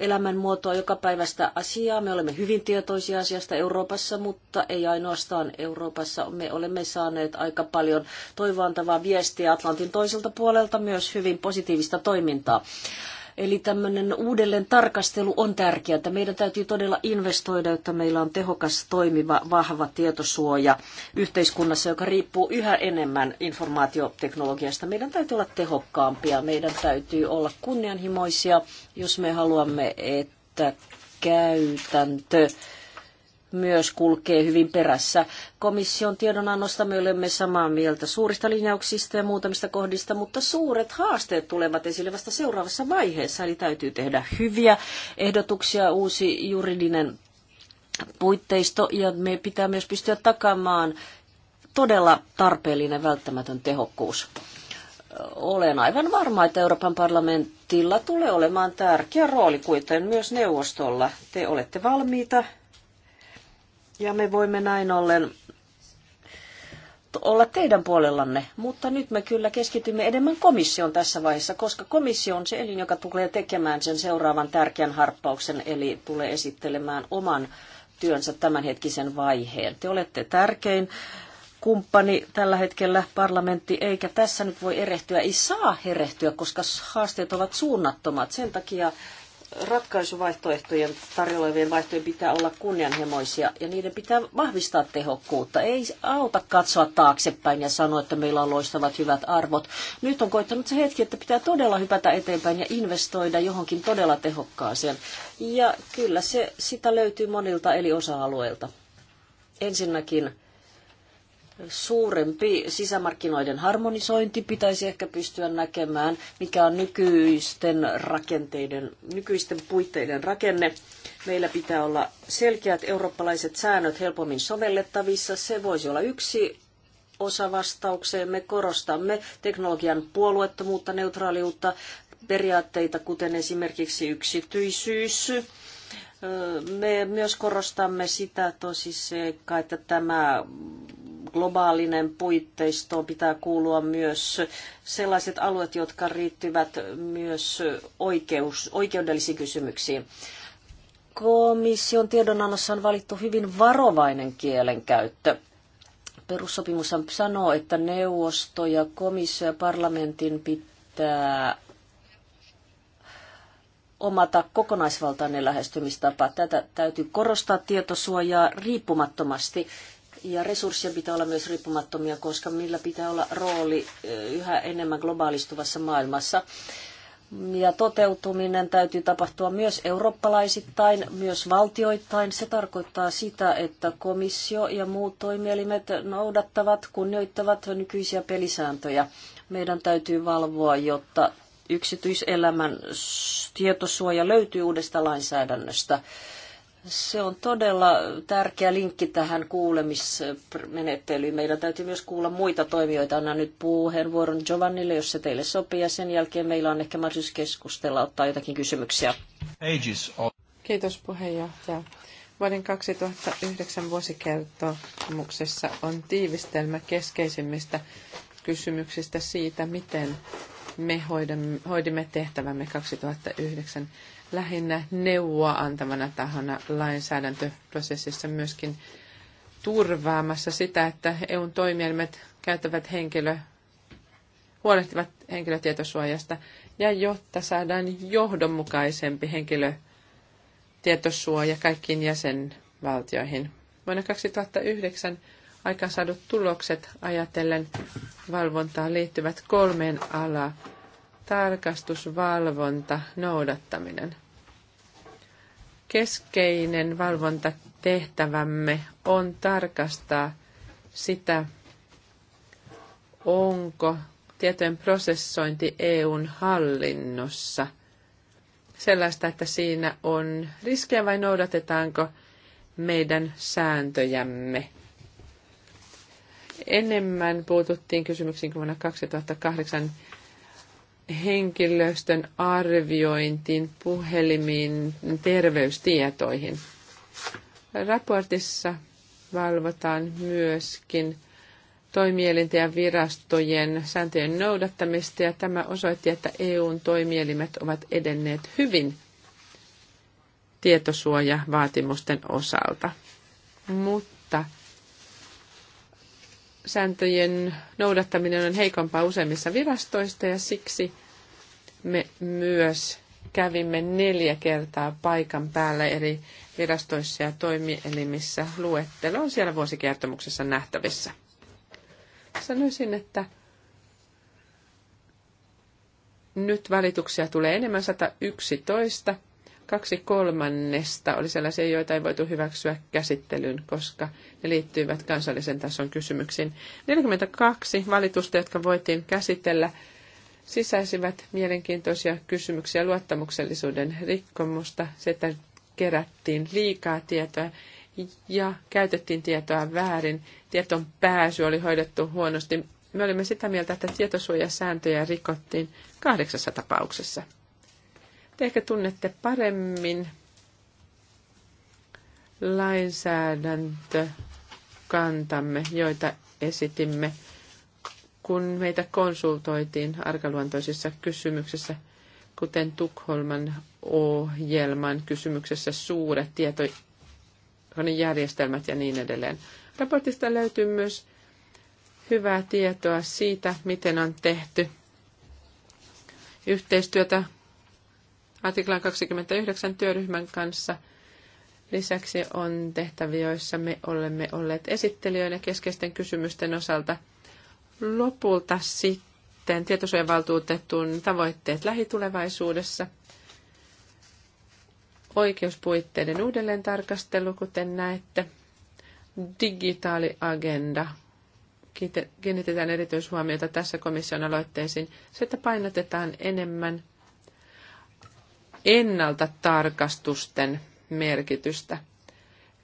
elämänmuotoa, jokapäiväistä asiaa. Me olemme hyvin tietoisia asiasta Euroopassa, mutta ei ainoastaan Euroopassa. Me olemme saaneet aika paljon toivoantavaa viestiä Atlantin toiselta puolelta, myös hyvin positiivista toimintaa. Eli tämmöinen uudelleen tarkastelu on tärkeää, että meidän täytyy todella investoida, että meillä on tehokas, toimiva, vahva tietosuoja yhteiskunnassa, joka riippuu yhä enemmän informaatioteknologiasta. Meidän täytyy olla tehokkaampia, meidän täytyy olla kunnianhimoisia, jos me haluamme, että käytäntö myös kulkee hyvin perässä. Komission tiedonannosta me olemme samaa mieltä suurista linjauksista ja muutamista kohdista, mutta suuret haasteet tulevat esille vasta seuraavassa vaiheessa, eli täytyy tehdä hyviä ehdotuksia, uusi juridinen puitteisto ja me pitää myös pystyä takaamaan todella tarpeellinen välttämätön tehokkuus. Olen aivan varma, että Euroopan parlamentilla tulee olemaan tärkeä rooli, kuten myös neuvostolla. Te olette valmiita ja me voimme näin ollen olla teidän puolellanne, mutta nyt me kyllä keskitymme enemmän komission tässä vaiheessa, koska komissio on se elin, joka tulee tekemään sen seuraavan tärkeän harppauksen, eli tulee esittelemään oman työnsä tämänhetkisen vaiheen. Te olette tärkein kumppani tällä hetkellä parlamentti, eikä tässä nyt voi erehtyä, ei saa erehtyä, koska haasteet ovat suunnattomat. Sen takia ratkaisuvaihtoehtojen, tarjolla vaihtojen pitää olla kunnianhimoisia ja niiden pitää vahvistaa tehokkuutta. Ei auta katsoa taaksepäin ja sanoa, että meillä on loistavat hyvät arvot. Nyt on koittanut se hetki, että pitää todella hypätä eteenpäin ja investoida johonkin todella tehokkaaseen. Ja kyllä se, sitä löytyy monilta eli osa-alueilta. Ensinnäkin suurempi sisämarkkinoiden harmonisointi pitäisi ehkä pystyä näkemään, mikä on nykyisten rakenteiden, nykyisten puitteiden rakenne. Meillä pitää olla selkeät eurooppalaiset säännöt helpommin sovellettavissa. Se voisi olla yksi osa vastaukseen. Me korostamme teknologian puolueettomuutta, neutraaliutta, periaatteita, kuten esimerkiksi yksityisyys. Me myös korostamme sitä tosiseikkaa, että tämä globaalinen puitteisto pitää kuulua myös sellaiset alueet, jotka riittyvät myös oikeus, oikeudellisiin kysymyksiin. Komission tiedonannossa on valittu hyvin varovainen kielenkäyttö. Perussopimus sanoo, että neuvosto ja komissio ja parlamentin pitää omata kokonaisvaltainen lähestymistapa. Tätä täytyy korostaa tietosuojaa riippumattomasti ja resurssien pitää olla myös riippumattomia, koska millä pitää olla rooli eh, yhä enemmän globaalistuvassa maailmassa. Ja toteutuminen täytyy tapahtua myös eurooppalaisittain, myös valtioittain. Se tarkoittaa sitä, että komissio ja muut toimielimet noudattavat, kunnioittavat nykyisiä pelisääntöjä. Meidän täytyy valvoa, jotta yksityiselämän tietosuoja löytyy uudesta lainsäädännöstä. Se on todella tärkeä linkki tähän kuulemismenettelyyn. Meidän täytyy myös kuulla muita toimijoita. Annan nyt puheenvuoron Giovannille, jos se teille sopii, ja sen jälkeen meillä on ehkä mahdollisuus keskustella, ottaa jotakin kysymyksiä. Kiitos puheenjohtaja. Vuoden 2009 vuosikertomuksessa on tiivistelmä keskeisimmistä kysymyksistä siitä, miten me hoidimme tehtävämme 2009 lähinnä neuvoa antavana tahona lainsäädäntöprosessissa myöskin turvaamassa sitä, että EUn toimielimet käyttävät henkilö, huolehtivat henkilötietosuojasta ja jotta saadaan johdonmukaisempi henkilötietosuoja kaikkiin jäsenvaltioihin. Vuonna 2009 aikaansaadut tulokset ajatellen valvontaan liittyvät kolmeen alaan tarkastusvalvonta, noudattaminen. Keskeinen valvontatehtävämme on tarkastaa sitä, onko tietojen prosessointi EUn hallinnossa sellaista, että siinä on riskejä vai noudatetaanko meidän sääntöjämme. Enemmän puututtiin kysymyksiin kuin vuonna 2008 henkilöstön arviointiin, puhelimiin, terveystietoihin. Raportissa valvotaan myöskin toimielinten ja virastojen sääntöjen noudattamista ja tämä osoitti, että EUn toimielimet ovat edenneet hyvin tietosuojavaatimusten osalta. Mutta sääntöjen noudattaminen on heikompaa useimmissa virastoista ja siksi me myös kävimme neljä kertaa paikan päällä eri virastoissa ja toimielimissä. Luettelo on siellä vuosikertomuksessa nähtävissä. Sanoisin, että nyt valituksia tulee enemmän 111 kaksi kolmannesta oli sellaisia, joita ei voitu hyväksyä käsittelyyn, koska ne liittyivät kansallisen tason kysymyksiin. 42 valitusta, jotka voitiin käsitellä, sisäisivät mielenkiintoisia kysymyksiä luottamuksellisuuden rikkomusta, se, että kerättiin liikaa tietoa ja käytettiin tietoa väärin. Tieton pääsy oli hoidettu huonosti. Me olimme sitä mieltä, että tietosuojasääntöjä rikottiin kahdeksassa tapauksessa. Ehkä tunnette paremmin lainsäädäntökantamme, joita esitimme, kun meitä konsultoitiin arkaluontoisissa kysymyksissä, kuten Tukholman ohjelman kysymyksessä suuret tietojärjestelmät ja niin edelleen. Raportista löytyy myös hyvää tietoa siitä, miten on tehty yhteistyötä artiklan 29 työryhmän kanssa. Lisäksi on tehtäviä, joissa me olemme olleet esittelijöinä keskeisten kysymysten osalta. Lopulta sitten tietosuojavaltuutetun tavoitteet lähitulevaisuudessa. Oikeuspuitteiden uudelleen tarkastelu, kuten näette. Digitaaliagenda. Kiinnitetään erityishuomiota tässä komission aloitteisiin. Se, että painotetaan enemmän – ennalta tarkastusten merkitystä.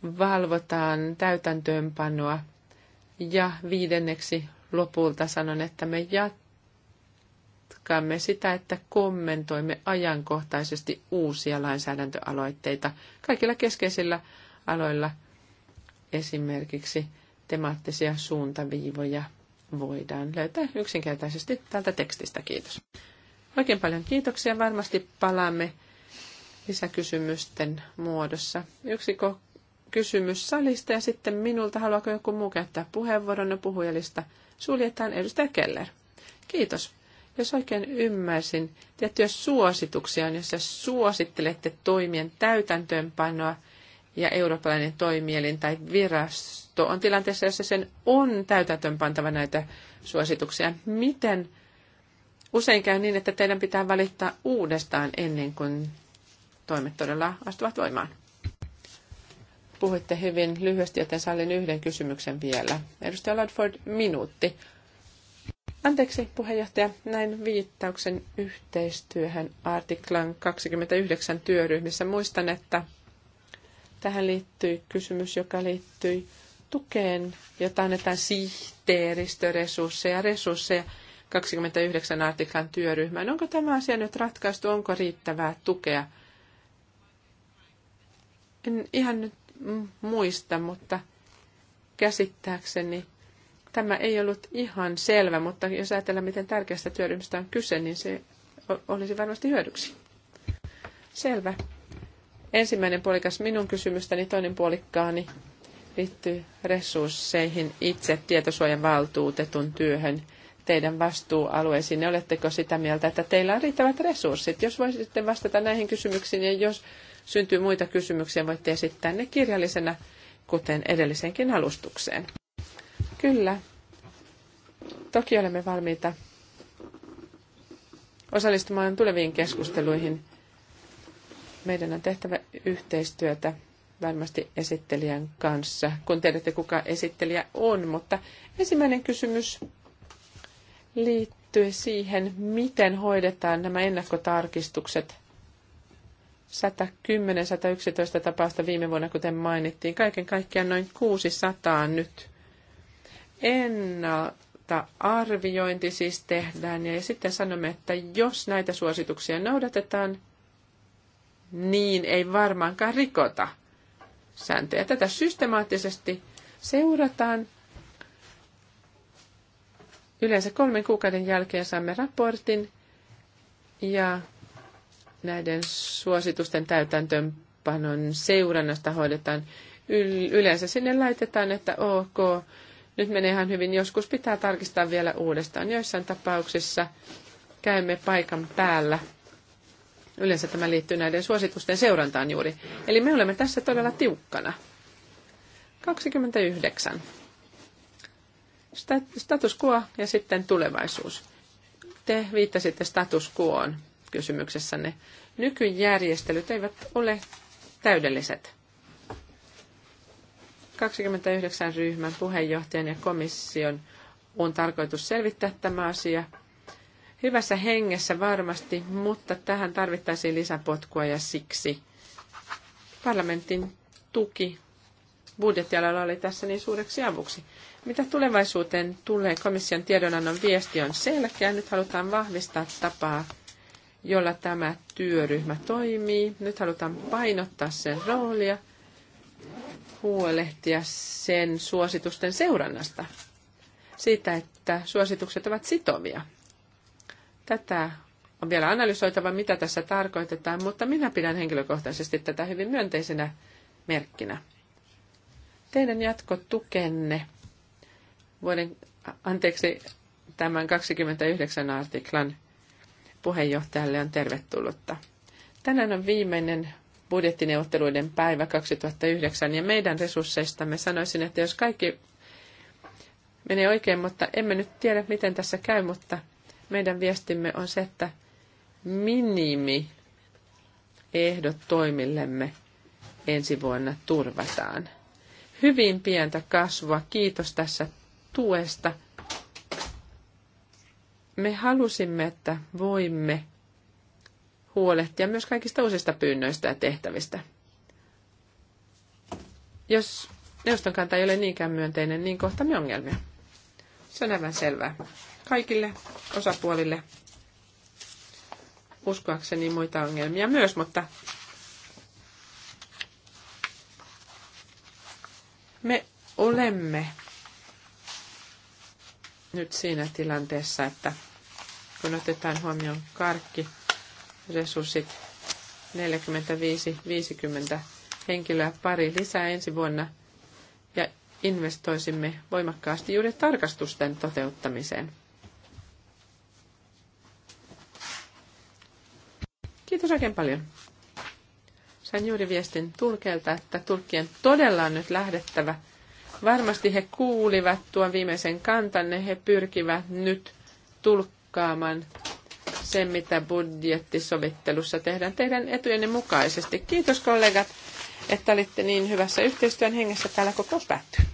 Valvotaan täytäntöönpanoa ja viidenneksi lopulta sanon, että me jatkamme sitä, että kommentoimme ajankohtaisesti uusia lainsäädäntöaloitteita kaikilla keskeisillä aloilla. Esimerkiksi temaattisia suuntaviivoja voidaan löytää yksinkertaisesti tältä tekstistä. Kiitos. Oikein paljon kiitoksia. Varmasti palaamme lisäkysymysten muodossa. Yksi kysymys salista ja sitten minulta, haluaako joku muu käyttää puheenvuoron ja no, puhujalista, suljetaan edustaja Keller. Kiitos. Jos oikein ymmärsin, tiettyjä suosituksia on, jos suosittelette toimien täytäntöönpanoa ja eurooppalainen toimielin tai virasto on tilanteessa, jossa sen on täytäntöönpantava näitä suosituksia. Miten usein käy niin, että teidän pitää valittaa uudestaan ennen kuin toimet todella astuvat voimaan. Puhuitte hyvin lyhyesti, joten sallin yhden kysymyksen vielä. Edustaja Ladford, minuutti. Anteeksi, puheenjohtaja, näin viittauksen yhteistyöhön artiklan 29 työryhmissä. Muistan, että tähän liittyy kysymys, joka liittyy tukeen, jota annetaan sihteeristöresursseja, resursseja 29 artiklan työryhmään. Onko tämä asia nyt ratkaistu, onko riittävää tukea en ihan nyt muista, mutta käsittääkseni tämä ei ollut ihan selvä, mutta jos ajatellaan, miten tärkeästä työryhmästä on kyse, niin se olisi varmasti hyödyksi. Selvä. Ensimmäinen puolikas minun kysymystäni, toinen puolikkaani liittyy resursseihin itse tietosuojan valtuutetun työhön teidän vastuualueisiin. Oletteko sitä mieltä, että teillä on riittävät resurssit? Jos voisitte vastata näihin kysymyksiin ja jos syntyy muita kysymyksiä, voitte esittää ne kirjallisena, kuten edellisenkin alustukseen. Kyllä, toki olemme valmiita osallistumaan tuleviin keskusteluihin. Meidän on tehtävä yhteistyötä varmasti esittelijän kanssa, kun tiedätte kuka esittelijä on. Mutta ensimmäinen kysymys liittyy siihen, miten hoidetaan nämä ennakkotarkistukset – 110-111 tapausta viime vuonna, kuten mainittiin. Kaiken kaikkiaan noin 600 nyt. Ennalta arviointi siis tehdään ja sitten sanomme, että jos näitä suosituksia noudatetaan, niin ei varmaankaan rikota sääntöjä. Tätä systemaattisesti seurataan. Yleensä kolmen kuukauden jälkeen saamme raportin ja näiden suositusten täytäntöönpanon seurannasta hoidetaan. Yleensä sinne laitetaan, että ok, nyt menee ihan hyvin. Joskus pitää tarkistaa vielä uudestaan. Joissain tapauksissa käymme paikan päällä. Yleensä tämä liittyy näiden suositusten seurantaan juuri. Eli me olemme tässä todella tiukkana. 29. Status quo ja sitten tulevaisuus. Te viittasitte status quoon kysymyksessänne. Nykyjärjestelyt eivät ole täydelliset. 29 ryhmän puheenjohtajan ja komission on tarkoitus selvittää tämä asia hyvässä hengessä varmasti, mutta tähän tarvittaisiin lisäpotkua ja siksi parlamentin tuki budjettialalla oli tässä niin suureksi avuksi. Mitä tulevaisuuteen tulee, komission tiedonannon viesti on selkeä. Nyt halutaan vahvistaa tapaa jolla tämä työryhmä toimii. Nyt halutaan painottaa sen roolia, huolehtia sen suositusten seurannasta, siitä, että suositukset ovat sitovia. Tätä on vielä analysoitava, mitä tässä tarkoitetaan, mutta minä pidän henkilökohtaisesti tätä hyvin myönteisenä merkkinä. Teidän jatkotukenne vuoden, anteeksi, tämän 29 artiklan puheenjohtajalle on tervetullutta. Tänään on viimeinen budjettineuvotteluiden päivä 2009 ja meidän resursseistamme sanoisin, että jos kaikki menee oikein, mutta emme nyt tiedä, miten tässä käy, mutta meidän viestimme on se, että minimi ehdot toimillemme ensi vuonna turvataan. Hyvin pientä kasvua. Kiitos tässä tuesta. Me halusimme, että voimme huolehtia myös kaikista uusista pyynnöistä ja tehtävistä. Jos neuvoston kanta ei ole niinkään myönteinen, niin kohtamme ongelmia. Se on aivan selvää. Kaikille osapuolille uskoakseni muita ongelmia myös, mutta me olemme nyt siinä tilanteessa, että kun otetaan huomioon karkki, resurssit 45-50 henkilöä pari lisää ensi vuonna ja investoisimme voimakkaasti juuri tarkastusten toteuttamiseen. Kiitos oikein paljon. Sain juuri viestin tulkeelta, että tulkien todella on nyt lähdettävä. Varmasti he kuulivat tuon viimeisen kantanne, he pyrkivät nyt tulkkaamaan muokkaamaan sen, mitä budjettisovittelussa tehdään teidän etujenne mukaisesti. Kiitos kollegat, että olitte niin hyvässä yhteistyön hengessä täällä kokous päättyy.